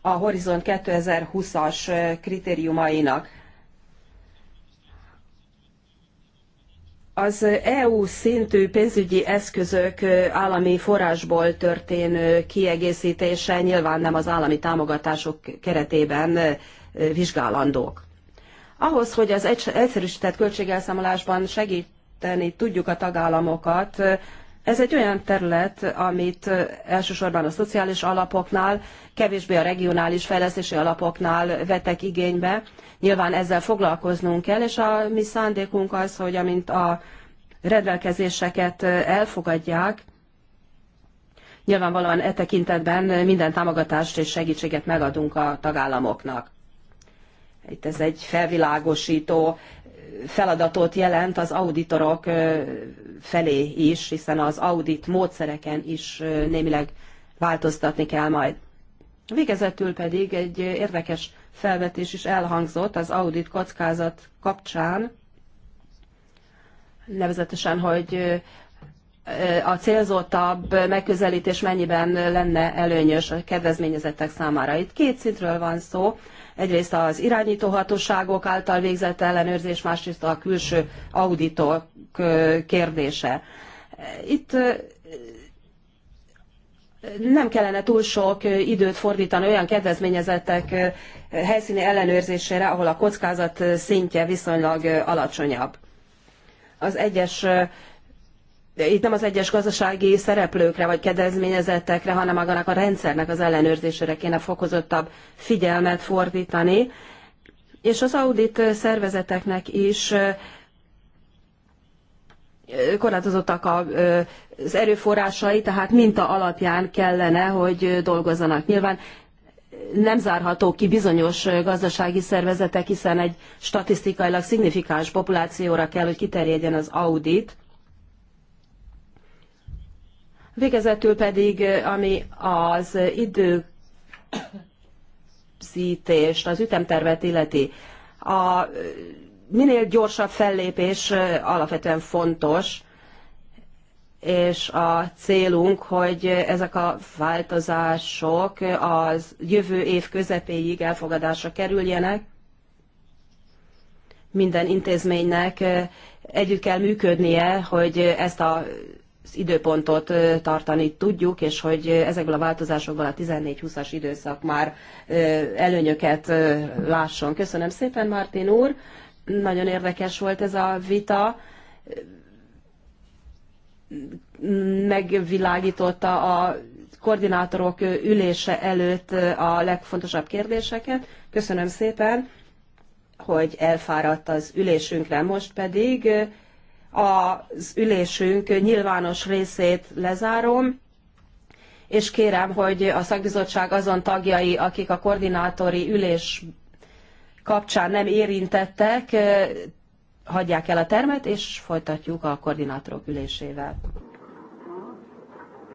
a Horizon 2020-as kritériumainak. az EU szintű pénzügyi eszközök állami forrásból történő kiegészítése nyilván nem az állami támogatások keretében vizsgálandók. Ahhoz, hogy az egyszerűsített költségelszámolásban segíteni tudjuk a tagállamokat, ez egy olyan terület, amit elsősorban a szociális alapoknál, kevésbé a regionális fejlesztési alapoknál vetek igénybe. Nyilván ezzel foglalkoznunk kell, és a mi szándékunk az, hogy amint a rendelkezéseket elfogadják, nyilvánvalóan e tekintetben minden támogatást és segítséget megadunk a tagállamoknak. Itt ez egy felvilágosító feladatot jelent az auditorok felé is, hiszen az audit módszereken is némileg változtatni kell majd. Végezetül pedig egy érdekes felvetés is elhangzott az audit kockázat kapcsán, nevezetesen, hogy a célzottabb megközelítés mennyiben lenne előnyös a kedvezményezettek számára. Itt két szintről van szó egyrészt az irányítóhatóságok által végzett ellenőrzés, másrészt a külső auditok kérdése. Itt nem kellene túl sok időt fordítani olyan kedvezményezettek helyszíni ellenőrzésére, ahol a kockázat szintje viszonylag alacsonyabb. Az egyes itt nem az egyes gazdasági szereplőkre vagy kedvezményezettekre, hanem magának a rendszernek az ellenőrzésére kéne fokozottabb figyelmet fordítani, és az audit szervezeteknek is korlátozottak az erőforrásai, tehát minta alapján kellene, hogy dolgozzanak. Nyilván nem zárható ki bizonyos gazdasági szervezetek, hiszen egy statisztikailag szignifikáns populációra kell, hogy kiterjedjen az audit, Végezetül pedig, ami az időzítést, az ütemtervet illeti, a minél gyorsabb fellépés alapvetően fontos, és a célunk, hogy ezek a változások az jövő év közepéig elfogadásra kerüljenek. Minden intézménynek együtt kell működnie, hogy ezt a az időpontot tartani tudjuk, és hogy ezekből a változásokból a 14-20-as időszak már előnyöket lásson. Köszönöm szépen, Martin úr. Nagyon érdekes volt ez a vita. Megvilágította a koordinátorok ülése előtt a legfontosabb kérdéseket. Köszönöm szépen, hogy elfáradt az ülésünkre. Most pedig az ülésünk nyilvános részét lezárom, és kérem, hogy a szakbizottság azon tagjai, akik a koordinátori ülés kapcsán nem érintettek, eh, hagyják el a termet, és folytatjuk a koordinátorok ülésével.